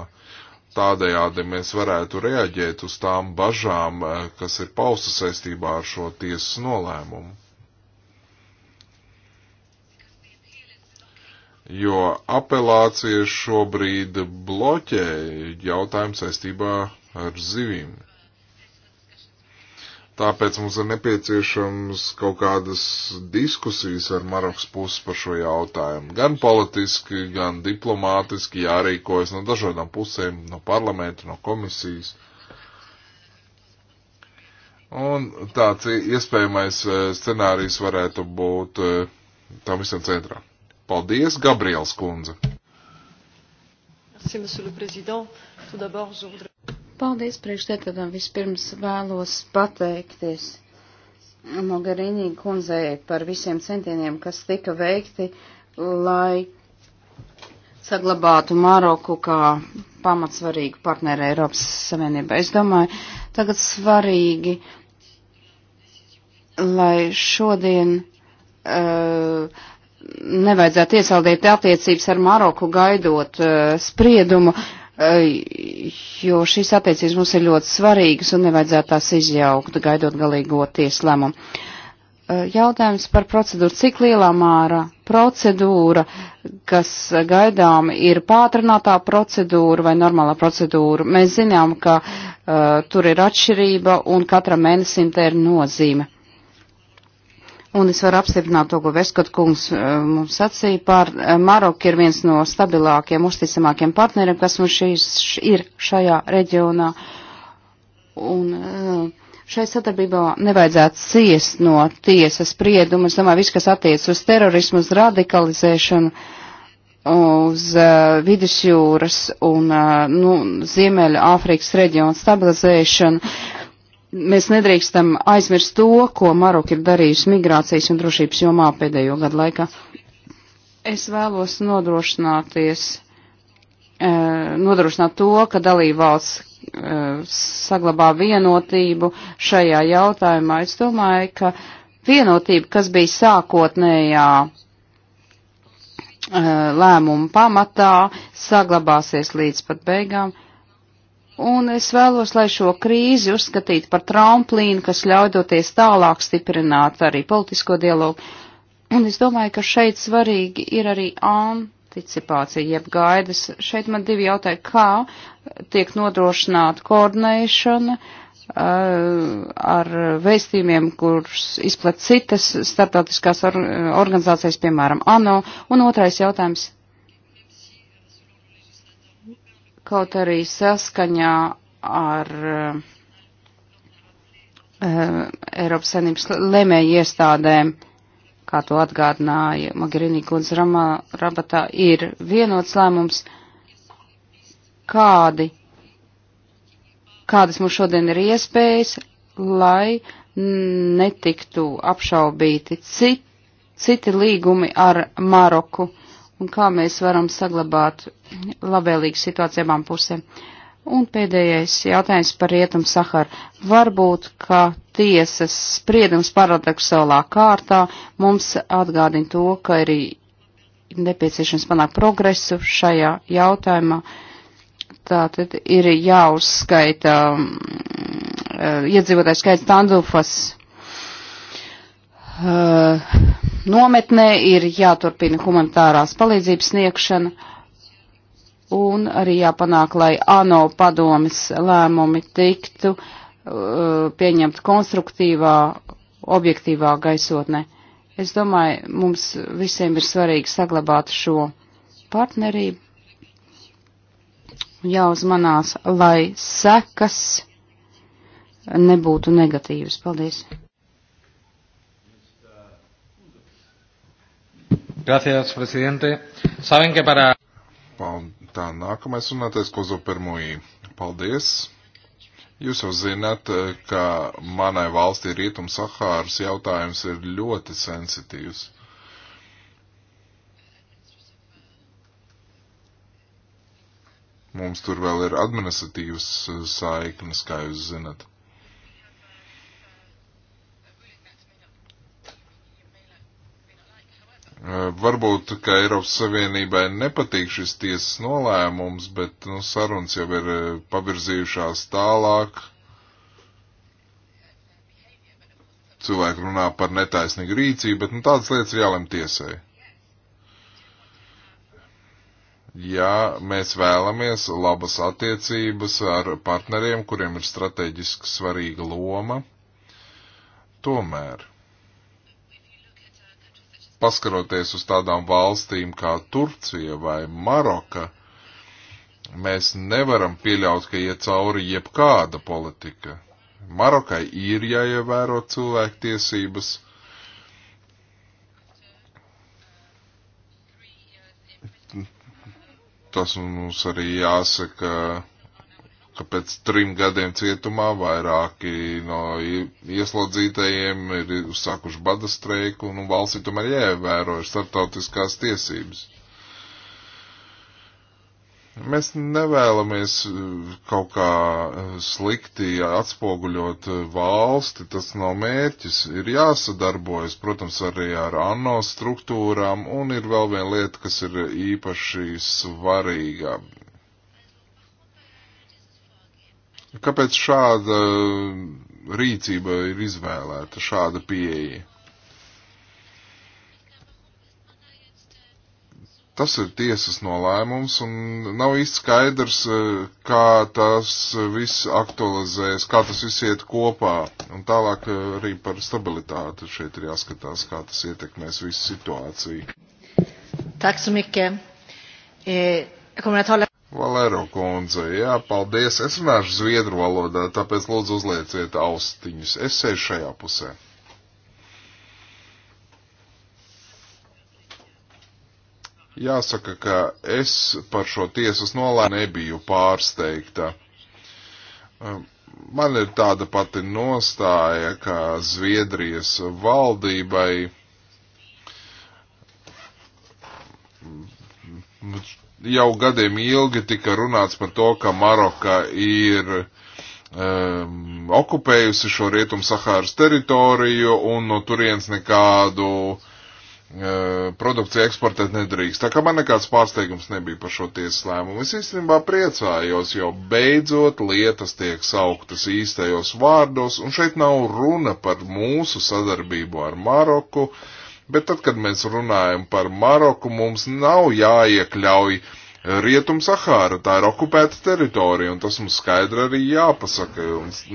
B: Tādējādi mēs varētu reaģēt uz tām bažām, e, kas ir pausta saistībā ar šo tiesas nolēmumu. jo apelācija šobrīd bloķē jautājumu saistībā ar zivīm. Tāpēc mums ir nepieciešams kaut kādas diskusijas ar Marokas pusi par šo jautājumu. Gan politiski, gan diplomātiski jārīkojas no dažādām pusēm, no parlamenta, no komisijas. Un tāds iespējamais e, scenārijs varētu būt e, tam visam centrā. Paldies, Gabriels kundze.
C: Paldies, priekšstādātām. Vispirms vēlos pateikties Mogarīnī kundzei par visiem centieniem, kas tika veikti, lai saglabātu Maroku kā pamatsvarīgu partneru Eiropas Savienībā. Es domāju, tagad svarīgi, lai šodien uh, nevajadzētu iesaldēt attiecības ar Maroku gaidot uh, spriedumu, uh, jo šīs attiecības mums ir ļoti svarīgas un nevajadzētu tās izjaukt, gaidot galīgo tieslēmumu. Uh, eh, jautājums par procedūru. Cik lielā māra procedūra, kas gaidām ir pātrinātā procedūra vai normālā procedūra? Mēs zinām, ka uh, tur ir atšķirība un katram mēnesim te ir nozīme. Un es varu apstiprināt to, ko Veskot kungs eh, mums sacīja par eh, Maroku ir viens no stabilākiem, uzticamākiem partneriem, kas mums šīs ir šajā reģionā. Un eh, šai sadarbībā nevajadzētu ciest no tiesas sprieduma. Es domāju, viss, kas attiec uz terorismu, uz radikalizēšanu, uz uh, vidusjūras un uh, nu, Ziemeļa Āfrikas reģionu stabilizēšanu mēs nedrīkstam aizmirst to, ko Maroka ir darījusi migrācijas un drošības jomā pēdējo gadu laikā. Es vēlos nodrošināties, eh, nodrošināt to, ka dalībvalsts eh, saglabā vienotību šajā jautājumā. Es domāju, ka vienotība, kas bija sākotnējā eh, lēmuma pamatā, saglabāsies līdz pat beigām. Un es vēlos, lai šo krīzi uzskatītu par tramplīnu, kas ļauj doties tālāk stiprināt arī politisko dialogu. Un es domāju, ka šeit svarīgi ir arī anticipācija, jeb gaidas. Šeit man divi jautāja, kā tiek nodrošināta koordinēšana uh, ar vēstījumiem, kurus izplat citas starptautiskās or organizācijas, piemēram, ANO. Un otrais jautājums kaut arī saskaņā ar uh, Eiropas Savienības lemēju iestādēm, kā to atgādināja Magrini kundze Rabatā, ir vienots lēmums, kādi, kādas mums šodien ir iespējas, lai netiktu apšaubīti citi, citi līgumi ar Maroku un kā mēs varam saglabāt labvēlīgu situāciju abām pusēm. Un pēdējais jautājums par rietumu Saharu. Varbūt, ka tiesas spriedums paradoxālā kārtā mums atgādina to, ka ir nepieciešams panākt progresu šajā jautājumā. Tātad ir jāuzskaita um, mm, eh, iedzīvotājs skaits Tandufas uh, nometnē ir jāturpina humanitārās palīdzības sniegšana un arī jāpanāk, lai ANO padomis lēmumi tiktu uh, eh, pieņemt konstruktīvā, objektīvā gaisotnē. Es domāju, mums visiem ir svarīgi saglabāt šo partnerību. Jāuzmanās, lai sekas nebūtu negatīvas. Paldies!
A: Gracias, presidente.
B: Saben, ka para. Tā nākamais runātais, ko zopermuji. Paldies. Jūs jau zināt, eh, ka manai valstī Rietum Sahāras jautājums ir ļoti sensitīvs. Mums tur vēl ir administratīvas eh, saiknes, kā jūs zinat. Eh, varbūt, ka Eiropas Savienībai nepatīk šis tiesas nolēmums, bet nu, sarunas jau ir eh, pavirzījušās tālāk. Cilvēki runā par netaisnīgu rīcību, bet nu, tādas lietas ir jālem tiesai. Ja mēs vēlamies labas attiecības ar partneriem, kuriem ir strateģiski svarīga loma, tomēr paskaroties uz tādām valstīm kā Turcija vai Maroka, mēs nevaram pieļaut, ka iet cauri jebkāda politika. Marokai ir jāievēro cilvēktiesības. Tas mums arī jāsaka ka pēc trim gadiem cietumā vairāki no ieslodzītajiem ir uzsākuši bada streiku, un nu, valstī tomēr jāievēro starptautiskās tiesības. Mēs nevēlamies eh, kaut kā eh, slikti atspoguļot eh, valsti, tas nav mērķis. Ir jāsadarbojas, protams, arī ar ANO struktūrām, un ir vēl viena lieta, kas ir īpaši svarīga. Kāpēc šāda rīcība ir izvēlēta, šāda pieeja? Tas ir tiesas nolēmums, un nav īsti skaidrs, e, kā tas viss aktualizēs, kā tas viss iet kopā. Un tālāk e, arī par stabilitāti šeit ir jāskatās, kā tas ietekmēs visu situāciju.
C: Tack så mycket. Eh, jag kommer att tala
B: Valero kundze, jā, paldies. Es runāšu zviedru valodā, tāpēc lūdzu uzlieciet austiņus. Es sēžu šajā pusē. Jāsaka, ka es par šo tiesas nolēmu nebiju pārsteigta. Um, man ir tāda pati nostāja, ka Zviedrijas valdībai jau gadiem ilgi tika runāts par to, ka Maroka ir um, okupējusi šo rietumu Sahāras teritoriju un no turienes nekādu um, produkciju eksportēt nedrīkst. Tā kā man nekāds pārsteigums nebija par šo tiesas lēmumu. Es īstenībā priecājos, jo beidzot lietas tiek sauktas īstajos vārdos, un šeit nav runa par mūsu sadarbību ar Maroku, uh, Bet tad, kad mēs runājam par Maroku, mums nav jāiekļauj Rietum Sahāra, tā ir okupēta teritorija, un tas mums skaidri arī jāpasaka.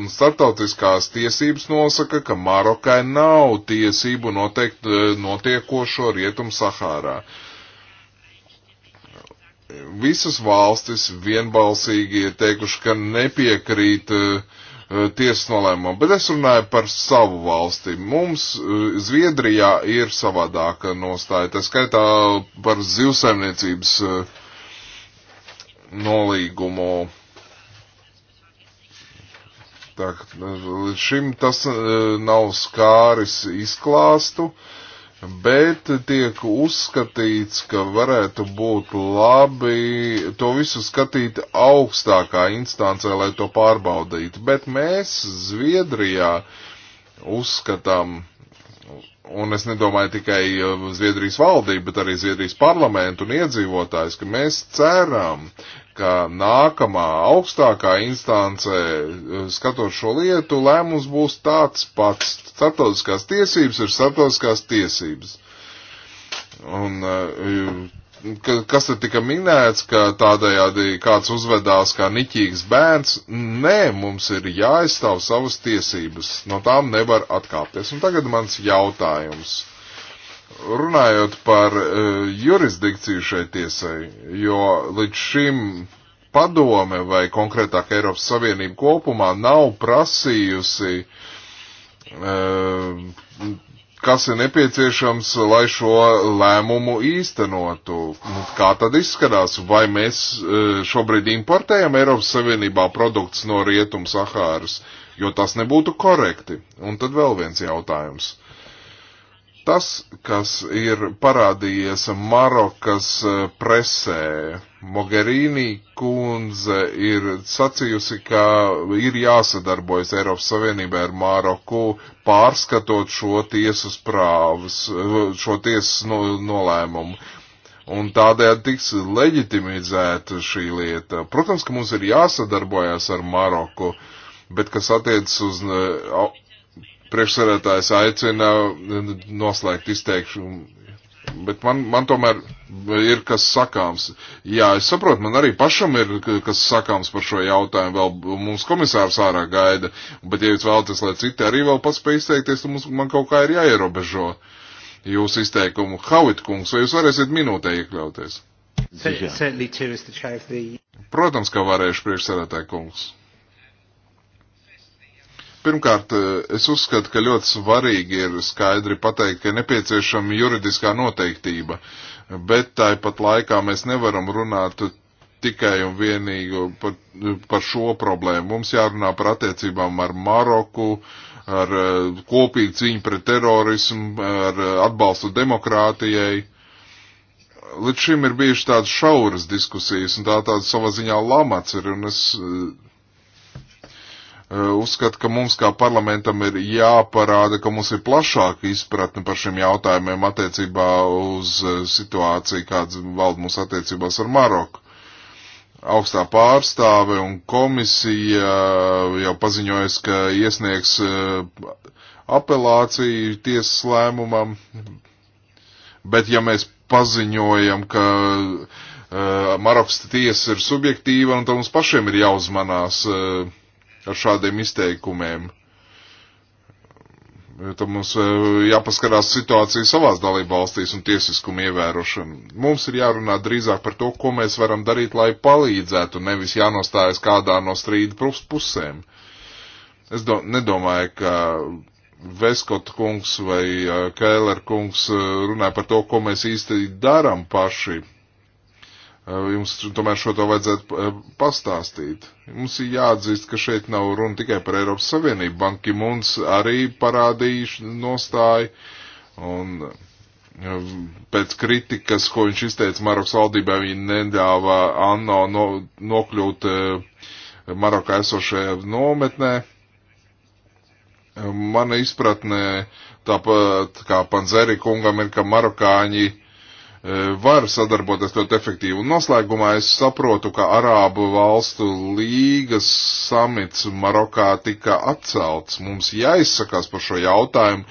B: Un startautiskās tiesības nosaka, ka Marokai nav tiesību noteikt notiekošo Rietum Sahārā visas valstis vienbalsīgi ir teikuši, ka nepiekrīt uh, Eh, tiesas nolēmumam, bet es runāju par savu valsti. Mums eh, Zviedrijā ir savādāka nostāja, tā skaitā par zivsaimniecības eh, nolīgumu. Tā, šim tas nav skāris izklāstu. Uh, bet tiek uzskatīts, ka varētu būt labi to visu skatīt augstākā instancē, lai to pārbaudītu. Bet mēs Zviedrijā uzskatām, un es nedomāju tikai uh, Zviedrijas valdību, bet arī Zviedrijas parlamentu un iedzīvotājs, ka mēs ceram, ka nākamā augstākā instance, uh, skatot šo lietu, lēmums būs tāds pats. Startautiskās tiesības ir startautiskās tiesības. Un uh, kas te tika minēts, ka tādējādi kāds uzvedās kā niķīgs bērns, nē, mums ir jāizstāv savas tiesības, no tām nevar atkāpties. Un tagad mans jautājums. Runājot par uh, jurisdikciju šai tiesai, jo līdz šim padome vai konkrētāk Eiropas Savienība kopumā nav prasījusi uh, kas ir nepieciešams, lai šo lēmumu īstenotu. Nu, kā tad izskatās, vai mēs e, šobrīd importējam Eiropas Savienībā produkts no Rietum Sahāras, jo tas nebūtu korekti? Un tad vēl viens jautājums. Tas, kas ir parādījies Marokas e, presē, Mogherini kundze ir sacījusi, ka ir jāsadarbojas Eiropas Savienībai ar Maroku, pārskatot šo tiesas prāvas, e, šo tiesas nolēmumu. Un tādējādi tiks leģitimizēta šī lieta. Protams, ka mums ir jāsadarbojas ar Maroku, bet kas attiecas uz e, priekšsarētājs aicina noslēgt izteikšanu. Bet man, man tomēr ir kas sakāms. Jā, es saprotu, man arī pašam ir kas sakāms par šo jautājumu. Vēl mums komisārs ārā gaida. Bet, ja jūs vēlaties, lai citi arī vēl paspēj izteikties, tad mums, man kaut kā ir jāierobežo jūsu izteikumu. Havit kungs, vai jūs varēsiet minūtē iekļauties? Protams, ka varēšu priekšsarētāju kungs. Pirmkārt, eh, es uzskatu, ka ļoti svarīgi ir skaidri pateikt, ka nepieciešama juridiskā noteiktība, bet tāpat laikā mēs nevaram runāt tikai un vienīgi par, par šo problēmu. Mums jārunā par attiecībām ar Maroku, ar eh, kopīgu cīņu pret terorismu, ar eh, atbalstu demokrātijai. Līdz šim ir bijušas tādas šauras diskusijas, un tā tāda savā ziņā lamats ir, un es Eh, uzskata, ka mums kā parlamentam ir jāparāda, ka mums ir plašāka izpratne par šiem jautājumiem attiecībā uz eh, situāciju, kāds valda mūsu attiecībās ar Maroku. Augstā pārstāve un komisija eh, jau paziņojas, ka iesniegs apelāciju tiesas lēmumam, bet ja mēs paziņojam, ka Marokas tiesa ir subjektīva, un tad mums pašiem ir jāuzmanās uh, ar šādiem izteikumiem. Tad mums eh, jāpaskarās situācija savās dalībvalstīs un tiesiskuma ievērošana. Mums ir jārunā drīzāk par to, ko mēs varam darīt, lai palīdzētu, nevis jānostājas kādā no strīda pusēm. Es do, nedomāju, ka Veskot kungs vai eh, Kēler kungs eh, runāja par to, ko mēs īsti darām paši Eh, jums tomēr šo to vajadzētu eh, pastāstīt. Mums ir jāatzīst, ka šeit nav runa tikai par Eiropas Savienību. Banki mums arī parādīja nostāju. Un eh, pēc kritikas, ko viņš izteica Marokas valdībā, viņi nedāvā Anno no, nokļūt Marokā esošajā nometnē. Mana izpratnē, tāpat kā Panzeri kungam, ir, ka marokāņi uh, E, var sadarboties ļoti efektīvi. Un noslēgumā es saprotu, ka Arābu valstu līgas samits Marokā tika atcelts. Mums jāizsakās par šo jautājumu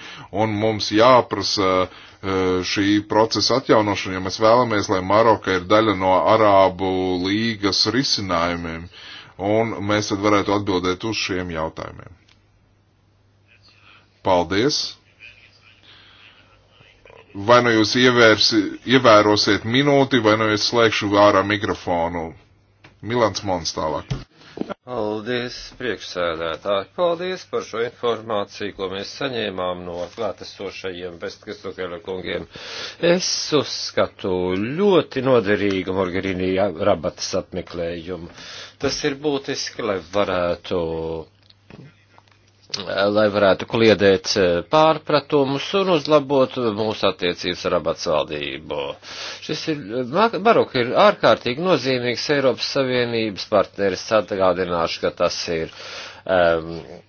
B: un mums jāprasa e, šī procesa atjaunošana, ja mēs vēlamies, lai Maroka ir daļa no Arābu līgas risinājumiem. Un mēs tad varētu atbildēt uz šiem jautājumiem. Paldies! vai nu jūs ievērsi, ievērosiet minūti, vai nu es slēgšu ārā mikrofonu. Milans Mons tālāk.
A: Paldies, priekšsēdētāji. Paldies par šo informāciju, ko mēs saņēmām no klātesošajiem Vestkristokeļa kungiem. Es uzskatu ļoti noderīgu Morgarīnī rabatas apmeklējumu. Tas ir būtiski, lai varētu lai varētu kliedēt eh, pārpratumus un uzlabot mūsu attiecības ar abats valdību. Šis ir, Maroka ir ārkārtīgi nozīmīgs Eiropas Savienības partneris, atgādināšu, ka tas ir uh, um,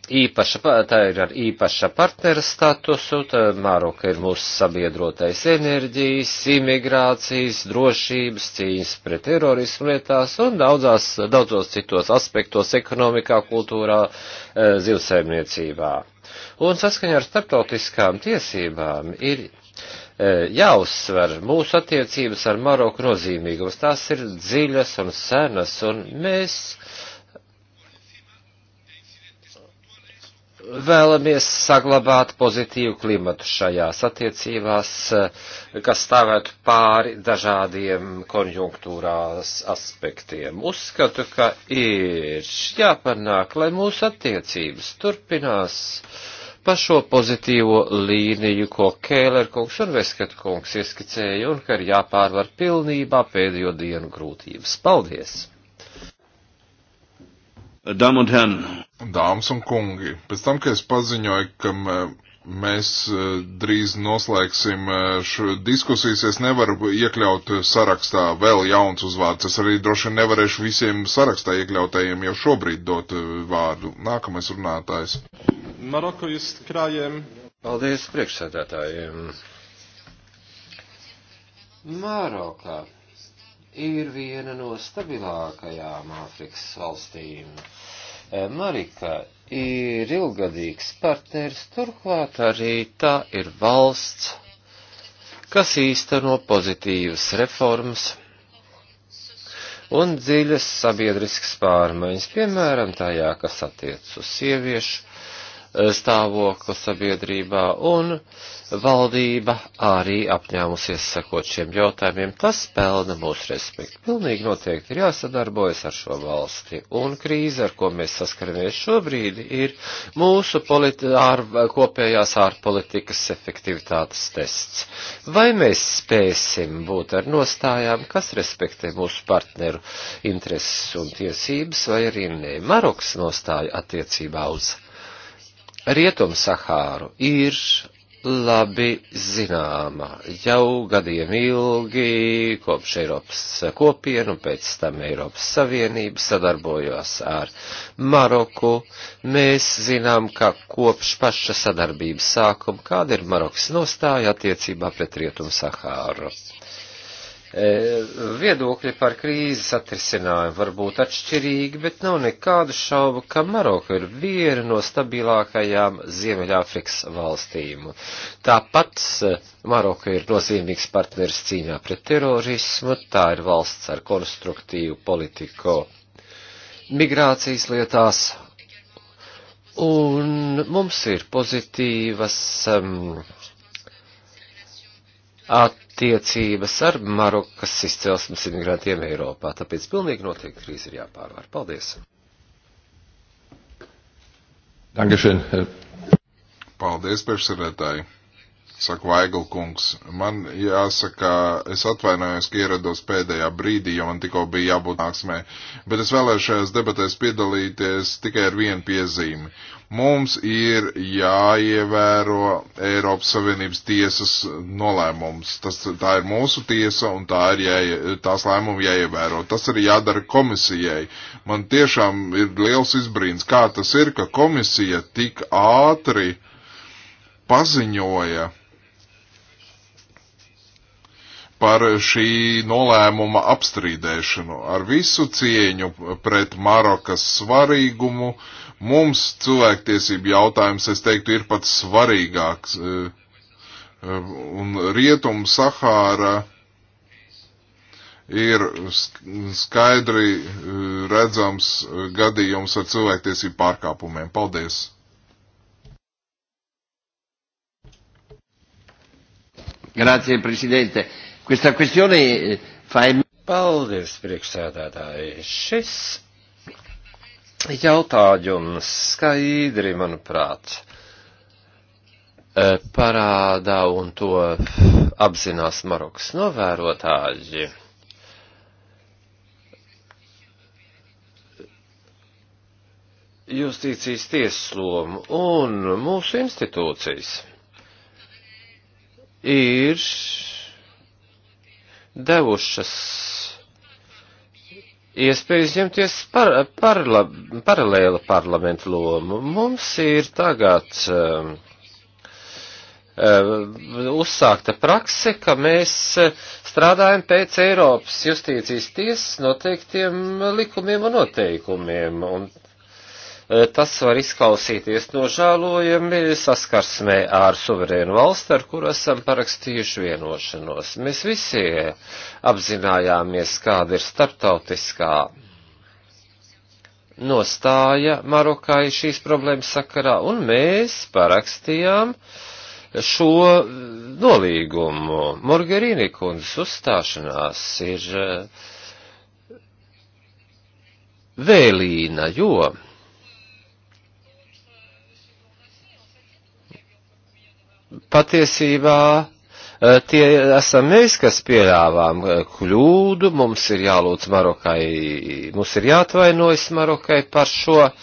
A: īpaša, tā ir ar īpaša partnera statusu, Maroka ir mūsu sabiedrotais enerģijas, imigrācijas, drošības, cīņas pret terorismu lietās un daudzās, daudzos citos aspektos ekonomikā, kultūrā, e, zivsaimniecībā. Un saskaņā ar starptautiskām tiesībām ir e, jāuzsver mūsu attiecības ar Maroku nozīmīgums. Tās ir dziļas un senas, un mēs vēlamies saglabāt pozitīvu klimatu šajās attiecībās, kas stāvētu pāri dažādiem konjunktūrās aspektiem. Uzskatu, ka ir jāpanāk, lai mūsu attiecības turpinās pa šo pozitīvo līniju, ko Kēler kungs un Veskat kungs ieskicēja, un ka ir jāpārvar pilnībā pēdējo dienu grūtības. Paldies!
B: Dāmas un herni. Dāmas un kungi, pēc tam, kad es paziņoju, ka mēs e, drīz noslēgsim e, šo diskusijas, es nevaru iekļaut sarakstā vēl jauns uzvārds. Es arī droši vien nevarēšu visiem sarakstā iekļautajiem jau šobrīd dot e, vārdu. Nākamais runātājs.
A: Maroko ir krājiem. Paldies
B: priekšsēdētājiem.
A: Marokā ir viena no stabilākajām Āfrikas valstīm. Eh, Marika ir ilgadīgs partners, turklāt arī tā ir valsts, kas īsteno pozitīvas reformas un dziļas sabiedriskas pārmaiņas, piemēram, tajā, kas attiec uz sieviešu stāvokli sabiedrībā, un valdība arī apņēmusies sekot šiem jautājumiem. Tas pelna mūsu respektu. Pilnīgi noteikti ir jāsadarbojas ar šo valsti, un krīze, ar ko mēs saskaramies šobrīd, ir mūsu politi ār kopējās ārpolitikas efektivitātes tests. Vai mēs spēsim būt ar nostājām, kas respektē mūsu partneru intereses un tiesības, vai arī nē, Maroks nostāja attiecībā uz Rietum Sahāru ir labi zināma jau gadiem ilgi kopš Eiropas kopienu, pēc tam Eiropas Savienība sadarbojos ar Maroku. Mēs zinām, ka kopš paša sadarbības sākuma kāda ir Marokas nostāja attiecībā pret Rietumu Sahāru. Uh, E, viedokļi par krīzes atrisinājumu var būt atšķirīgi, bet nav nekādu šaubu, ka Maroka ir viena no stabilākajām Ziemeļāfrikas valstīm. Tāpat e, Maroka ir nozīmīgs partneris cīņā pret terorismu, tā ir valsts ar konstruktīvu politiku migrācijas lietās, un mums ir pozitīvas um, at attiecības ar Marokas izcelsmes imigrantiem Eiropā, tāpēc
B: pilnīgi noteikti krīze ir jāpārvar. Paldies! Dankeschön. Paldies, priekšsēdētāji! saka Vaigl kungs. Man jāsaka, es atvainojos, ka ierados pēdējā brīdī, jo man tikko bija jābūt nāksmē, bet es vēlēšajās debatēs piedalīties tikai ar vienu piezīmi. Mums ir jāievēro Eiropas Savienības tiesas nolēmums. Tas, tā ir mūsu tiesa un tā ir jāie, tās lēmumi jāievēro. Tas arī jādara komisijai. Man tiešām ir liels izbrīns, kā tas ir, ka komisija tik ātri paziņoja par šī nolēmuma apstrīdēšanu ar visu cieņu pret Marokas svarīgumu. Mums cilvēktiesību jautājums, es teiktu, ir pats svarīgāks. E, e, un Rietum Sahāra ir skaidri e, redzams gadījums ar cilvēktiesību pārkāpumiem. Paldies!
A: Grazie, Presidente. Questa questione eh, fa... Paldies, priekšsēdētāji. Šis jautājums skaidri, manuprāt, eh, parādā un to apzinās Marokas novērotāji. Justīcijas tieslomu un mūsu institūcijas ir devušas iespēju izņemties par, parla, paralēla parlamentu lomu. Mums ir tagad um, um, uzsākta prakse, ka mēs strādājam pēc Eiropas justīcijas tiesas noteiktiem likumiem un noteikumiem. Un tas var izklausīties nožēlojami saskarsmē ar suverēnu valsti, ar kuru esam parakstījuši vienošanos. Mēs visi apzinājāmies, kāda ir starptautiskā nostāja Marokai šīs problēmas sakarā, un mēs parakstījām šo nolīgumu. Morgerīni kundzes uzstāšanās ir eh, vēlīna, jo patiesībā eh, tie esam mēs, kas pieļāvām eh, kļūdu, mums ir jālūdz Marokai, mums ir jāatvainojas Marokai par šo eh,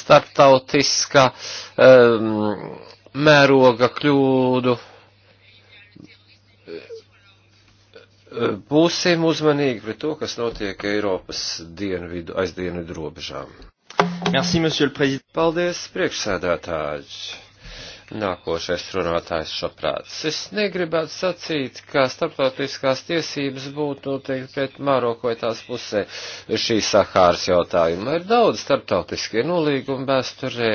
A: starptautiskā um, ehm, mēroga kļūdu. Būsim uzmanīgi pret to, kas notiek Eiropas dienvidu, aiz dienvidu robežām. Merci, Paldies, priekšsēdētāji! Nākošais runātājs šoprāts. Es negribētu sacīt, ka starptautiskās tiesības būtu noteikti pret Maroko vai tās pusē šī Sahāras jautājuma. Ir daudz starptautiskie nolīgumi vēsturē,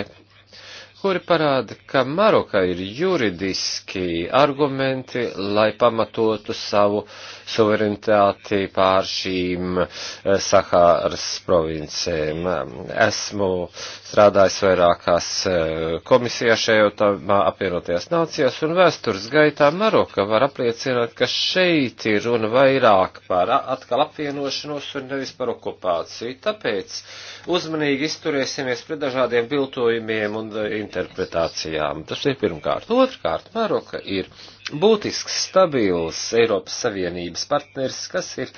A: kuri parāda, ka Maroka ir juridiski argumenti, lai pamatotu savu uh, suverenitāti pār šīm eh, Sahāras provincēm. Esmu strādājis vairākās eh, komisijās šajot apvienotajās nācijās un vēstures gaitā Maroka var apliecināt, ka šeit ir runa vairāk par atkal apvienošanos un nevis par okupāciju. Tāpēc uzmanīgi izturēsimies pret dažādiem biltojumiem un eh, interpretācijām. Tas ir pirmkārt. Otrkārt, Maroka ir būtisks, stabils Eiropas Savienības partners, kas ir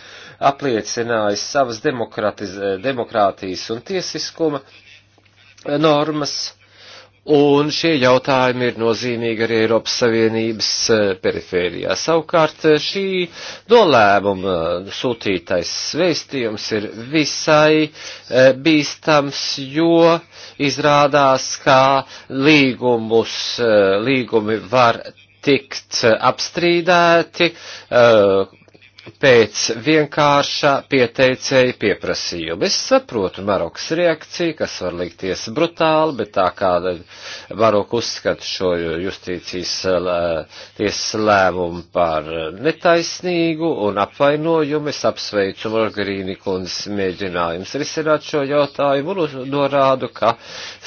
A: apliecinājis savas demokrātijas un tiesiskuma normas. Un šie jautājumi ir nozīmīgi arī Eiropas Savienības eh, perifērijā. Savukārt eh, šī nolēmuma eh, sūtītais svēstījums ir visai bīstams, jo izrādās, ka līgumus, līgumi var tikt eh, apstrīdēti, uh, pēc vienkārša pieteicēja pieprasījuma. Es saprotu Marokas reakciju, kas var likties brutāli, bet tā kā Maroka uzskata šo justīcijas tiesas lēmumu par netaisnīgu un apvainojumu, es apsveicu Margarīni kundzes mēģinājums risināt šo jautājumu un norādu, ka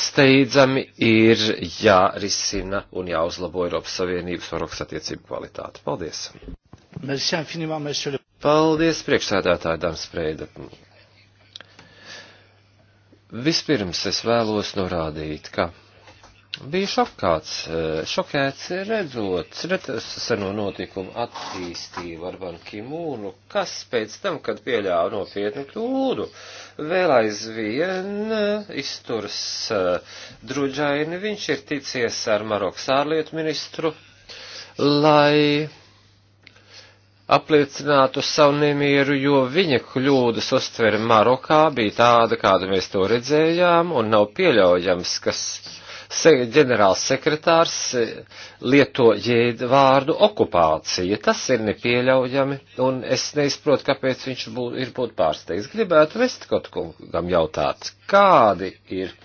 A: steidzami ir jārisina un jāuzlabo Eiropas Savienības Marokas attiecību kvalitāte. Paldies! Paldies, priekšsēdētāji, dāmas Freida. Vispirms es vēlos norādīt, ka biju šokāts, eh, šokēts redzot seno notikumu attīstību ar Banki Mūnu, kas pēc tam, kad pieļāva nopietnu kļūdu, vēl aizvien eh, izturs eh, druģaini. Viņš ir ticies ar Marokas ārlietu ministru, lai apliecinātu savu nemieru, jo viņa kļūdas uztvere Marokā bija tāda, kādu mēs to redzējām, un nav pieļaujams, kas se, ģenerāls sekretārs e, lieto jēd vārdu okupācija. Tas ir nepieļaujami, un es neizprotu, kāpēc viņš bū, ir būtu pārsteigts. Gribētu Vestkot kungam jautāt, kādi ir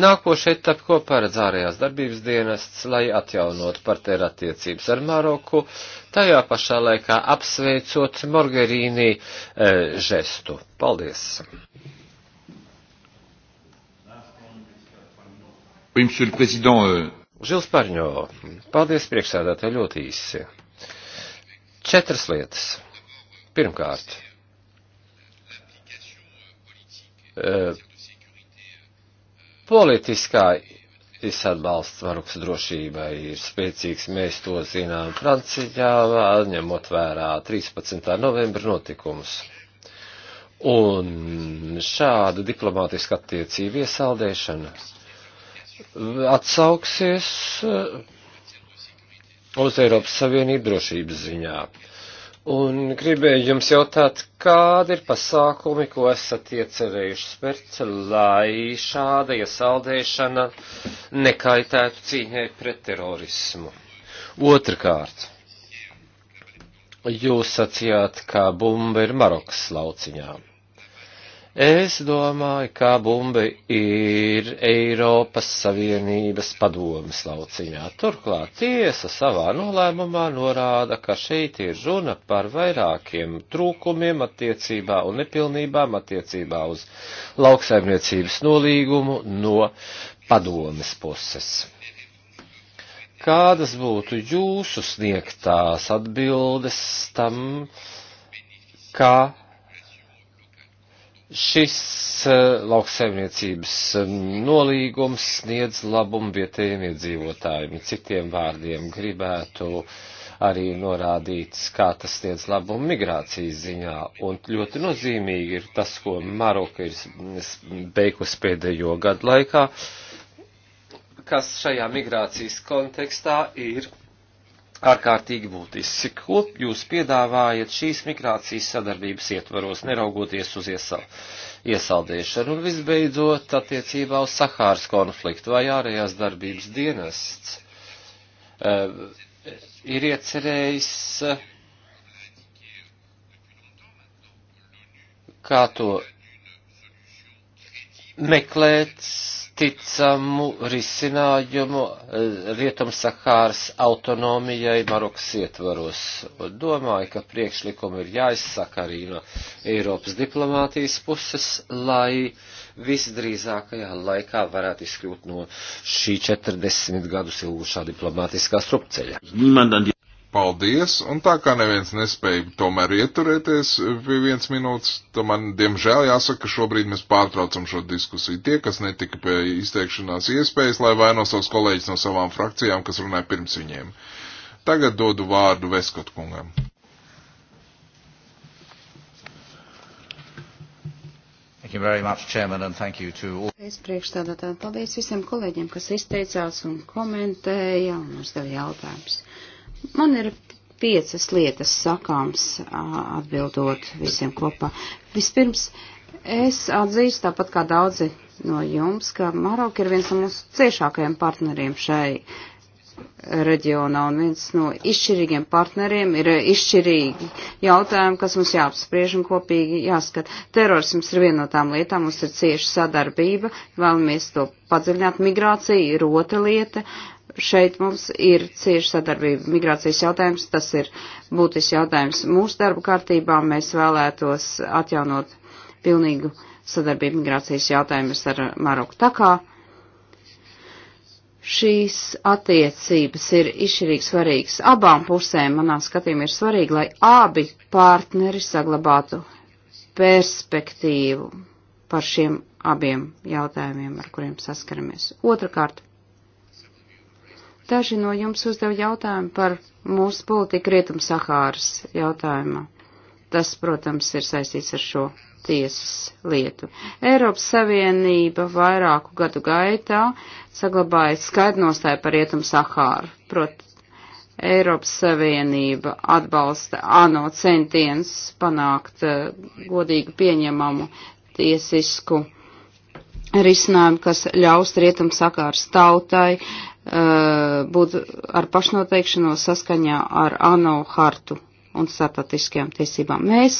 A: Nākošais etaps, ko paredz ārējās darbības dienests, lai atjaunotu partneru attiecības ar Maroku, tajā pašā laikā apsveicot Morgerīnī e, žestu. Paldies! Oui, monsieur le président. Euh. Žils Parņo, paldies priekšsēdētāji ļoti īsi. Četras lietas. Pirmkārt, e, politiskā Šis atbalsts varuks drošībai ir spēcīgs, mēs to zinām Francijā, ņemot vērā 13. novembra notikumus. Un šāda diplomātiska attiecība iesaldēšana atsauksies uz Eiropas Savienību drošības ziņā. Un gribēju jums jautāt, kādi ir pasākumi, ko esat iecerējuši spērt, lai šāda iesaldēšana nekaitētu cīņai pret terorismu? Otrakārt, jūs sacījāt, ka bumba ir Marokas lauciņām. Es domāju, ka bumba ir Eiropas Savienības padomas lauciņā. Turklāt tiesa savā nolēmumā norāda, ka šeit ir runa par vairākiem trūkumiem attiecībā un nepilnībām attiecībā uz lauksaimniecības nolīgumu no padomas puses. Kādas būtu jūsu sniegtās atbildes tam, kā Šis eh, lauksaimniecības eh, nolīgums sniedz labumu vietējiem iedzīvotājiem. Citiem vārdiem gribētu arī norādīt, kā tas sniedz labumu migrācijas ziņā. Un ļoti nozīmīgi ir tas, ko Maroka ir beigusi pēdējo gadu laikā, kas šajā migrācijas kontekstā ir ārkārtīgi būtiski. Ko jūs piedāvājat šīs migrācijas sadarbības ietvaros, neraugoties uz iesal, iesaldēšanu? Un visbeidzot, attiecībā uz Sahāras konfliktu vai ārējās darbības dienests uh, ir iecerējis, uh, kā to meklēt ticamu risinājumu e, Rietumsakāras autonomijai Marokas ietvaros. Domāju, ka priekšlikumi ir jāizsaka arī no Eiropas diplomātijas puses, lai visdrīzākajā laikā varētu izkļūt no šī 40 gadus ilgušā diplomātiskā strupceļa.
B: Paldies, un tā kā neviens nespēja tomēr ieturēties pie viens minūtes, tad man diemžēl jāsaka, ka šobrīd mēs pārtraucam šo diskusiju. Tie, kas netika pie izteikšanās iespējas, lai vaino savus kolēģis no savām frakcijām, kas runāja pirms viņiem. Tagad dodu vārdu Veskot kungam. Much, Chairman, all...
C: Es priekšstādātāju paldies visiem kolēģiem, kas izteicās un komentēja un uzdeva jautājumus. Man ir piecas lietas sakāms atbildot visiem kopā. Vispirms, es atzīstu tāpat kā daudzi no jums, ka Maroka ir viens no mūsu ciešākajiem partneriem šai reģionā un viens no izšķirīgiem partneriem ir izšķirīgi jautājumi, kas mums jāapspriež un kopīgi jāskat. Terorisms ir viena no tām lietām, mums ir cieša sadarbība, vēlamies to padziļināt. Migrācija ir otra lieta šeit mums ir cieši sadarbība migrācijas jautājums, tas ir būtisks jautājums mūsu darba kārtībā. Mēs vēlētos atjaunot pilnīgu sadarbību migrācijas jautājumus ar Maroku. Tā kā šīs attiecības ir izšķirīgi svarīgas abām pusēm, manā skatījumā ir svarīgi, lai abi partneri saglabātu perspektīvu par šiem abiem jautājumiem, ar kuriem saskaramies. Otrakārt, Daži no jums uzdeva jautājumu par mūsu politiku Rietum Sahāras jautājumu. Tas, protams, ir saistīts ar šo tiesas lietu. Eiropas Savienība vairāku gadu gaitā saglabāja skaidrnostāju par Rietum Sahāru. Prot, Eiropas Savienība atbalsta ANO centiens panākt uh, godīgu pieņemamu tiesisku risinājumu, kas ļaus Rietum Sahāras tautai Uh, būt ar pašnoteikšanos saskaņā ar ANO hartu un startautiskajām tiesībām. Mēs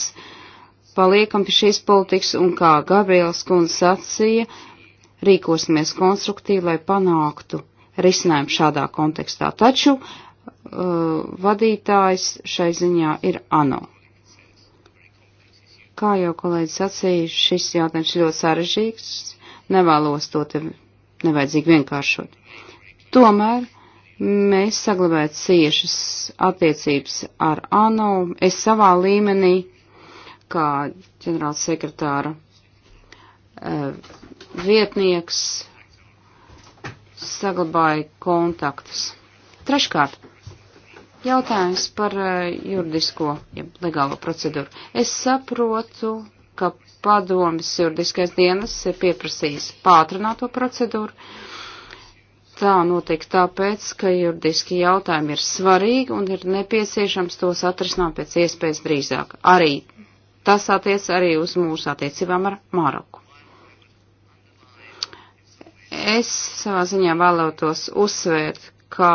C: paliekam pie šīs politikas un, kā Gabriels kundze sacīja, rīkosimies konstruktīvi, lai panāktu risinājumu šādā kontekstā. Taču uh, vadītājs šai ziņā ir ANO. Kā jau kolēģis sacīja, šis jautājums ļoti sarežģīts, nevēlos to te nevajadzīgi vienkāršot. Tomēr mēs saglabājam ciešas attiecības ar ANO. Es savā līmenī, kā ģenerāls sekretāra eh, vietnieks, saglabāju kontaktus. Treškārt, jautājums par eh, juridisko, ja legālo procedūru. Es saprotu, ka padomis juridiskais dienas ir pieprasījis pātrināto procedūru tā notiek tāpēc, ka juridiski jautājumi ir svarīgi un ir nepieciešams tos atrisināt pēc iespējas drīzāk. Arī tas attiec arī uz mūsu attiecībām ar Maroku. Es savā ziņā vēlētos uzsvērt, ka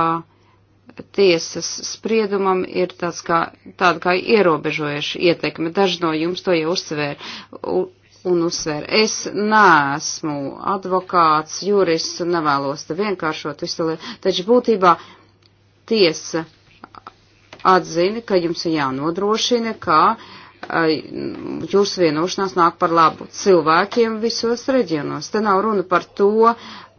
C: tiesas spriedumam ir tāds kā, tāda kā ierobežojuša ietekme. Daži no jums to jau uzsvēra un uzsver. Es neesmu advokāts, jurists un nevēlos te vienkāršot visu, taču būtībā tiesa atzina, ka jums ir jānodrošina, ka jūsu vienošanās nāk par labu cilvēkiem visos reģionos. Te nav runa par to,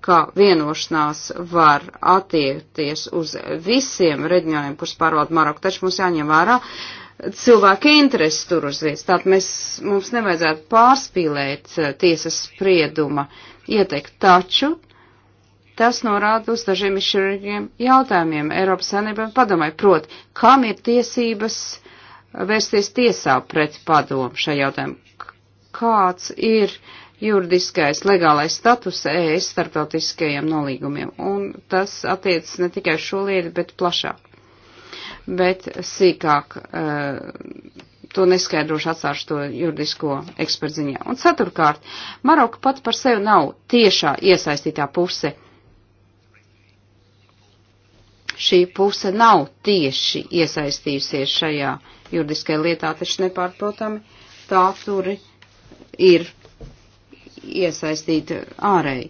C: ka vienošanās var attiekties uz visiem reģioniem, kurus pārvalda Maroka, taču mums jāņem vērā, uh, cilvēka interesi tur uz vietas. Tātad mēs, mums nevajadzētu pārspīlēt eh, tiesas sprieduma ieteikt, taču tas norāda uz dažiem izšķirīgiem jautājumiem Eiropas Sanībiem padomai. Prot, kam ir tiesības vērsties tiesā pret padomu šajā jautājumā? Kāds ir juridiskais, legālais status ES starptautiskajiem nolīgumiem? Un tas attiecas ne tikai šo lietu, bet plašāk bet sīkāk eh, to neskaidrošu atstāšu to juridisko ekspertu ziņā. Un ceturkārt, Maroka pat par sevi nav tiešā iesaistītā puse. Šī puse nav tieši iesaistījusies šajā juridiskajā lietā, taču nepārprotami tā tur ir iesaistīta ārēji.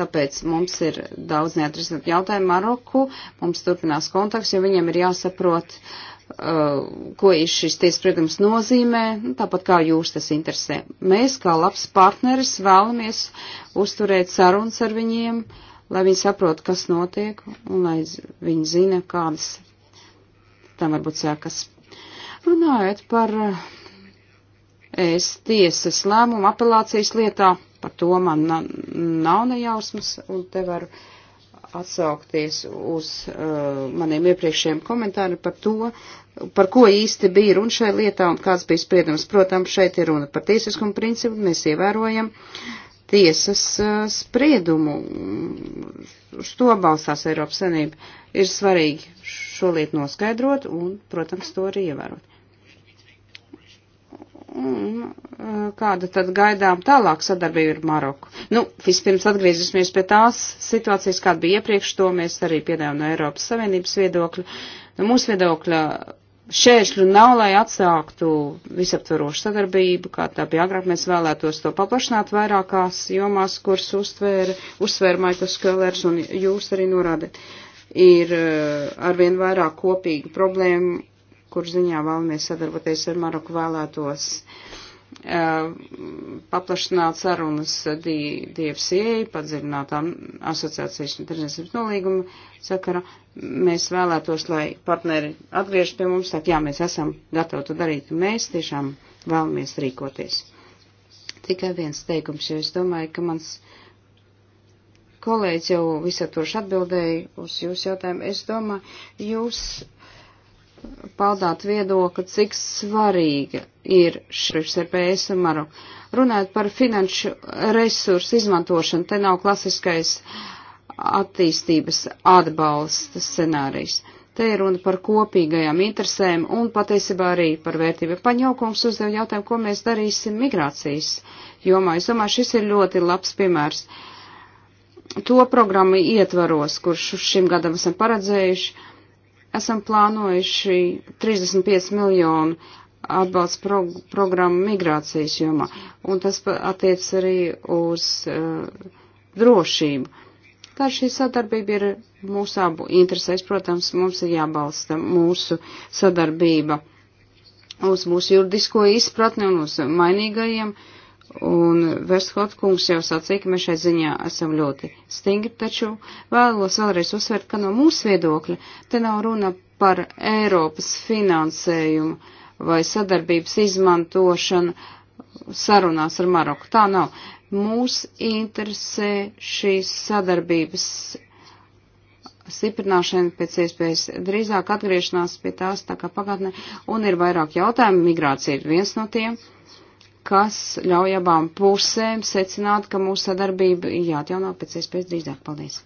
C: Tāpēc mums ir daudz neatrisināt jautājumu Maroku, mums turpinās kontakts, jo viņiem ir jāsaprot, uh, ko šis tiesas spriedums nozīmē, nu, tāpat kā jūs tas interesē. Mēs, kā labs partneris, vēlamies uzturēt sarunas ar viņiem, lai viņi saprot, kas notiek, un lai viņi zina, kādas tam varbūt sākas. Runājot par. Uh, es tiesas lēmumu apelācijas lietā, par to man nav nejausmas, un te varu atsaukties uz uh, maniem iepriekšējiem komentāriem par to, par ko īsti bija runa šajā lietā un kāds bija spriedums. Protams, šeit ir runa par tiesiskumu principu, mēs ievērojam tiesas uh, spriedumu, uz to balstās Eiropas Sanība. Ir svarīgi šo lietu noskaidrot un, protams, to arī ievērot. Mm, un nu, kāda tad gaidām tālāk sadarbība ar Maroku? Nu, vispirms atgriezīsimies pie tās situācijas, kāda bija iepriekš, to mēs arī piedāvājam no Eiropas Savienības viedokļa. No nu, mūsu viedokļa šēršļu nav, lai atsāktu visaptvarošu sadarbību, kā tā bija agrāk, mēs vēlētos to paplašināt vairākās jomās, kuras uztvēra, uzsvēra Maikls Kellers un jūs arī norādat. Ir eh, arvien vairāk kopīgu problēmu kur ziņā vēlamies sadarboties ar Maroku vēlētos uh, paplašināt sarunas DFCA, padziļinātām asociācijas un tirdzniecības nolīguma sakara. Mēs vēlētos, lai partneri atgriežas pie mums, saka, jā, mēs esam gatavi to darīt, un mēs tiešām vēlamies rīkoties. Tikai viens teikums, jo es domāju, ka mans kolēģis jau visatoši atbildēja uz jūsu jautājumu. Es domāju, jūs paudāt viedokli, cik svarīga ir šis ar PS un Maru. Runājot par finanšu resursu izmantošanu, te nav klasiskais attīstības atbalsta scenārijs. Te ir runa par kopīgajām interesēm un patiesībā arī par vērtību. Paņaukums uzdev jautājumu, ko mēs darīsim migrācijas jomā. Es domāju, šis ir ļoti labs piemērs. To programmu ietvaros, kurš šim gadam esam paredzējuši esam plānojuši 35 miljonu atbalsta pro programmu migrācijas jomā, un tas attiec arī uz uh, drošību. Tā šī sadarbība ir mūsu abu interesēs, protams, mums ir jābalsta mūsu sadarbība uz mūsu juridisko izpratni un uz mainīgajiem uh, Un Verskot kungs jau sacīja, ka mēs šai ziņā esam ļoti stingri, taču vēlos vēlreiz uzsvērt, ka no mūsu viedokļa te nav runa par Eiropas finansējumu vai sadarbības izmantošanu sarunās ar Maroku. Tā nav. Mūs interesē šīs sadarbības stiprināšana pēc iespējas drīzāk atgriešanās pie tās tā kā pagātnē, un ir vairāk jautājumu, migrācija ir viens no tiem. Uh, kas ļauj abām pusēm secināt, ka mūsu sadarbība ir jāatjauno pēc iespējas drīzāk. Paldies!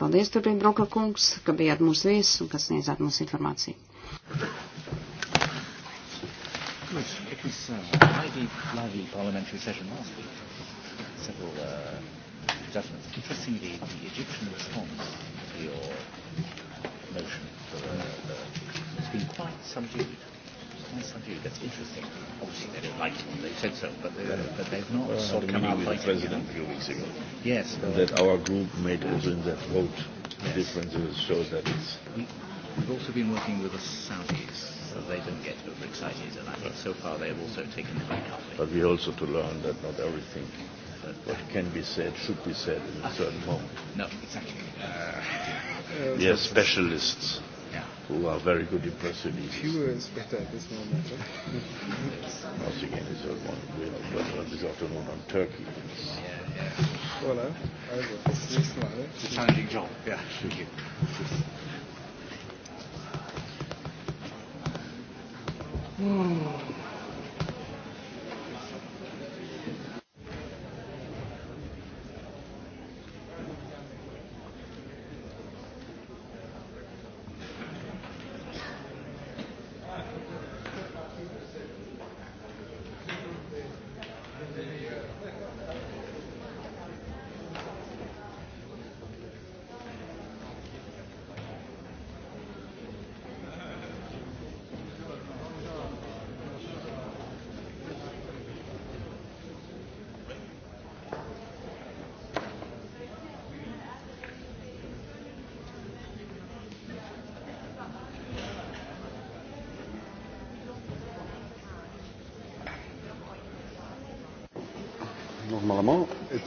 C: Paldies, turpina Broka kungs, ka bijāt mūsu viesis un kas sniedzāt mums informāciju.
A: Good. It was uh, lively, lively parliamentary session last week. Several uh, judgments. Interestingly, the Egyptian response to your motion for uh, the been quite subdued. Quite subdued. That's interesting. Obviously, they don't like it. They said so, but, they, yeah. but they've not well, sort of come out with like the president it, you know? a few weeks ago. Yes. And that our group
C: made also in that vote
A: yes. differences
B: shows that it's. We, we've also been working with the Saudis so they don't get overexcited. And I think so far they have also taken the right halfway. But we also to learn that not everything but, uh, what can be said should be said in a certain moment. No, exactly. Uh, we are specialists who are very good impressionists. Fewer is better
A: at this moment. Once again, it's all one. We are better on this afternoon on Turkey. Yeah, yeah. Voilà. Also, bis nächstes Mal. Ne? Eh? The challenging job. Yeah. Thank you. Mm.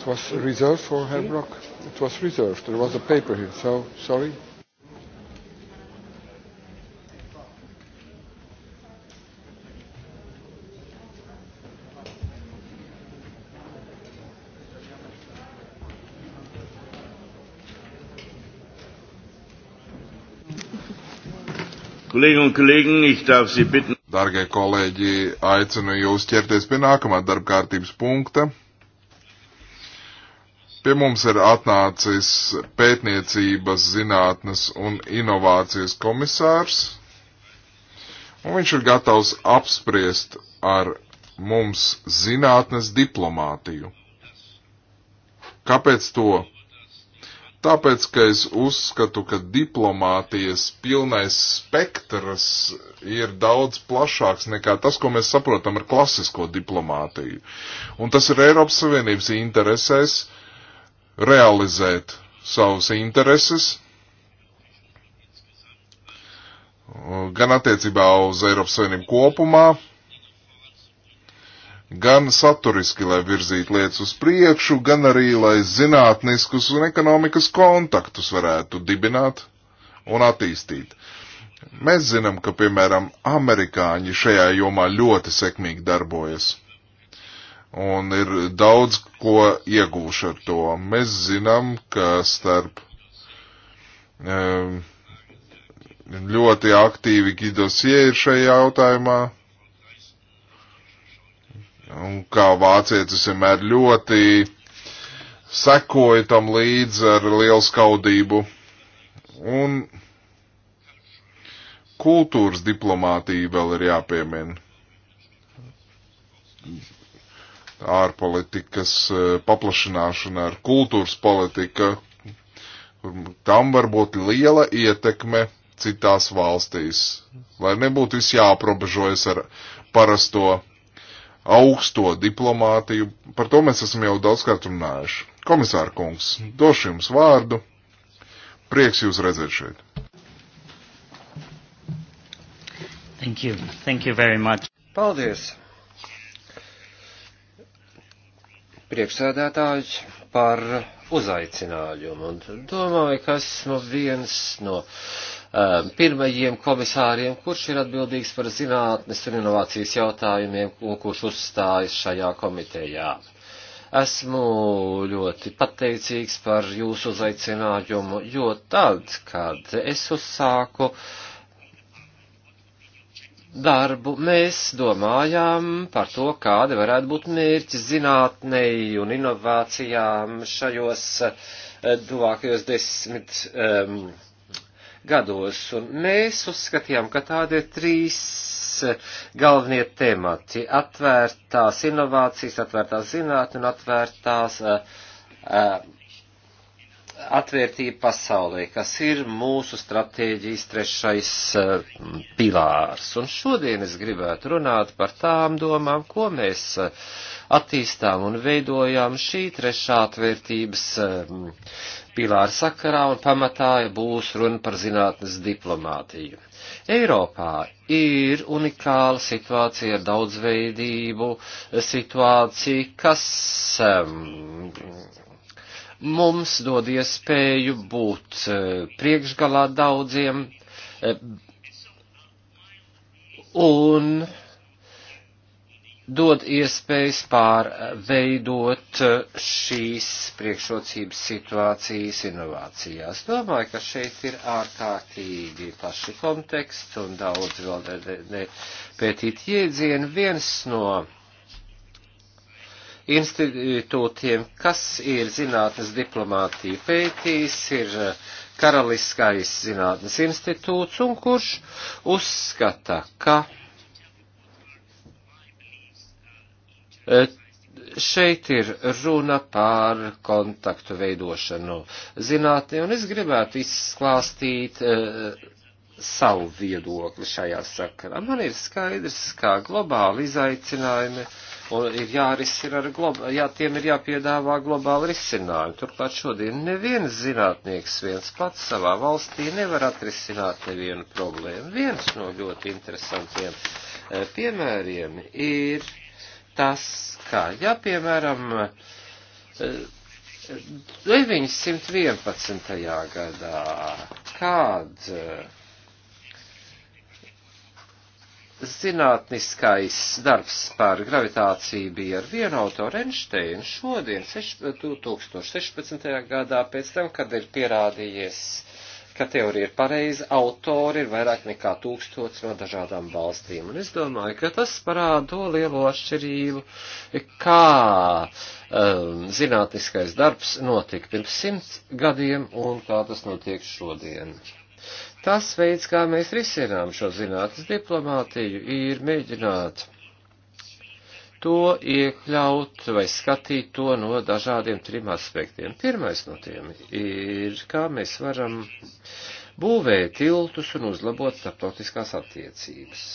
B: It was reserved for Herr Brock. It was reserved. There was a paper here, so sorry. Kolleginnen und Kollegen, ich darf Sie bitten. Dargie kolēģi, aicinu jūs ķerties pie nākamā darba kārtības punkta. Pie mums ir atnācis pētniecības, zinātnes un inovācijas komisārs, un viņš ir gatavs apspriest ar mums zinātnes diplomātiju. Kāpēc to? Tāpēc, ka es uzskatu, ka diplomātijas pilnais spektrs ir daudz plašāks nekā tas, ko mēs saprotam ar klasisko diplomātiju. Un tas ir Eiropas Savienības interesēs, uh, realizēt savus intereses, gan attiecībā uz Eiropas Savienību kopumā, gan saturiski, lai virzītu lietas uz priekšu, gan arī, lai zinātniskus un ekonomikas kontaktus varētu dibināt un attīstīt. Mēs zinām, ka, piemēram, amerikāņi šajā jomā ļoti sekmīgi darbojas un ir daudz ko iegūšu ar to. Mēs zinām, ka starp ļoti aktīvi Gidosie ir šajā jautājumā. Un kā vācietis vienmēr ļoti sekoja tam līdzi ar lielu skaudību. Un kultūras diplomātija vēl ir jāpiemina ārpolitikas e, paplašināšana ar kultūras politika. Tam var būt liela ietekme citās valstīs, lai nebūtu viss jāaprobežojas ar parasto augsto diplomātiju. Par to mēs esam jau daudzkārt runājuši. Komisāra kungs, došu jums vārdu. Prieks jūs redzēt šeit. Thank you. Thank you very much. Paldies.
A: priekšsēdētāji par uzaicinājumu un domāju, ka esmu viens no um, pirmajiem komisāriem, kurš ir atbildīgs par zinātnes un inovācijas jautājumiem un kurš uzstājas šajā komitejā. Esmu ļoti pateicīgs par jūsu uzaicinājumu, jo tad, kad es uzsāku uh, darbu, mēs domājām par to, kāda varētu būt mērķi zinātnei un inovācijām šajos eh, tuvākajos desmit um, gados. Un mēs uzskatījām, ka tādi ir trīs eh, galvenie temati - atvērtās inovācijas, atvērtās zinātne un atvērtās. Uh, uh, atvērtība pasaulē, kas ir mūsu stratēģijas trešais eh, pilārs. Un šodien es gribētu runāt par tām domām, ko mēs eh, attīstām un veidojām šī trešā atvērtības eh, pilāra sakarā, un pamatā būs runa par zinātnes diplomātiju. Eiropā ir unikāla situācija ar daudzveidību, situācija, kas ehm, mums dod iespēju būt e, priekšgalā daudziem e, un dod iespējas pārveidot e, šīs priekšrocības situācijas inovācijās. Domāju, ka šeit ir ārkārtīgi plaši konteksts un daudz vēl nepētīt ne, ne jēdzienu. Viens no institūtiem, kas ir zinātnes diplomātija pētījis, ir eh, Karaliskais zinātnes institūts, un kurš uzskata, ka eh, šeit ir runa pār kontaktu veidošanu zinātnē, un es gribētu izklāstīt eh, savu viedokli šajā sakarā. Man ir skaidrs, kā globāli izaicinājumi un ir jārisina ar globa, jā, tiem ir jāpiedāvā globāli risinājumi. Turklāt šodien neviens zinātnieks viens pats savā valstī nevar atrisināt nevienu problēmu. Viens no ļoti interesantiem e, piemēriem ir tas, kā, ja piemēram, 911. E, gadā, kāds e, zinātniskais darbs par gravitāciju bija ar vienu autoru Einsteinu šodien, 2016. gadā, pēc tam, kad ir pierādījies, ka teorija ir pareiza, autori ir vairāk nekā tūkstots no dažādām valstīm. Un es domāju, ka tas parāda to lielo atšķirību, kā um, zinātniskais darbs notika pirms simts gadiem un kā tas notiek šodien. Tas veids, kā mēs risinām šo zinātnes diplomātiju, ir mēģināt to iekļaut vai skatīt to no dažādiem trim aspektiem. Pirmais no tiem ir, kā mēs varam būvēt tiltus un uzlabot starptautiskās attiecības.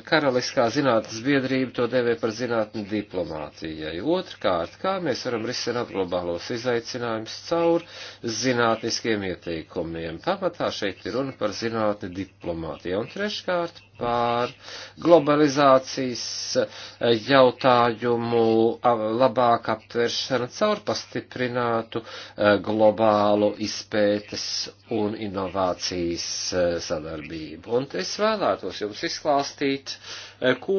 A: Karaliskā zinātnes biedrība to devē par zinātni diplomātijai. Otrkārt, kā mēs varam risināt globālos izaicinājumus caur zinātniskiem ieteikumiem. Pamatā šeit ir runa par zinātni diplomātijai. Un treškārt, par globalizācijas jautājumu labāk aptveršanu caur pastiprinātu globālu izpētes un inovācijas sadarbību. Un es vēlētos jums izklāstīt, ko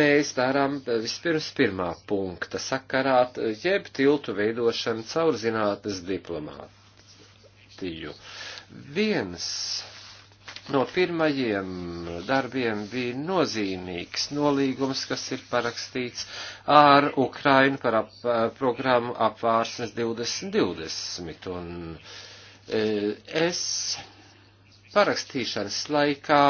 A: mēs darām vispirms pirmā punkta sakarā, jeb tiltu veidošanu caur zinātnes diplomātiju. Viens no pirmajiem darbiem bija nozīmīgs nolīgums, kas ir parakstīts ar Ukrainu par ap, eh, programmu apvārsnes 2020. Un eh, es parakstīšanas laikā,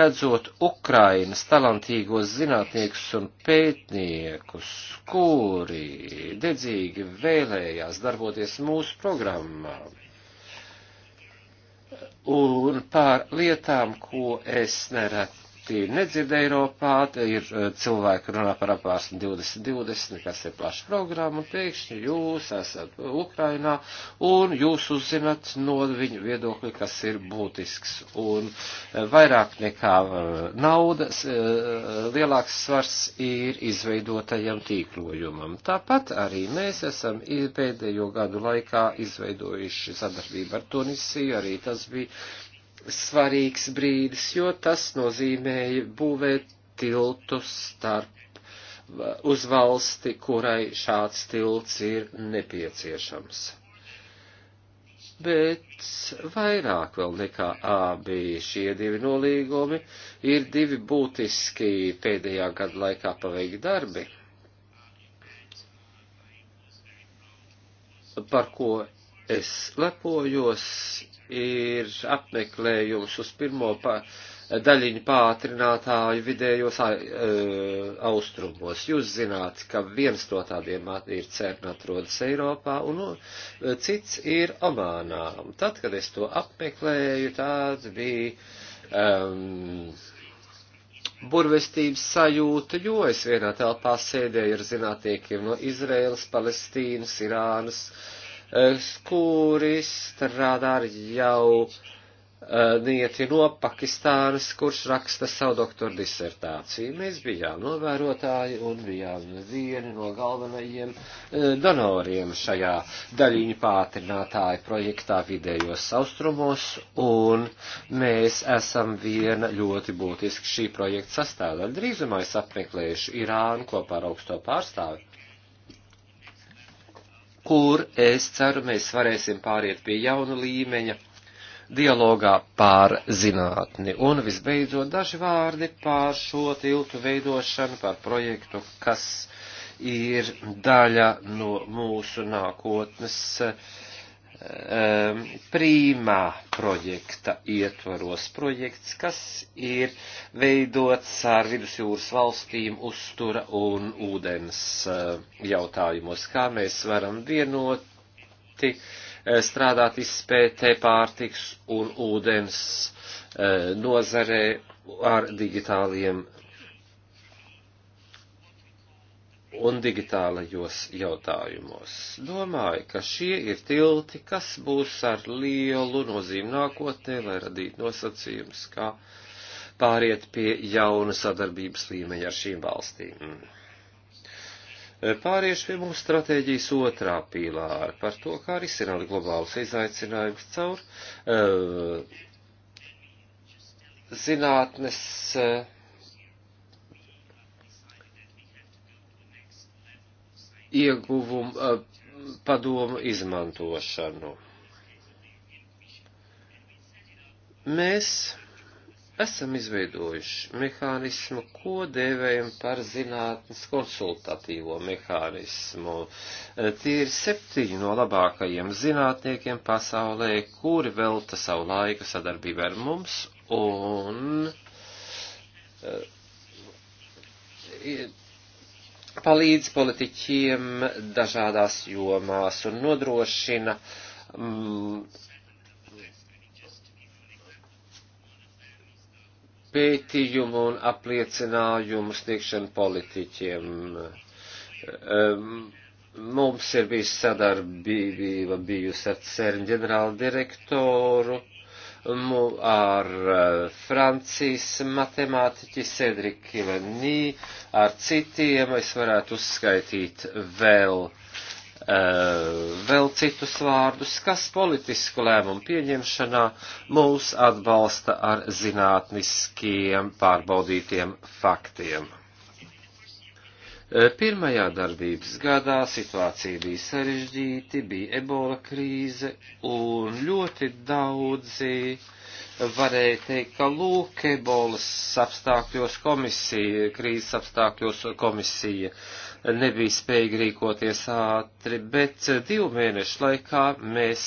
A: redzot Ukrainas talantīgos zinātniekus un pētniekus, kuri dedzīgi vēlējās darboties mūsu programmām, un pār lietām, ko es nereti perspektīvu nedzird Eiropā, ir eh, cilvēki runā par apvārsni 2020, kas ir plaša programma, un pēkšņi jūs esat Ukrainā, un jūs uzzinat no viņu viedokļa, kas ir būtisks, un eh, vairāk nekā eh, naudas, lielāks svars ir izveidotajam tīklojumam. Tāpat arī mēs esam pēdējo gadu laikā izveidojuši sadarbību ar Tunisiju, arī tas bija svarīgs brīdis, jo tas nozīmēja būvēt tiltu starp uh, uz valsti, kurai šāds tilts ir nepieciešams. Bet vairāk vēl nekā abi šie divi nolīgumi ir divi būtiski pēdējā gada laikā paveikti darbi, par ko es lepojos ir apmeklējuši uz pirmo pa, daļiņu pātrinātāju vidējos a, a, e, austrumos. Jūs zināt, ka viens no tādiem ir CERN atrodas Eiropā, un no, e, cits ir Omānā. Tad, kad es to apmeklēju, tāds bija. Um, burvestības sajūta, jo es vienā telpā sēdēju ar zinātniekiem no Izraēlas, Palestīnas, Irānas, uh, Eh, kuri strādā ar jau eh, nieti no Pakistānas, kurš raksta savu doktora disertāciju. Mēs bijām novērotāji un bijām vieni no galvenajiem eh, donoriem šajā daļiņu pātrinātāju projektā vidējos austrumos, un mēs esam viena ļoti būtiska šī projekta sastāvdaļa. Drīzumā es apmeklēšu Irānu kopā ar augsto pārstāvi kur es ceru mēs varēsim pāriet pie jauna līmeņa dialogā pār zinātni. Un visbeidzot daži vārdi pār šo tiltu veidošanu, pār projektu, kas ir daļa no mūsu nākotnes uh, Ehm, prīmā projekta ietvaros projekts, kas ir veidots ar vidusjūras valstīm uztura un ūdens ehm, jautājumos, kā mēs varam vienoti ehm, strādāt izpētē pārtiks un ūdens nozarē ar digitāliem un digitālajos jautājumos. Domāju, ka šie ir tilti, kas būs ar lielu nozīmi nākotnē, lai radītu nosacījumus, kā pāriet pie jauna sadarbības līmeņa ar šīm valstīm. Pāriešu pie mūsu stratēģijas otrā pīlāra par to, kā arī sināt globālus izaicinājumus caur uh, zinātnes uh, ieguvumu padomu izmantošanu. Mēs esam izveidojuši mehānismu, ko dēvējam par zinātnes konsultatīvo mehānismu. Tie ir septiņi no labākajiem zinātniekiem pasaulē, kuri velta savu laiku sadarbībā ar mums un palīdz politiķiem dažādās jomās un nodrošina mm, pētījumu un apliecinājumu sniegšanu politiķiem. Um, mums ir bijusi sadarbība bijusi ar CERN ģenerālu direktoru ar eh, Francijas matemātiķi Cedriku Kilenī, ar citiem. Es varētu uzskaitīt vēl, eh, vēl citus vārdus, kas politisku lēmumu pieņemšanā mūs atbalsta ar zinātniskiem pārbaudītiem faktiem. Eh, pirmajā darbības gadā situācija bija sarežģīta, bija ebola krīze, un ļoti daudzi varēja teikt, ka lūk, ebolas apstākļos komisija, krīzes apstākļos komisija nebija spējīga rīkoties ātri, bet divu mēnešu laikā mēs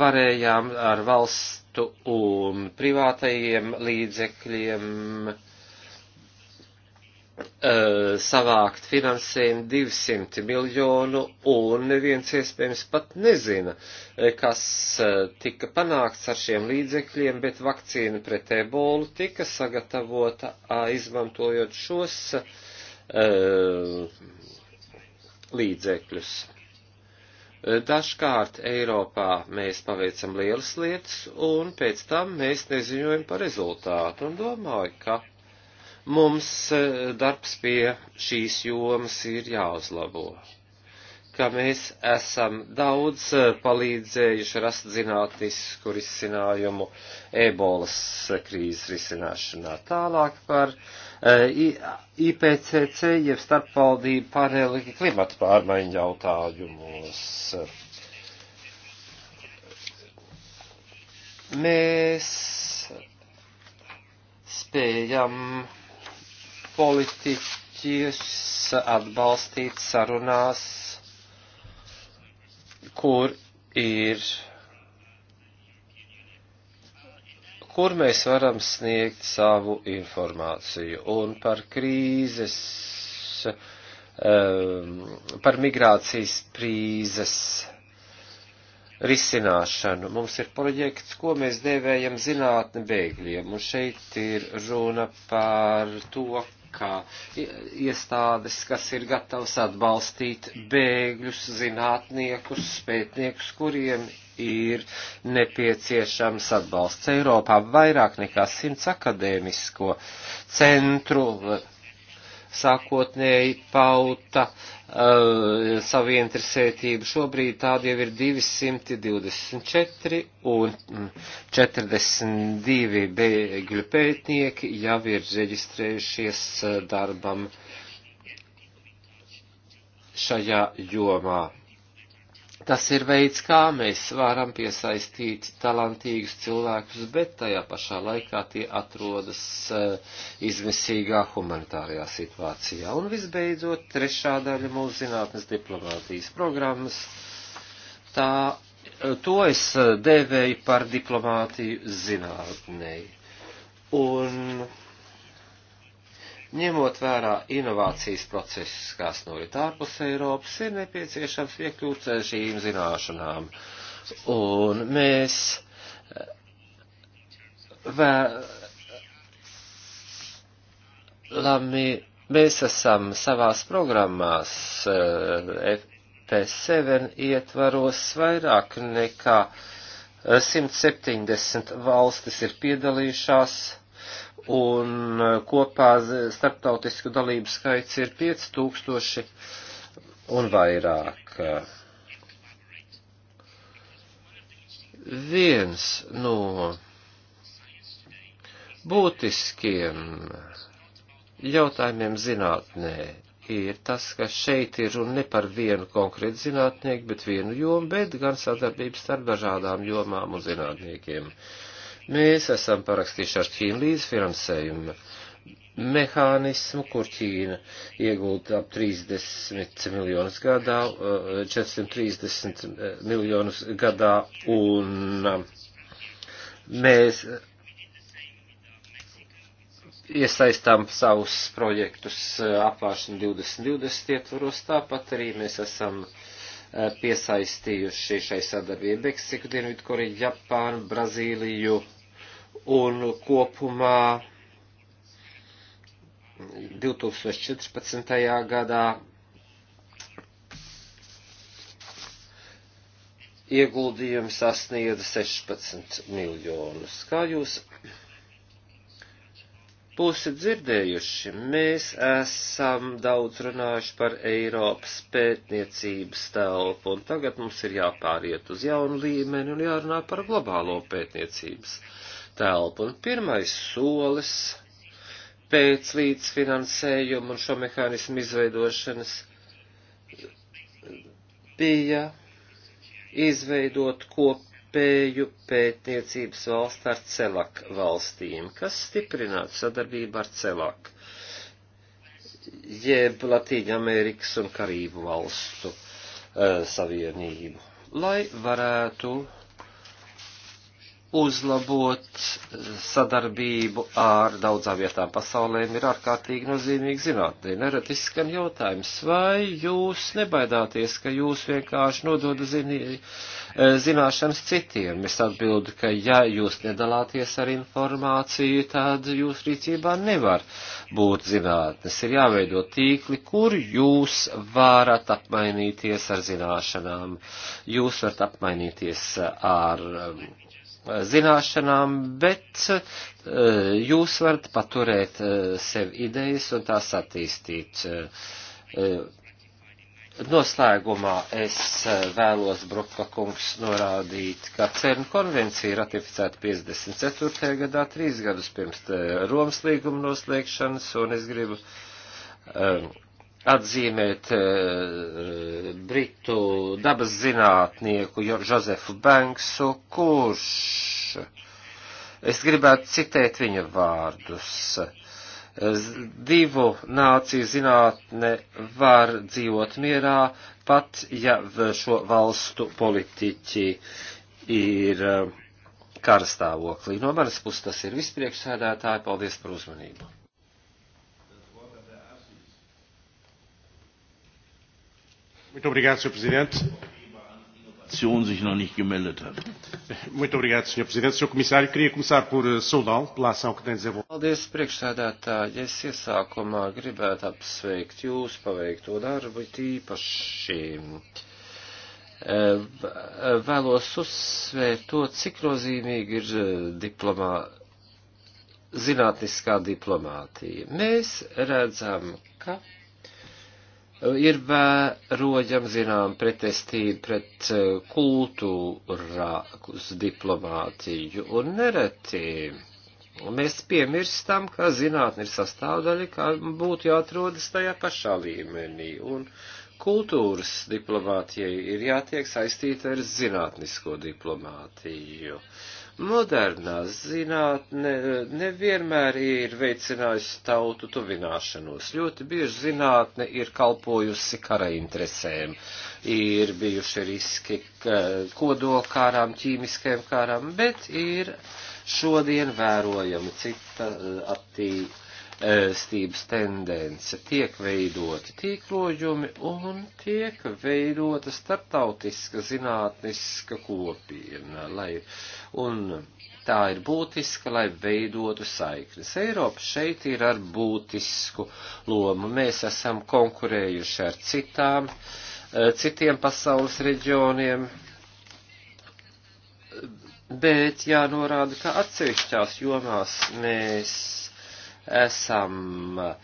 A: varējām ar valstu un privātajiem līdzekļiem Eh, savākt finansējumu 200 miljonu, un neviens iespējams pat nezina, eh, kas eh, tika panākts ar šiem līdzekļiem, bet vakcīna pret ebolu tika sagatavota izmantojot šos uh, līdzekļus. Dažkārt Eiropā mēs paveicam lielas lietas, un pēc tam mēs neziņojam par rezultātu, un domāju, ka Mums e, darbs pie šīs jomas ir jāuzlabo, ka mēs esam daudz e, palīdzējuši rast zinātnisku risinājumu ebolas e, krīzes risināšanā. Tālāk par IPCC, jeb starpvaldību paneli klimata pārmaiņu jautājumos. Mēs spējam politiķus atbalstīt sarunās, kur ir, kur mēs varam sniegt savu informāciju un par krīzes, um, par migrācijas krīzes risināšanu. Mums ir projekts, ko mēs dēvējam zinātne bēgļiem, un šeit ir runa par to, kā iestādes, kas ir gatavs atbalstīt bēgļus, zinātniekus, spētniekus, kuriem ir nepieciešams atbalsts Eiropā vairāk nekā simts akadēmisko centru sākotnēji pauta uh, savu interesētību. Šobrīd tādi jau ir 224 un 42 mm, bēgļu pētnieki jau ir reģistrējušies eh, darbam šajā jomā. Tas ir veids, kā mēs varam piesaistīt talantīgus cilvēkus, bet tajā pašā laikā tie atrodas eh, izmisīgā humanitārajā situācijā. Un visbeidzot, trešā daļa mūsu zinātnes diplomātijas programmas. Tā, eh, to es eh, devēju par diplomātiju zinātnei. Un Ņemot vērā inovācijas procesus, kas norit ārpus Eiropas, ir nepieciešams piekļūt eh, šīm zināšanām. Un mēs eh, vēlami, mēs esam savās programmās eh, FP7 ietvaros vairāk nekā 170 valstis ir piedalījušās un uh, kopā starptautisku dalību skaits ir 5000 un vairāk. Viens no būtiskiem jautājumiem zinātnē ir tas, ka šeit ir un ne par vienu konkrētu zinātnieku, bet vienu jomu, bet gan sadarbības starp dažādām jomām un zinātniekiem. Uh, Mēs esam parakstījuši ar Ķīnu līdzfinansējumu mehānismu, kur Ķīna iegulda ap 30 miljonus gadā, 430 eh, eh, miljonus gadā, un eh, mēs iesaistām savus projektus apvāršana 2020 ietvaros, tāpat arī mēs esam piesaistījuši šai sadarbībai Meksiku, Dienvidkoreju, Japānu, Brazīliju, un kopumā 2014. gadā ieguldījumi sasniedza 16 miljonus. Kā jūs būsiet dzirdējuši, mēs esam daudz runājuši par Eiropas pētniecības telpu, un tagad mums ir jāpāriet uz jaunu līmeni un jārunā par globālo pētniecības telpu. Un pirmais solis pēc līdzfinansējuma un šo mehānismu izveidošanas bija izveidot kopēju pētniecības valstu ar celak valstīm, kas stiprinātu sadarbību ar celak, jeb Latīņa Amerikas un Karību valstu uh, savienību, lai varētu uzlabot eh, sadarbību ar daudzām vietām pasaulēm ir ārkārtīgi nozīmīgi zinātnē. Nerad izskan jautājums, vai jūs nebaidāties, ka jūs vienkārši nododa zini, eh, zināšanas citiem? Es atbildu, ka ja jūs nedalāties ar informāciju, tad jūs rīcībā nevar būt zinātnes. Ir jāveido tīkli, kur jūs varat apmainīties ar zināšanām. Jūs varat apmainīties ar um, zināšanām, bet eh, jūs varat paturēt eh, sev idejas un tās attīstīt. Eh, noslēgumā es vēlos, Broka kungs, norādīt, ka CERN konvencija ratificēta 54. gadā, trīs gadus pirms Romas līguma noslēgšanas, un es gribu um, atzīmēt uh, britu dabas zinātnieku Jozefu Banksu, kurš, es gribētu citēt viņa vārdus, divu nāciju zinātne var dzīvot mierā, pat ja šo valstu politiķi ir eh, karstāvoklī. No manas puses tas ir vispriekšsēdētāji. Paldies par uzmanību!
B: Muito obrigado, Sr. Presidente. Fraktion sich noch nicht gemeldet hat.
A: Muito obrigado, Sr. Presidente. Sr. Comissário, queria começar por eh, saudá-lo pela ação que tem desenvolvido. Paldies, priekšsēdētāji. Es iesākumā gribētu apsveikt jūs paveikto darbu, tīpaši eh, vēlos uzsvērt to, cik nozīmīgi ir eh, diplomā, zinātniskā diplomātija. Mēs redzam, ka ir vērojama zinām pretestība pret eh, kultūras diplomātiju un nereti. Mēs piemirstam, ka zinātne ir sastāvdaļa, kā būtu jāatrodas tajā pašā līmenī, un kultūras diplomātijai ir jātiek saistīta ar zinātnisko diplomātiju. Uh, Modernā zinātne eh, nevienmēr ir veicinājusi tautu tuvināšanos. Ļoti bieži zinātne ir kalpojusi kara interesēm. Ir bijuši riski eh, kodolkārām, ķīmiskajām kārām, bet ir šodien vērojama cita eh, attīstība stības tendence, tiek veidoti tīklojumi un tiek veidota starptautiska zinātniska kopiena, lai, un tā ir būtiska, lai veidotu saiknes. Eiropa šeit ir ar būtisku lomu. Mēs esam konkurējuši ar citām, eh, citiem pasaules reģioniem, bet jānorāda, ka atsevišķās jomās mēs esam eh,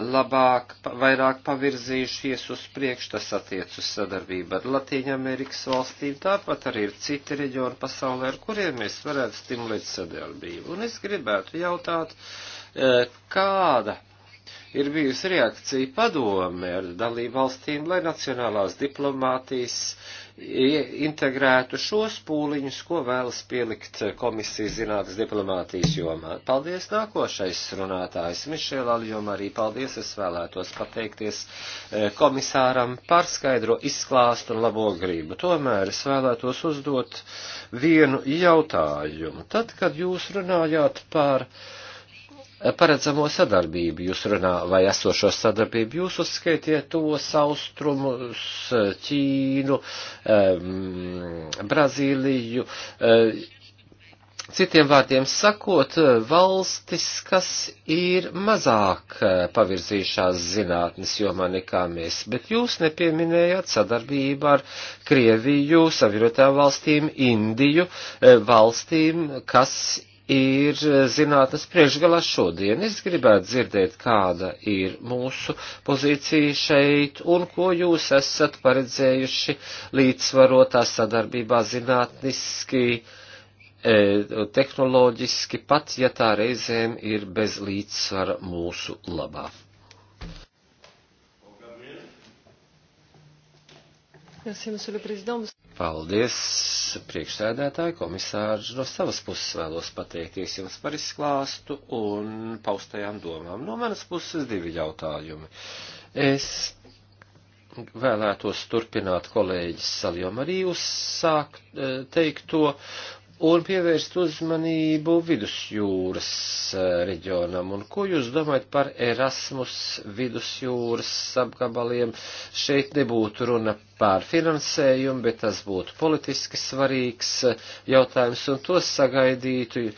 A: labāk, vairāk pavirzījušies uz priekšu, tas attiec uz sadarbību ar Latīņamerikas valstīm, tāpat arī ir citi reģioni pasaulē, ar kuriem mēs varētu stimulēt sadarbību. Un es gribētu jautāt, eh, kāda ir bijusi reakcija padome ar dalību valstīm, lai nacionālās diplomātijas integrētu šos pūliņus, ko vēlas pielikt komisijas zinātnes diplomātijas jomā. Paldies nākošais runātājs Mišēlā, jo arī paldies es vēlētos pateikties e, komisāram par skaidro izklāstu un labo gribu. Tomēr es vēlētos uzdot vienu jautājumu. Tad, kad jūs runājāt par uh, paredzamo sadarbību. Jūs runā vai esošo sadarbību, jūs uzskaitiet tos austrumus, Ķīnu, um, Brazīliju. Um, Citiem vārdiem sakot, valstis, kas ir mazāk eh, pavirzījušās zinātnes jomā nekā mēs, bet jūs nepieminējāt sadarbību ar Krieviju, Savienotām valstīm, Indiju, eh, valstīm, kas ir zinātnes priekšgalā šodien. Es gribētu dzirdēt, kāda ir mūsu pozīcija šeit un ko jūs esat paredzējuši līdzsvarotā sadarbībā zinātniski, e, tehnoloģiski, pat ja tā reizēm ir bez līdzsvara mūsu labā. Merci, Monsieur le Président. Paldies, priekšsēdētāji, komisārs. No savas puses vēlos pateikties jums par izklāstu un paustajām domām. No manas puses divi jautājumi. Es vēlētos turpināt kolēģis Saljom arī uzsākt eh, teikto un pievērst uzmanību vidusjūras eh, reģionam. Un ko jūs domājat par Erasmus vidusjūras apgabaliem? Šeit nebūtu runa par finansējumu, bet tas būtu politiski svarīgs eh, jautājums, un to sagaidītu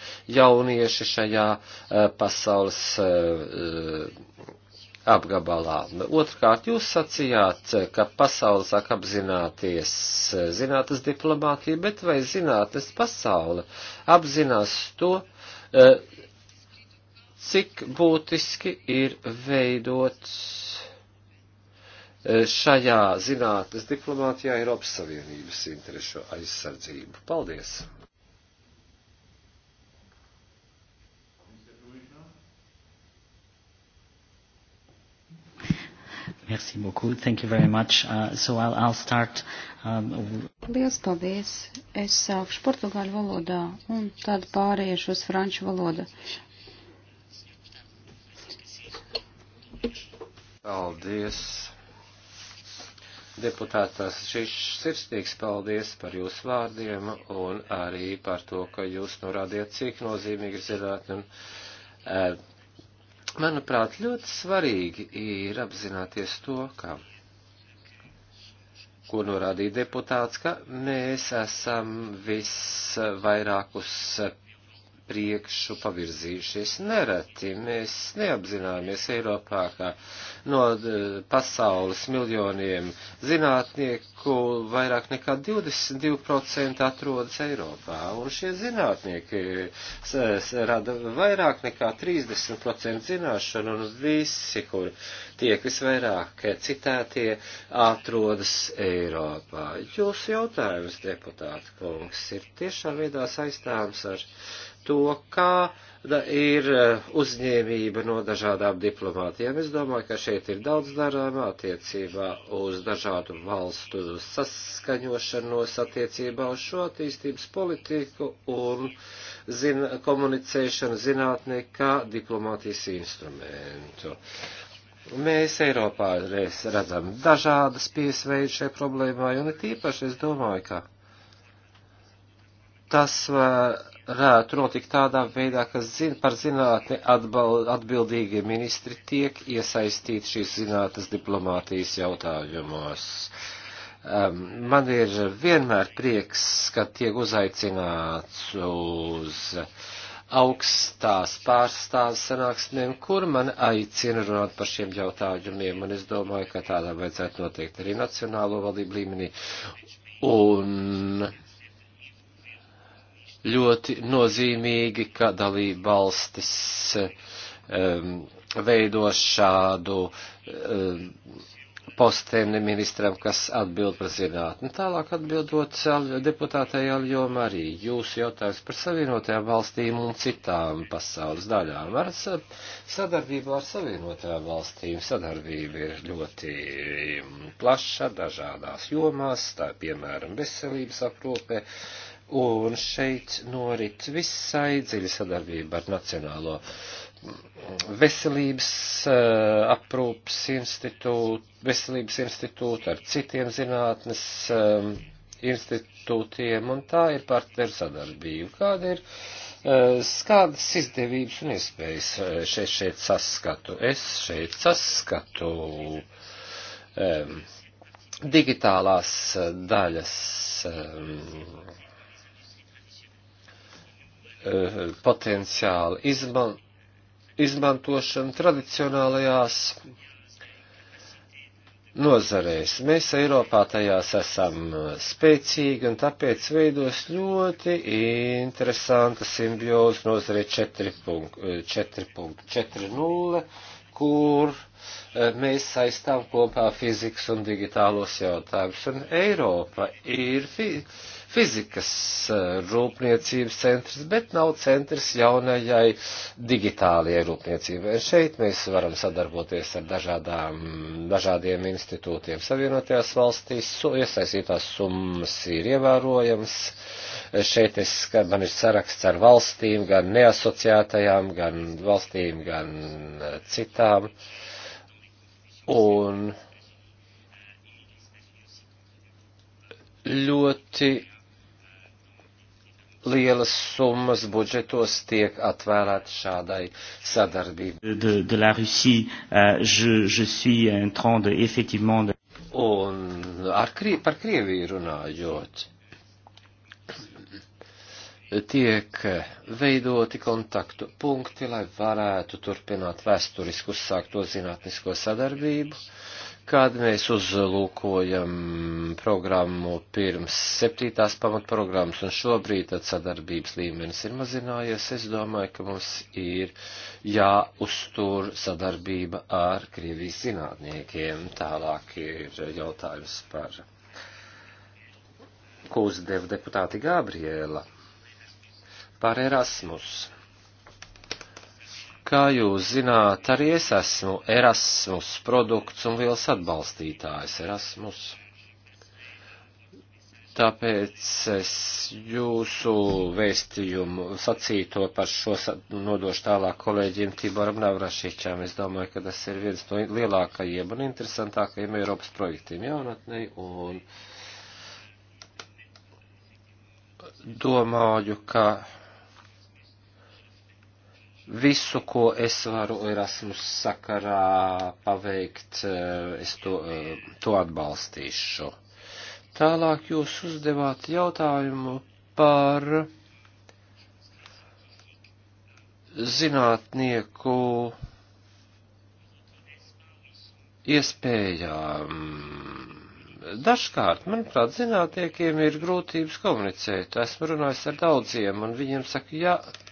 A: jaunieši šajā eh, pasaules apgabalā. Otrkārt, jūs sacījāt, ka pasaule sāk apzināties eh, zinātnes diplomātiju, bet vai zinātnes pasaule apzinās to, eh, cik būtiski ir veidot eh, šajā zinātnes diplomātijā Eiropas Savienības interešu aizsardzību? Paldies! Merci beaucoup. Thank you very much. Uh, so I'll, I'll start. Um...
C: Liels paldies. Es sākšu portugāļu valodā un tad pāriešu uz franču valodu.
A: Paldies. Deputātās, šis sirsnīgs paldies par jūsu vārdiem un arī par to, ka jūs norādījat, cik nozīmīgi ir zinātne un uh, Manuprāt, ļoti svarīgi ir apzināties to, ka, ko norādīja deputāts, ka mēs esam visvairāk uz priekšu pavirzījušies. Nereti mēs neapzināmies Eiropā, ka no e, pasaules miljoniem zinātnieku vairāk nekā 22% atrodas Eiropā, un šie zinātnieki rada vairāk nekā 30% zināšanu, un visi, kur tiek visvairāk citētie, atrodas Eiropā. Jūsu jautājums, deputāta kungs, ir tiešām veidā saistāms ar to, kā ir eh, uzņēmība no dažādām diplomātiem. Es domāju, ka šeit ir daudz darāmā attiecībā uz dažādu valstu saskaņošanos, attiecībā uz šo attīstības politiku un zina, komunicēšanu zinātnē kā diplomātijas instrumentu. Mēs Eiropā redzam dažādas piesveidu šai problēmai, un it īpaši es domāju, ka tas var eh, varētu notikt tādā veidā, ka zin, par zinātni atbal, atbildīgie ministri tiek iesaistīti šīs zinātnes diplomātijas jautājumos. Um, man ir vienmēr prieks, ka tiek uzaicināts uz augstās pārstāvs sanāksmēm, kur man aicina runāt par šiem jautājumiem, un es domāju, ka tādā vajadzētu notiekt arī nacionālo valdību līmenī. Un ļoti nozīmīgi, ka dalība valstis um, veido šādu um, posteni ministram, kas atbild par zinātni. Tālāk atbildot deputātei Aljo Marī, jūsu jautājums par savienotajām valstīm un citām pasaules daļām. Ar sadarbību ar savienotajām valstīm sadarbība ir ļoti um, plaša dažādās jomās, tā piemēram veselības aprūpē, un šeit norit visai dziļa sadarbība ar Nacionālo veselības eh, aprūpas institūtu, veselības institūtu, ar citiem zinātnes eh, institūtiem, un tā ir partneru sadarbība. Kāda ir? Eh, kādas izdevības un iespējas šeit, šeit saskatu? Es šeit saskatu um, digitālās daļas um, Eh, potenciāla izman, izmantošana tradicionālajās nozarēs. Mēs Eiropā tajās esam spēcīgi un tāpēc veidos ļoti interesanta simbioze nozarē 4.40, eh, kur eh, mēs saistām kopā fizikas un digitālos jautājumus. Un Eiropa ir. Fi fizikas eh, rūpniecības centrs, bet nav centrs jaunajai digitālajai rūpniecībai. Un šeit mēs varam sadarboties ar dažādām, dažādiem institūtiem. Savienotajās valstīs iesaistītās summas ir ievērojams. Eh, šeit es, man ir saraksts ar valstīm, gan neasociētajām, gan valstīm, gan eh, citām. Un ļoti lielas summas budžetos tiek atvēlētas šādai sadarbībai.
C: De, de la Russie, uh, je, je suis en train de, effectivement, de...
A: Un ar, par Krieviju runājot, tiek veidoti kontaktu punkti, lai varētu turpināt vēsturiski uzsākto zinātnisko sadarbību, Kad mēs uzlūkojam programmu pirms septītās pamatprogrammas un šobrīd, tad sadarbības līmenis ir mazinājies, es domāju, ka mums ir jāuztur sadarbība ar Krievijas zinātniekiem. Tālāk ir jautājums par ko uzdeva deputāti Gabriela par Erasmus. Kā jūs zināt, arī es esmu Erasmus produkts un liels atbalstītājs Erasmus. Tāpēc es jūsu vēstījumu sacīto par šo nodošu tālāk kolēģiem Tiboram Navrašičām. Es domāju, ka tas ir viens no lielākajiem un interesantākajiem Eiropas projektiem jaunatnei. Un domāju, ka Visu, ko es varu Erasmus sakarā paveikt, eh, es to, eh, to atbalstīšu. Tālāk jūs uzdevāt jautājumu par zinātnieku iespējām. Dažkārt, manuprāt, zinātniekiem ir grūtības komunicēt. Esmu runājis ar daudziem, un viņiem saka, jā, ja,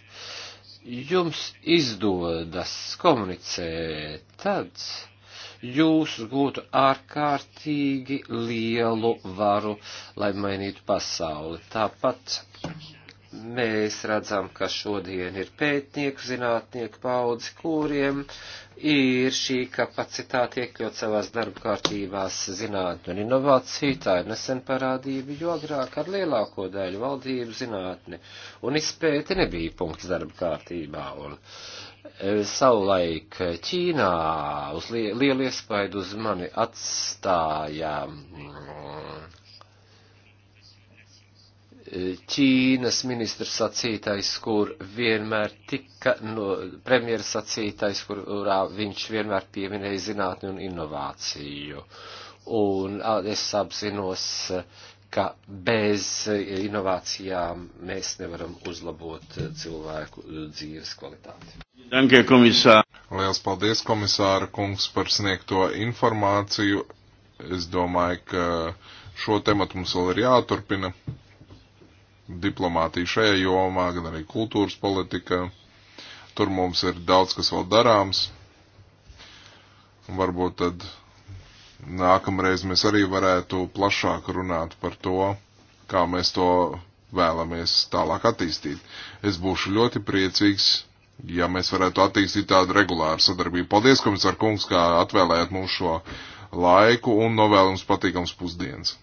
A: jums izdodas komunicēt, tad jūs gūtu ārkārtīgi lielu varu, lai mainītu pasauli. Tāpat Mēs redzam, ka šodien ir pētnieku, zinātnieku paudzi, kuriem ir šī kapacitāte iekļaut savās darba kārtībās zinātni un inovāciju. Tā ir nesen parādība, jo agrāk ar lielāko daļu valdību zinātni un izpēti nebija punkts darba kārtībā. Un, e, savulaik Ķīnā uz li lielu iespaidu uz mani atstājām. Mm, Ķīnas ministra sacītais, kur vienmēr tika, no, premjera sacītais, kurā viņš vienmēr pieminēja zinātni un inovāciju. Un es apzinos, ka bez inovācijām mēs nevaram uzlabot cilvēku dzīves kvalitāti.
B: Dankie, komisār. Liels paldies, komisāra kungs, par sniegto informāciju. Es domāju, ka šo tematu mums vēl ir jāturpina diplomātiju šajā jomā, gan arī kultūras politikā. Tur mums ir daudz, kas vēl darāms. Un varbūt tad nākamreiz mēs arī varētu plašāk runāt par to, kā mēs to vēlamies tālāk attīstīt. Es būšu ļoti priecīgs, ja mēs varētu attīstīt tādu regulāru sadarbību. Paldies, komisār kungs, kā atvēlējāt mums šo laiku un novēlums patīkams pusdienas.